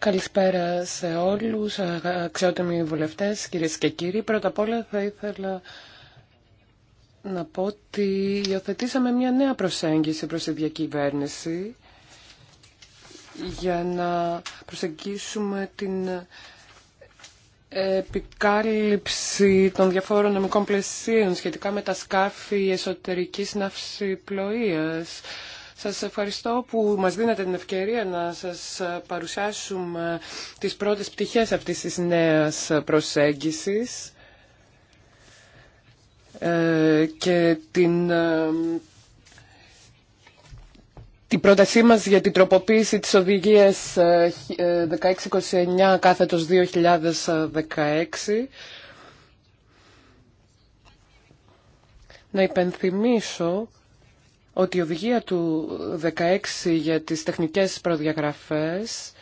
Καλησπέρα σε όλους, αξιότιμοι βουλευτές, κυρίες και κύριοι. Πρώτα απ' όλα θα ήθελα να πω ότι υιοθετήσαμε μια νέα προσέγγιση προς τη διακυβέρνηση για να προσεγγίσουμε την επικάλυψη των διαφόρων νομικών πλαισίων σχετικά με τα σκάφη εσωτερικής ναυσιπλοείας. Σας ευχαριστώ που μας δίνετε την ευκαιρία να σας παρουσιάσουμε τις πρώτες πτυχές αυτής της νέας προσέγγισης ε, και την ε, την πρότασή μας για την τροποποίηση της οδηγίας 1629 ε, κάθετος 2016. Να υπενθυμίσω ότι η οδηγία του 16 για τις τεχνικές προδιαγραφές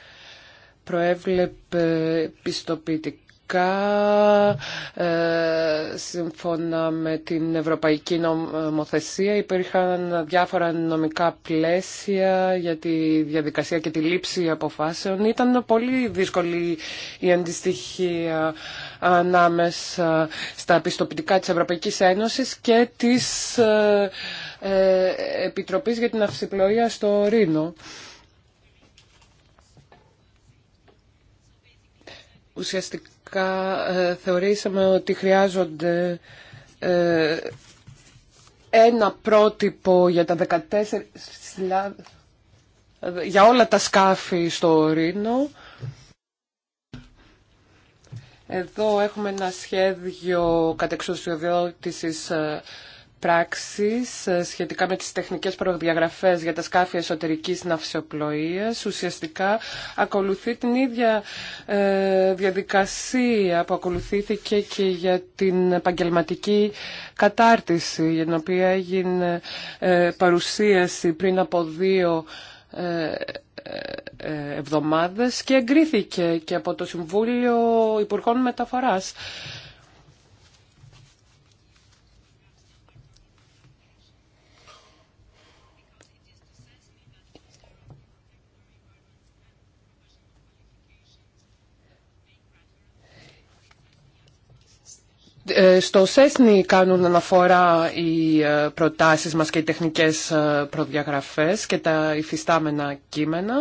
προέβλεπε πιστοποιητικά Φυσικά, ε, σύμφωνα με την Ευρωπαϊκή Νομοθεσία υπήρχαν διάφορα νομικά πλαίσια για τη διαδικασία και τη λήψη αποφάσεων. Ήταν πολύ δύσκολη η αντιστοιχία ανάμεσα στα πιστοποιητικά της Ευρωπαϊκής Ένωσης και της ε, ε, Επιτροπής για την Αυσιπλοεία στο Ρήνο. Ε, θεωρήσαμε ότι χρειάζονται ε, ένα πρότυπο για τα 14 ε, για όλα τα σκάφη στο Ρήνο. Εδώ έχουμε ένα σχέδιο ε, πράξεις ε, σχετικά με τις τεχνικές προδιαγραφές για τα σκάφη εσωτερικής ναυσιοπλοείας ουσιαστικά ακολουθεί την ίδια ε, διαδικασία που ακολουθήθηκε και για την επαγγελματική κατάρτιση για την οποία έγινε ε, παρουσίαση πριν από δύο εβδομάδες και εγκρίθηκε και από το Συμβούλιο Υπουργών Μεταφοράς. Ε, στο ΣΕΣΝΗ κάνουν αναφορά οι ε, προτάσεις μας και οι τεχνικές ε, προδιαγραφές και τα υφιστάμενα κείμενα.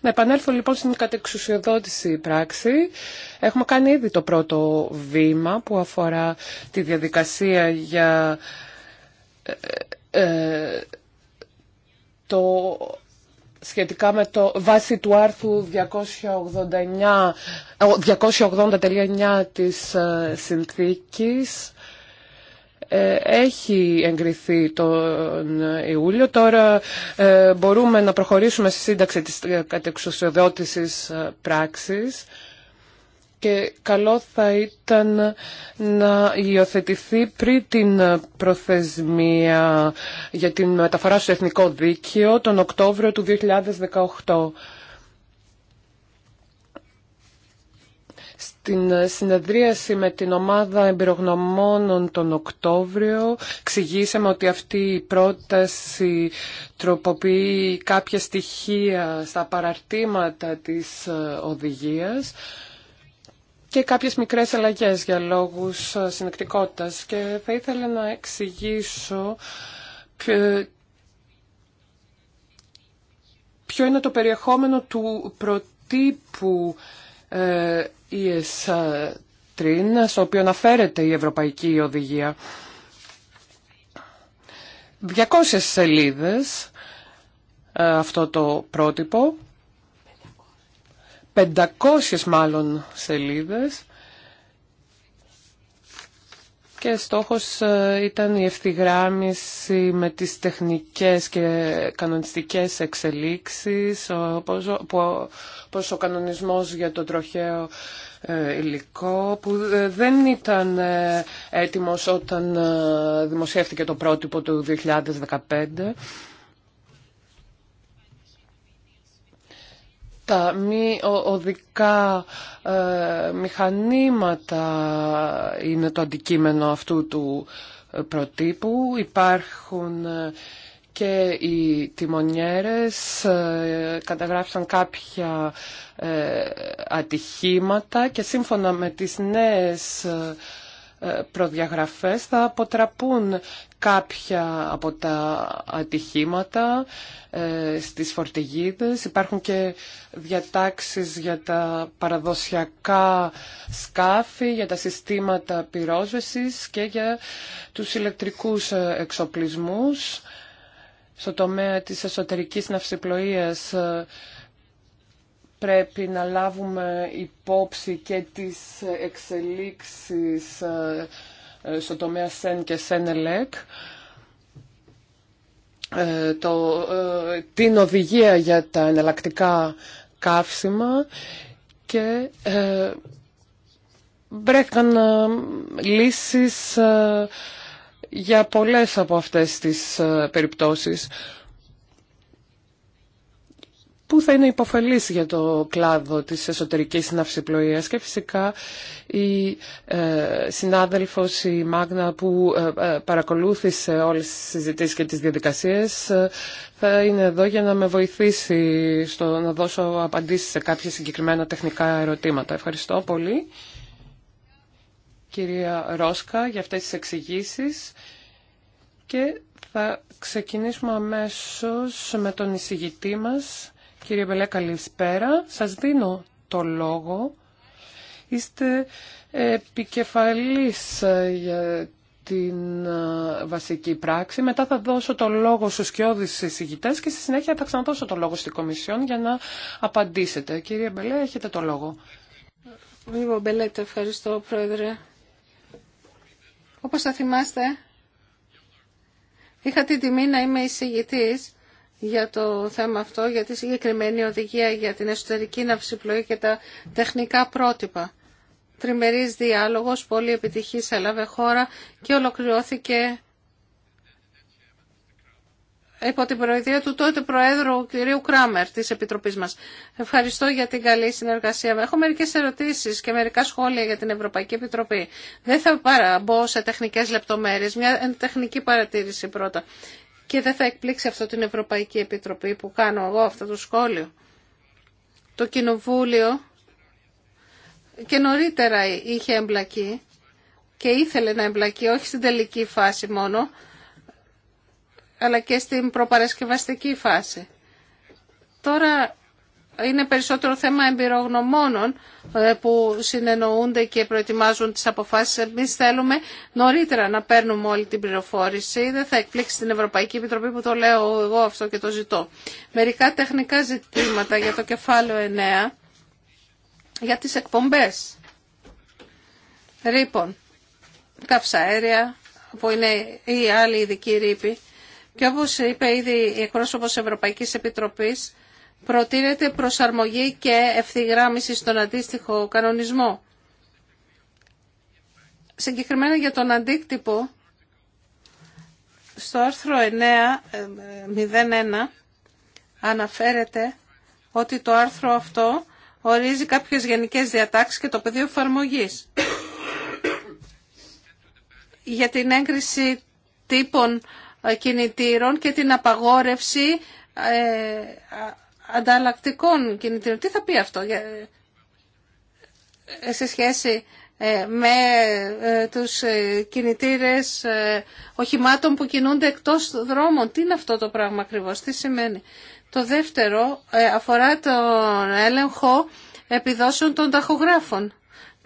Να επανέλθω λοιπόν στην κατεξουσιοδότηση πράξη. Έχουμε κάνει ήδη το πρώτο βήμα που αφορά τη διαδικασία για το σχετικά με το βάση του άρθρου 280.9 ε, της ε, συνθήκης ε, έχει εγκριθεί τον Ιούλιο. Τώρα μπορούμε να προχωρήσουμε στη σύνταξη της κατεξουσιοδότησης πράξης και καλό θα ήταν να υιοθετηθεί πριν την προθεσμία για την μεταφορά στο Εθνικό Δίκαιο τον Οκτώβριο του 2018. Στην συνεδρίαση με την ομάδα εμπειρογνωμόνων τον Οκτώβριο εξηγήσαμε ότι αυτή η πρόταση τροποποιεί κάποια στοιχεία στα παραρτήματα της ε, οδηγίας και κάποιες μικρές αλλαγές για λόγους ε, συνεκτικότητας και θα ήθελα να εξηγήσω ποιο είναι το περιεχόμενο του προτύπου ε, ES3 στο οποίο αναφέρεται η Ευρωπαϊκή Οδηγία. 200 σελίδες ε, αυτό το πρότυπο 500 μάλλον σελίδες και στόχος ε, ήταν η ευθυγράμμιση με τις τεχνικές και κανονιστικές εξελίξεις όπως ο κανονισμός για το τροχαίο ε, υλικό που ε, δεν ήταν έτοιμος όταν δημοσιεύτηκε το πρότυπο του 2015 τα μη οδικά ε, μηχανήματα είναι το αντικείμενο αυτού του ε, προτύπου. Υπάρχουν ε, και οι τιμονιέρες καταγράφησαν κάποια ατυχήματα και σύμφωνα με τις νέες προδιαγραφές θα αποτραπούν κάποια από τα ατυχήματα ε, στις φορτηγίδες. Υπάρχουν και διατάξεις για τα παραδοσιακά σκάφη, για τα συστήματα πυρόσβεσης και για τους ηλεκτρικούς ε, εξοπλισμούς. Στο τομέα της εσωτερικής ναυσιπλοείας ε, πρέπει να λάβουμε υπόψη και τις εξελίξεις ε, ε, στο τομέα ΣΕΝ και ΣΕΝΕΛΕΚ, ε, το, την οδηγία για τα εναλλακτικά καύσιμα και ε, βρέθηκαν λύσεις για πολλές από αυτές τις περιπτώσεις που θα είναι υποφελής για το κλάδο της εσωτερικής ναυσιπλοείας και φυσικά η ε, συνάδελφος η Μάγνα που ε, ε, παρακολούθησε όλες τις συζητήσεις και τις διαδικασίες ε, θα είναι εδώ για να με βοηθήσει στο να δώσω απαντήσεις σε κάποια συγκεκριμένα τεχνικά ερωτήματα. Ευχαριστώ πολύ κυρία Ρόσκα για αυτές τις εξηγήσει και θα ξεκινήσουμε αμέσως με τον εισηγητή μας Κύριε Μπελέ, καλησπέρα. Σας δίνω το λόγο. Είστε επικεφαλής ε, για την ε, βασική πράξη. Μετά θα δώσω το λόγο στους σκιώδεις εισηγητές και στη συνέχεια θα ξαναδώσω το λόγο στην Κομισιόν για να απαντήσετε. Κύριε Μπελέ, έχετε το λόγο. Βίβο Μπελέτε, ευχαριστώ Πρόεδρε. Όπως θα θυμάστε, είχα την τιμή να είμαι εισηγητής για το θέμα αυτό, για τη συγκεκριμένη οδηγία για την εσωτερική ναυσιπλοή και τα τεχνικά πρότυπα. Τριμερής διάλογος, πολύ επιτυχής έλαβε χώρα και ολοκληρώθηκε υπό την προεδρία του τότε Προέδρου κ. Κράμερ της Επιτροπής μας. Ευχαριστώ για την καλή συνεργασία. Έχω μερικές ερωτήσεις και μερικά σχόλια για την Ευρωπαϊκή Επιτροπή. Δεν θα μπω σε τεχνικές λεπτομέρειες. Μια τεχνική παρατήρηση πρώτα και δεν θα εκπλήξει αυτό την Ευρωπαϊκή Επιτροπή που κάνω εγώ αυτό το σχόλιο. Το Κοινοβούλιο και νωρίτερα είχε εμπλακεί και ήθελε να εμπλακεί όχι στην τελική φάση μόνο, αλλά και στην προπαρασκευαστική φάση. Τώρα είναι περισσότερο θέμα εμπειρογνωμόνων ε, που συνεννοούνται και προετοιμάζουν τις αποφάσεις. Εμείς θέλουμε νωρίτερα να παίρνουμε όλη την πληροφόρηση. Δεν θα εκπλήξει την Ευρωπαϊκή Επιτροπή που το λέω εγώ αυτό και το ζητώ. Μερικά τεχνικά ζητήματα για το κεφάλαιο 9, για τις εκπομπές. Ρήπων, καυσαέρια, που είναι η άλλη ειδική ρήπη. Και όπως είπε ήδη η εκπρόσωπος Ευρωπαϊκής Επιτροπής, προτείνεται προσαρμογή και ευθυγράμμιση στον αντίστοιχο κανονισμό. Συγκεκριμένα για τον αντίκτυπο, στο άρθρο 9.01 ε, αναφέρεται ότι το άρθρο αυτό ορίζει κάποιες γενικές διατάξεις και το πεδίο εφαρμογή. για την έγκριση τύπων ε, κινητήρων και την απαγόρευση ε, ανταλλακτικών κινητήρων. Τι θα πει αυτό ε, σε σχέση ε, με ε, τους κινητήρες οχημάτων που κινούνται εκτός δρόμων. Τι είναι αυτό το πράγμα ακριβώς, τι σημαίνει. Το δεύτερο αφορά τον έλεγχο επιδόσεων των ταχογράφων.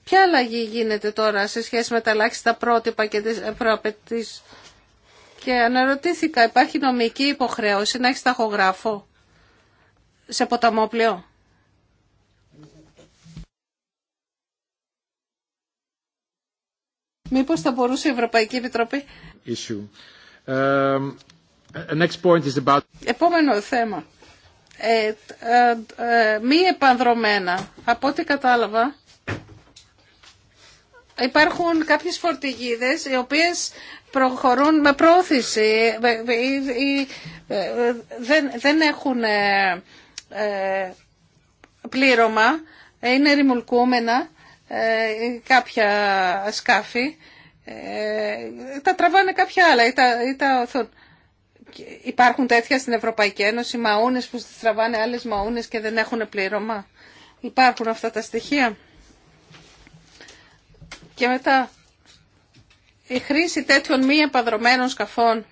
Ποια αλλαγή γίνεται τώρα σε σχέση με τα ελάχιστα πρότυπα και τις προαπαιτήσεις. Και αναρωτήθηκα, υπάρχει νομική υποχρέωση να έχει ταχογράφο σε ποταμόπλαιο. Μήπως θα μπορούσε η Ευρωπαϊκή Επιτροπή. Um, Επόμενο θέμα. Ε, ε, ε, μη επανδρομένα. Από ό,τι κατάλαβα, υπάρχουν κάποιες φορτηγίδες οι οποίες προχωρούν με πρόθεση ή ε, ε, ε, δεν, δεν έχουν ε, πλήρωμα, είναι ρημουλκούμενα ε, κάποια σκάφη, ε, τα τραβάνε κάποια άλλα ή τα, ή τα Υπάρχουν τέτοια στην Ευρωπαϊκή Ένωση, μαούνες που τις τραβάνε άλλες μαούνες και δεν έχουν πλήρωμα. Υπάρχουν αυτά τα στοιχεία. Και μετά η χρήση τέτοιων μη επαδρομένων σκαφών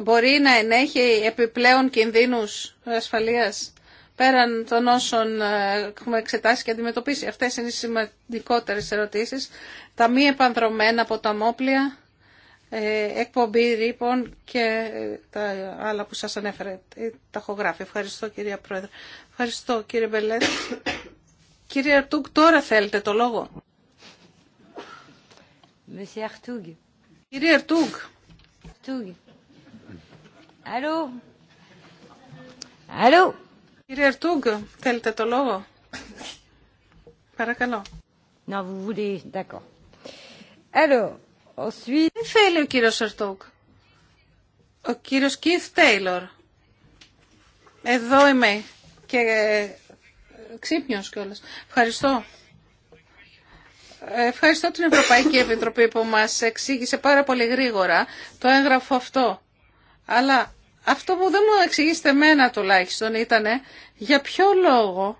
μπορεί να ενέχει επιπλέον κινδύνους ασφαλείας πέραν των όσων ε, έχουμε εξετάσει και αντιμετωπίσει. Αυτές είναι οι σημαντικότερες ερωτήσεις. Τα μη επανδρομένα ποταμόπλια, ε, εκπομπή ρήπων και ε, τα άλλα που σας ανέφερε, τα ταχογράφη. Ευχαριστώ κυρία Πρόεδρε. Ευχαριστώ κύριε Μπελέτ. κύριε Αρτούγκ, τώρα θέλετε το λόγο. Κύριε Αρτούγκ. Αλλού. Αλλού. Κύριε Αρτούγκ, θέλετε το λόγο. Παρακαλώ. Να vous voulez, d'accord. Alors, ensuite... Δεν θέλει ο κύριος Αρτούγκ. Ο κύριος Κιθ Τέιλορ. Εδώ είμαι και ε, ξύπνιος κιόλας. Ευχαριστώ. Ε, ευχαριστώ την Ευρωπαϊκή Επιτροπή που μας εξήγησε πάρα πολύ γρήγορα το έγγραφο αυτό. Αλλά αυτό που δεν μου εξηγήσετε εμένα τουλάχιστον ήταν για ποιο λόγο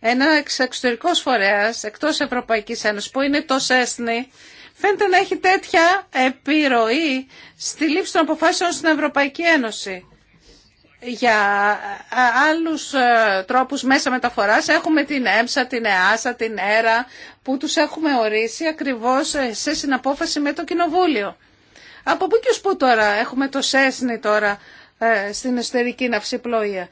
ένα εξωτερικό φορέα εκτό Ευρωπαϊκή Ένωση που είναι το ΣΕΣΝΗ φαίνεται να έχει τέτοια επιρροή στη λήψη των αποφάσεων στην Ευρωπαϊκή Ένωση. Για άλλους ε, τρόπους μέσα μεταφοράς έχουμε την ΕΜΣΑ, την ΕΑΣΑ, την ΕΡΑ που τους έχουμε ορίσει ακριβώς ε, σε συναπόφαση με το Κοινοβούλιο. Από πού και πού τώρα έχουμε το ΣΕΣΝΗ τώρα ε, στην εσωτερική ναυσιπλοεία.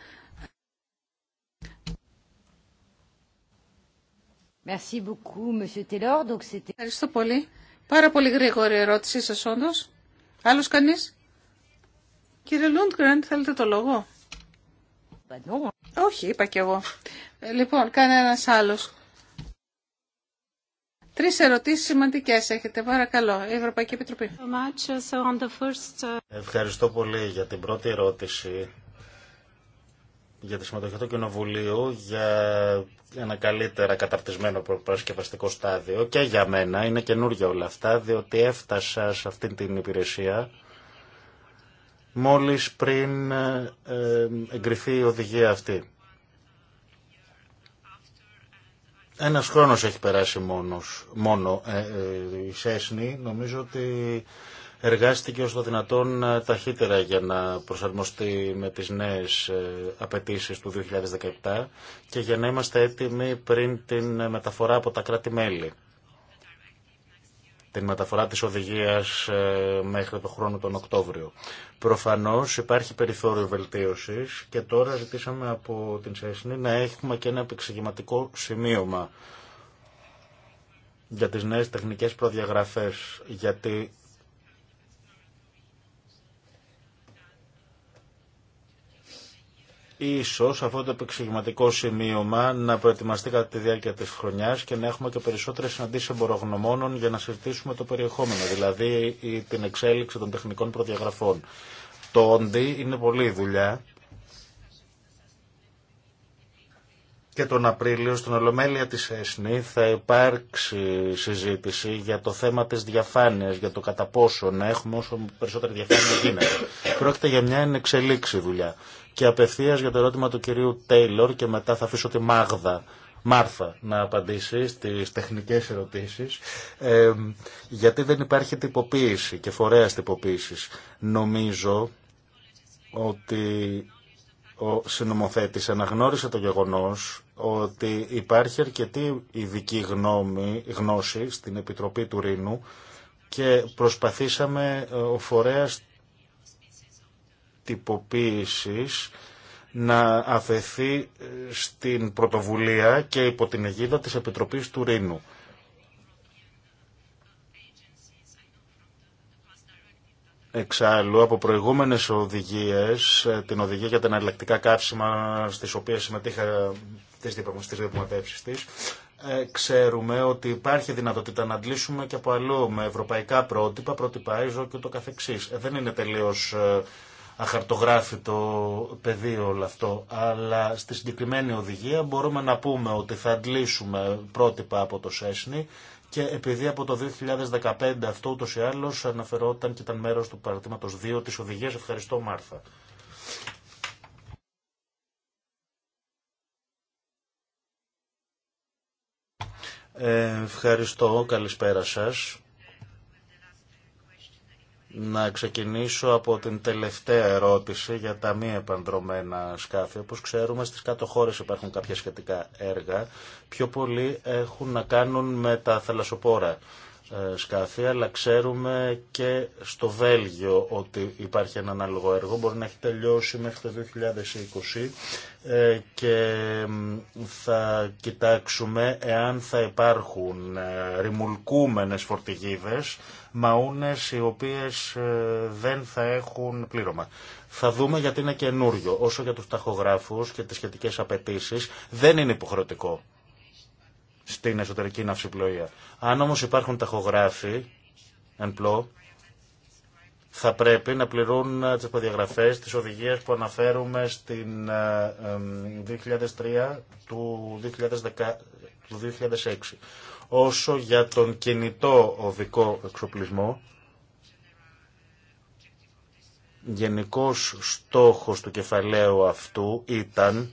Ευχαριστώ πολύ. Πάρα πολύ γρήγορη ερώτησή σας όντως. Άλλος κανείς? Κύριε Λούντγκραντ, θέλετε το λόγο. Όχι, είπα κι εγώ. Ε, λοιπόν, κανένας άλλος. Τρεις ερωτήσεις σημαντικές έχετε. Παρακαλώ, η Ευρωπαϊκή Επιτροπή. Ευχαριστώ πολύ για την πρώτη ερώτηση για τη συμμετοχή του Κοινοβουλίου για ένα καλύτερα καταρτισμένο προπαρασκευαστικό στάδιο και για μένα είναι καινούργια όλα αυτά διότι έφτασα σε αυτή την υπηρεσία μόλις πριν ε, ε, εγκριθεί η οδηγία αυτή. Ένας χρόνος έχει περάσει μόνος, μόνο ε, ε, η Σέσνη. Νομίζω ότι εργάστηκε ω το δυνατόν ε, ταχύτερα για να προσαρμοστεί με τις νέες ε, απαιτήσεις του 2017 και για να είμαστε έτοιμοι πριν την ε, μεταφορά από τα κράτη-μέλη την μεταφορά της οδηγίας ε, μέχρι το χρόνο τον Οκτώβριο. Προφανώς υπάρχει περιθώριο βελτίωσης και τώρα ζητήσαμε από την ΣΕΣΝΗ να έχουμε και ένα επεξηγηματικό σημείωμα για τις νέες τεχνικές προδιαγραφές, γιατί Ίσως αυτό το επεξηγηματικό σημείωμα να προετοιμαστεί κατά τη διάρκεια τη χρονιάς και να έχουμε και περισσότερες συναντήσεις εμπορογνωμόνων για να συζητήσουμε το περιεχόμενο, δηλαδή την εξέλιξη των τεχνικών προδιαγραφών. Το όντι είναι πολλή δουλειά και τον Απρίλιο στην Ολομέλεια της ΕΣΝΗ θα υπάρξει συζήτηση για το θέμα της διαφάνειας, για το κατά πόσο να έχουμε όσο περισσότερη διαφάνεια γίνεται. Πρόκειται για μια ενεξελίξη δουλειά. Και απευθείας για το ερώτημα του κυρίου Τέιλορ και μετά θα αφήσω τη Μάγδα Μάρθα να απαντήσει στις τεχνικές ερωτήσεις γιατί δεν υπάρχει τυποποίηση και φορέας τυποποίησης. Νομίζω ότι ο συνομοθέτης αναγνώρισε το γεγονός ότι υπάρχει αρκετή ειδική γνώμη, γνώση στην Επιτροπή του Ρήνου και προσπαθήσαμε ε, ο φορέας τυποποίησης να αφαιθεί ε, στην πρωτοβουλία και υπό την αιγίδα της Επιτροπής του Ρήνου. Εξάλλου, από προηγούμενες οδηγίες, ε, την οδηγία για τα εναλλακτικά κάψιμα στις οποίες συμμετείχα ε, τις διαπραγματεύσεις της, ξέρουμε ότι υπάρχει δυνατότητα να αντλήσουμε και από αλλού με ευρωπαϊκά πρότυπα, πρότυπα και το καθεξής. δεν είναι τελείως αχαρτογράφητο πεδίο όλο αυτό, αλλά στη συγκεκριμένη οδηγία μπορούμε να πούμε ότι θα αντλήσουμε πρότυπα από το ΣΕΣΝΗ και επειδή από το 2015 αυτό ούτως ή άλλως αναφερόταν και ήταν μέρος του παρατήματος 2 της οδηγίας, ευχαριστώ Μάρθα. Ε, ευχαριστώ, καλησπέρα σας. Να ξεκινήσω από την τελευταία ερώτηση για τα μη επανδρομένα σκάφη. Όπως ξέρουμε στις κάτω χώρες υπάρχουν κάποια σχετικά έργα. Πιο πολλοί έχουν να κάνουν με τα θαλασσοπόρα ε, σκάφη, αλλά ξέρουμε και στο Βέλγιο ότι υπάρχει ένα ανάλογο έργο. Μπορεί να έχει τελειώσει μέχρι το 2020 ε, και θα κοιτάξουμε εάν θα υπάρχουν ε, ρημουλκούμενες φορτηγίδες μαούνες οι οποίες ε, δεν θα έχουν πλήρωμα. Θα δούμε γιατί είναι καινούριο. Όσο για τους ταχογράφους και τις σχετικές απαιτήσει δεν είναι υποχρεωτικό στην εσωτερική ναυσιπλοεία. Αν όμως υπάρχουν ταχογράφοι, εν πλώ, θα πρέπει να πληρούν ε, τις προδιαγραφές τις οδηγίες που αναφέρουμε στην 2003 ε, του 2006 όσο για τον κινητό οδικό εξοπλισμό. Γενικός στόχος του κεφαλαίου αυτού ήταν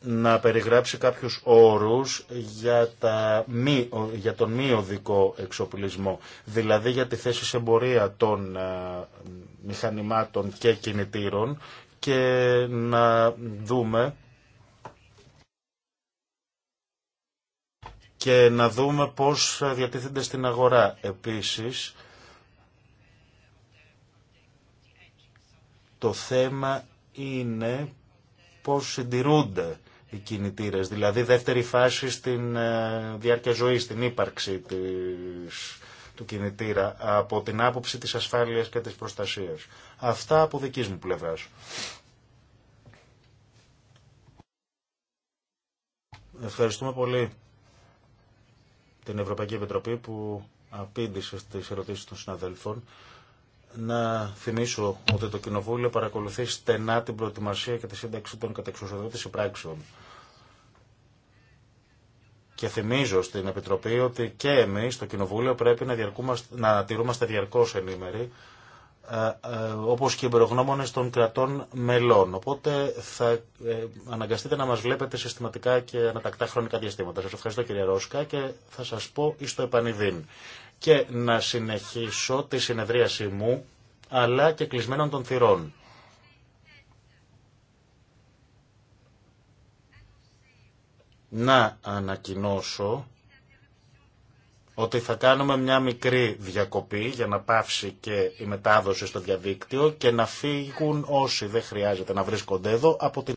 να περιγράψει κάποιους όρους για, τα μη, για τον μη οδικό εξοπλισμό, δηλαδή για τη θέση σε εμπορία των ε, μηχανημάτων και κινητήρων και να δούμε και να δούμε πώς διατίθενται στην αγορά. Επίσης, το θέμα είναι πώς συντηρούνται οι κινητήρες, δηλαδή δεύτερη φάση στην ε, διάρκεια ζωής, στην ύπαρξη της, του κινητήρα από την άποψη της ασφάλειας και της προστασίας. Αυτά από δικής μου πλευράς. Ευχαριστούμε πολύ την Ευρωπαϊκή Επιτροπή που απήντησε στις ερωτήσεις των συναδέλφων. Να θυμίσω ότι το Κοινοβούλιο παρακολουθεί στενά την προετοιμασία και τη σύνταξη των κατεξουσιοδότηση πράξεων. Και θυμίζω στην Επιτροπή ότι και εμείς, το Κοινοβούλιο, πρέπει να, να τηρούμαστε διαρκώς ενήμεροι ε, ε, όπως και οι των κρατών μελών. Οπότε θα ε, αναγκαστείτε να μας βλέπετε συστηματικά και ανατακτά χρονικά διαστήματα. Σας ευχαριστώ κύριε Ρόσκα και θα σας πω εις το επανειδήν. Και να συνεχίσω τη συνεδρίαση μου, αλλά και κλεισμένων των θυρών. Να ανακοινώσω ότι θα κάνουμε μια μικρή διακοπή για να πάυσει και η μετάδοση στο διαδίκτυο και να φύγουν όσοι δεν χρειάζεται να βρίσκονται εδώ από